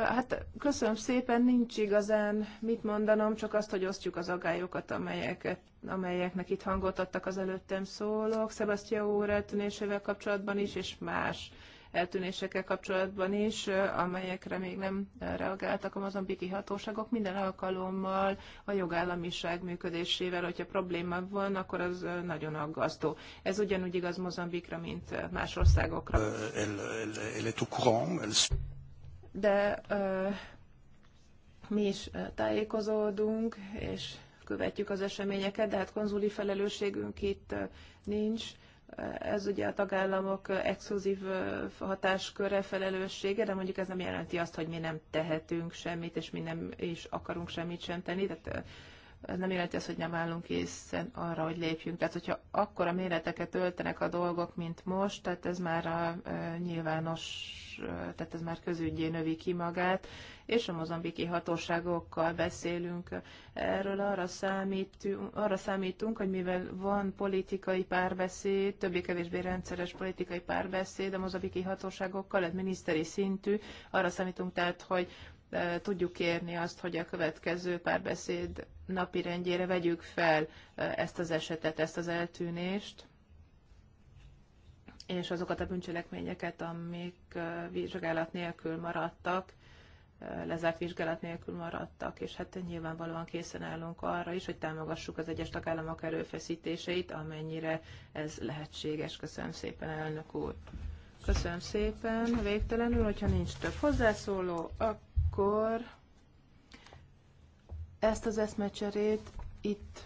Hát köszönöm szépen, nincs igazán mit mondanom, csak azt, hogy osztjuk az agályokat, amelyeket, amelyeknek itt hangot adtak az előttem szólók, Sebastian úr eltűnésével kapcsolatban is, és más eltűnésekkel kapcsolatban is, amelyekre még nem reagáltak a mozambiki hatóságok. Minden alkalommal a jogállamiság működésével, hogyha probléma van, akkor az nagyon aggasztó. Ez ugyanúgy igaz Mozambikra, mint más országokra. De mi is tájékozódunk, és követjük az eseményeket, de hát konzuli felelősségünk itt nincs ez ugye a tagállamok exkluzív hatásköre, felelőssége, de mondjuk ez nem jelenti azt, hogy mi nem tehetünk semmit, és mi nem is akarunk semmit sem tenni, tehát ez nem jelenti azt, hogy nem állunk készen arra, hogy lépjünk. Tehát, hogyha akkora méreteket öltenek a dolgok, mint most, tehát ez már a e, nyilvános, tehát ez már közügyé növi ki magát, és a mozambiki hatóságokkal beszélünk. Erről arra, számítunk, arra számítunk, hogy mivel van politikai párbeszéd, többé-kevésbé rendszeres politikai párbeszéd a mozambiki hatóságokkal, ez miniszteri szintű, arra számítunk tehát, hogy tudjuk kérni azt, hogy a következő párbeszéd napi rendjére vegyük fel ezt az esetet, ezt az eltűnést, és azokat a bűncselekményeket, amik vizsgálat nélkül maradtak, lezárt vizsgálat nélkül maradtak, és hát nyilvánvalóan készen állunk arra is, hogy támogassuk az egyes tagállamok erőfeszítéseit, amennyire ez lehetséges. Köszönöm szépen, elnök úr! Köszönöm szépen, végtelenül, hogyha nincs több hozzászóló, akkor akkor ezt az eszmecserét itt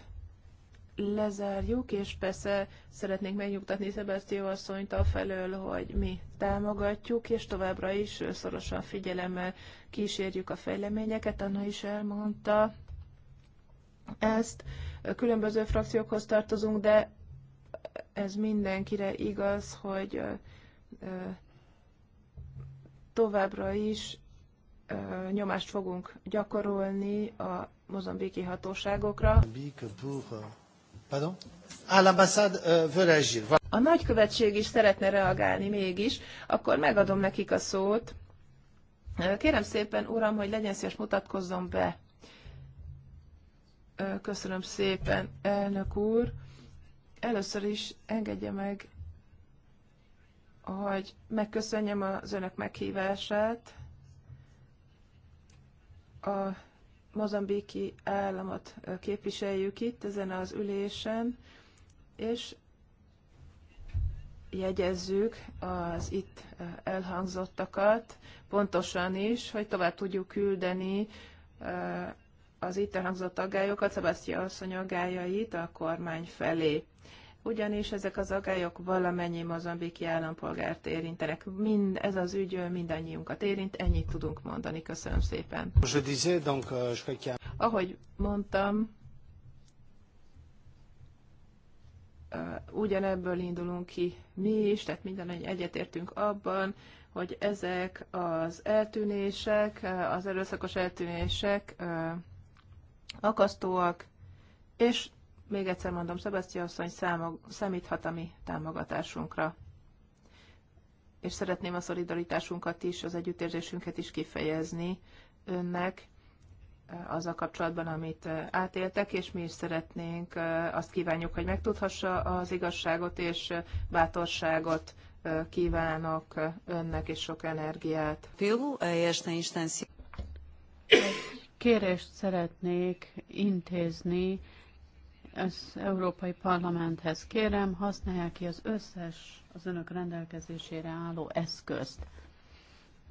lezárjuk, és persze szeretnék megnyugtatni Szebesztió asszonyt a felől, hogy mi támogatjuk, és továbbra is szorosan figyelemmel kísérjük a fejleményeket. Anna is elmondta ezt. Különböző frakciókhoz tartozunk, de ez mindenkire igaz, hogy továbbra is nyomást fogunk gyakorolni a mozambiki hatóságokra. Ah, euh, a nagykövetség is szeretne reagálni mégis, akkor megadom nekik a szót. Kérem szépen, uram, hogy legyen szíves, mutatkozzon be. Köszönöm szépen, elnök úr. Először is engedje meg, hogy megköszönjem az önök meghívását a mozambiki államot képviseljük itt ezen az ülésen, és jegyezzük az itt elhangzottakat pontosan is, hogy tovább tudjuk küldeni az itt elhangzott aggályokat, Szebasztia asszony aggályait a kormány felé ugyanis ezek az agályok valamennyi mozambiki állampolgárt érintenek. Mind, ez az ügy mindannyiunkat érint, ennyit tudunk mondani. Köszönöm szépen. Euh, Ahogy mondtam, ugyanebből indulunk ki mi is, tehát minden egyetértünk abban, hogy ezek az eltűnések, az erőszakos eltűnések akasztóak, és még egyszer mondom, Szebeszti asszony számog, számíthat a mi támogatásunkra. És szeretném a szolidaritásunkat is, az együttérzésünket is kifejezni önnek eh, az a kapcsolatban, amit eh, átéltek, és mi is szeretnénk, eh, azt kívánjuk, hogy megtudhassa az igazságot, és bátorságot kívánok önnek, és sok energiát. Kérést szeretnék intézni az Európai Parlamenthez kérem, használják ki az összes az önök rendelkezésére álló eszközt.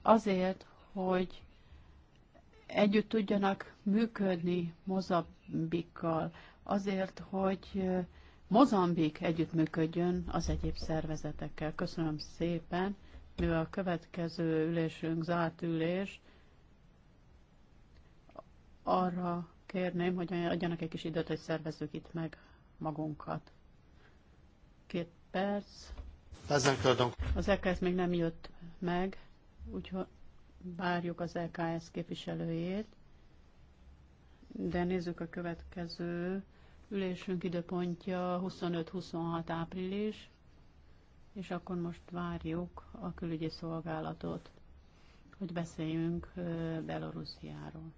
Azért, hogy együtt tudjanak működni Mozambikkal, azért, hogy Mozambik együttműködjön az egyéb szervezetekkel. Köszönöm szépen, mivel a következő ülésünk zárt ülés, arra Kérném, hogy adjanak egy kis időt, hogy szervezzük itt meg magunkat. Két perc. Az EKS még nem jött meg, úgyhogy várjuk az LKS e képviselőjét, de nézzük a következő ülésünk időpontja 25-26 április, és akkor most várjuk a külügyi szolgálatot, hogy beszéljünk Belorussziáról.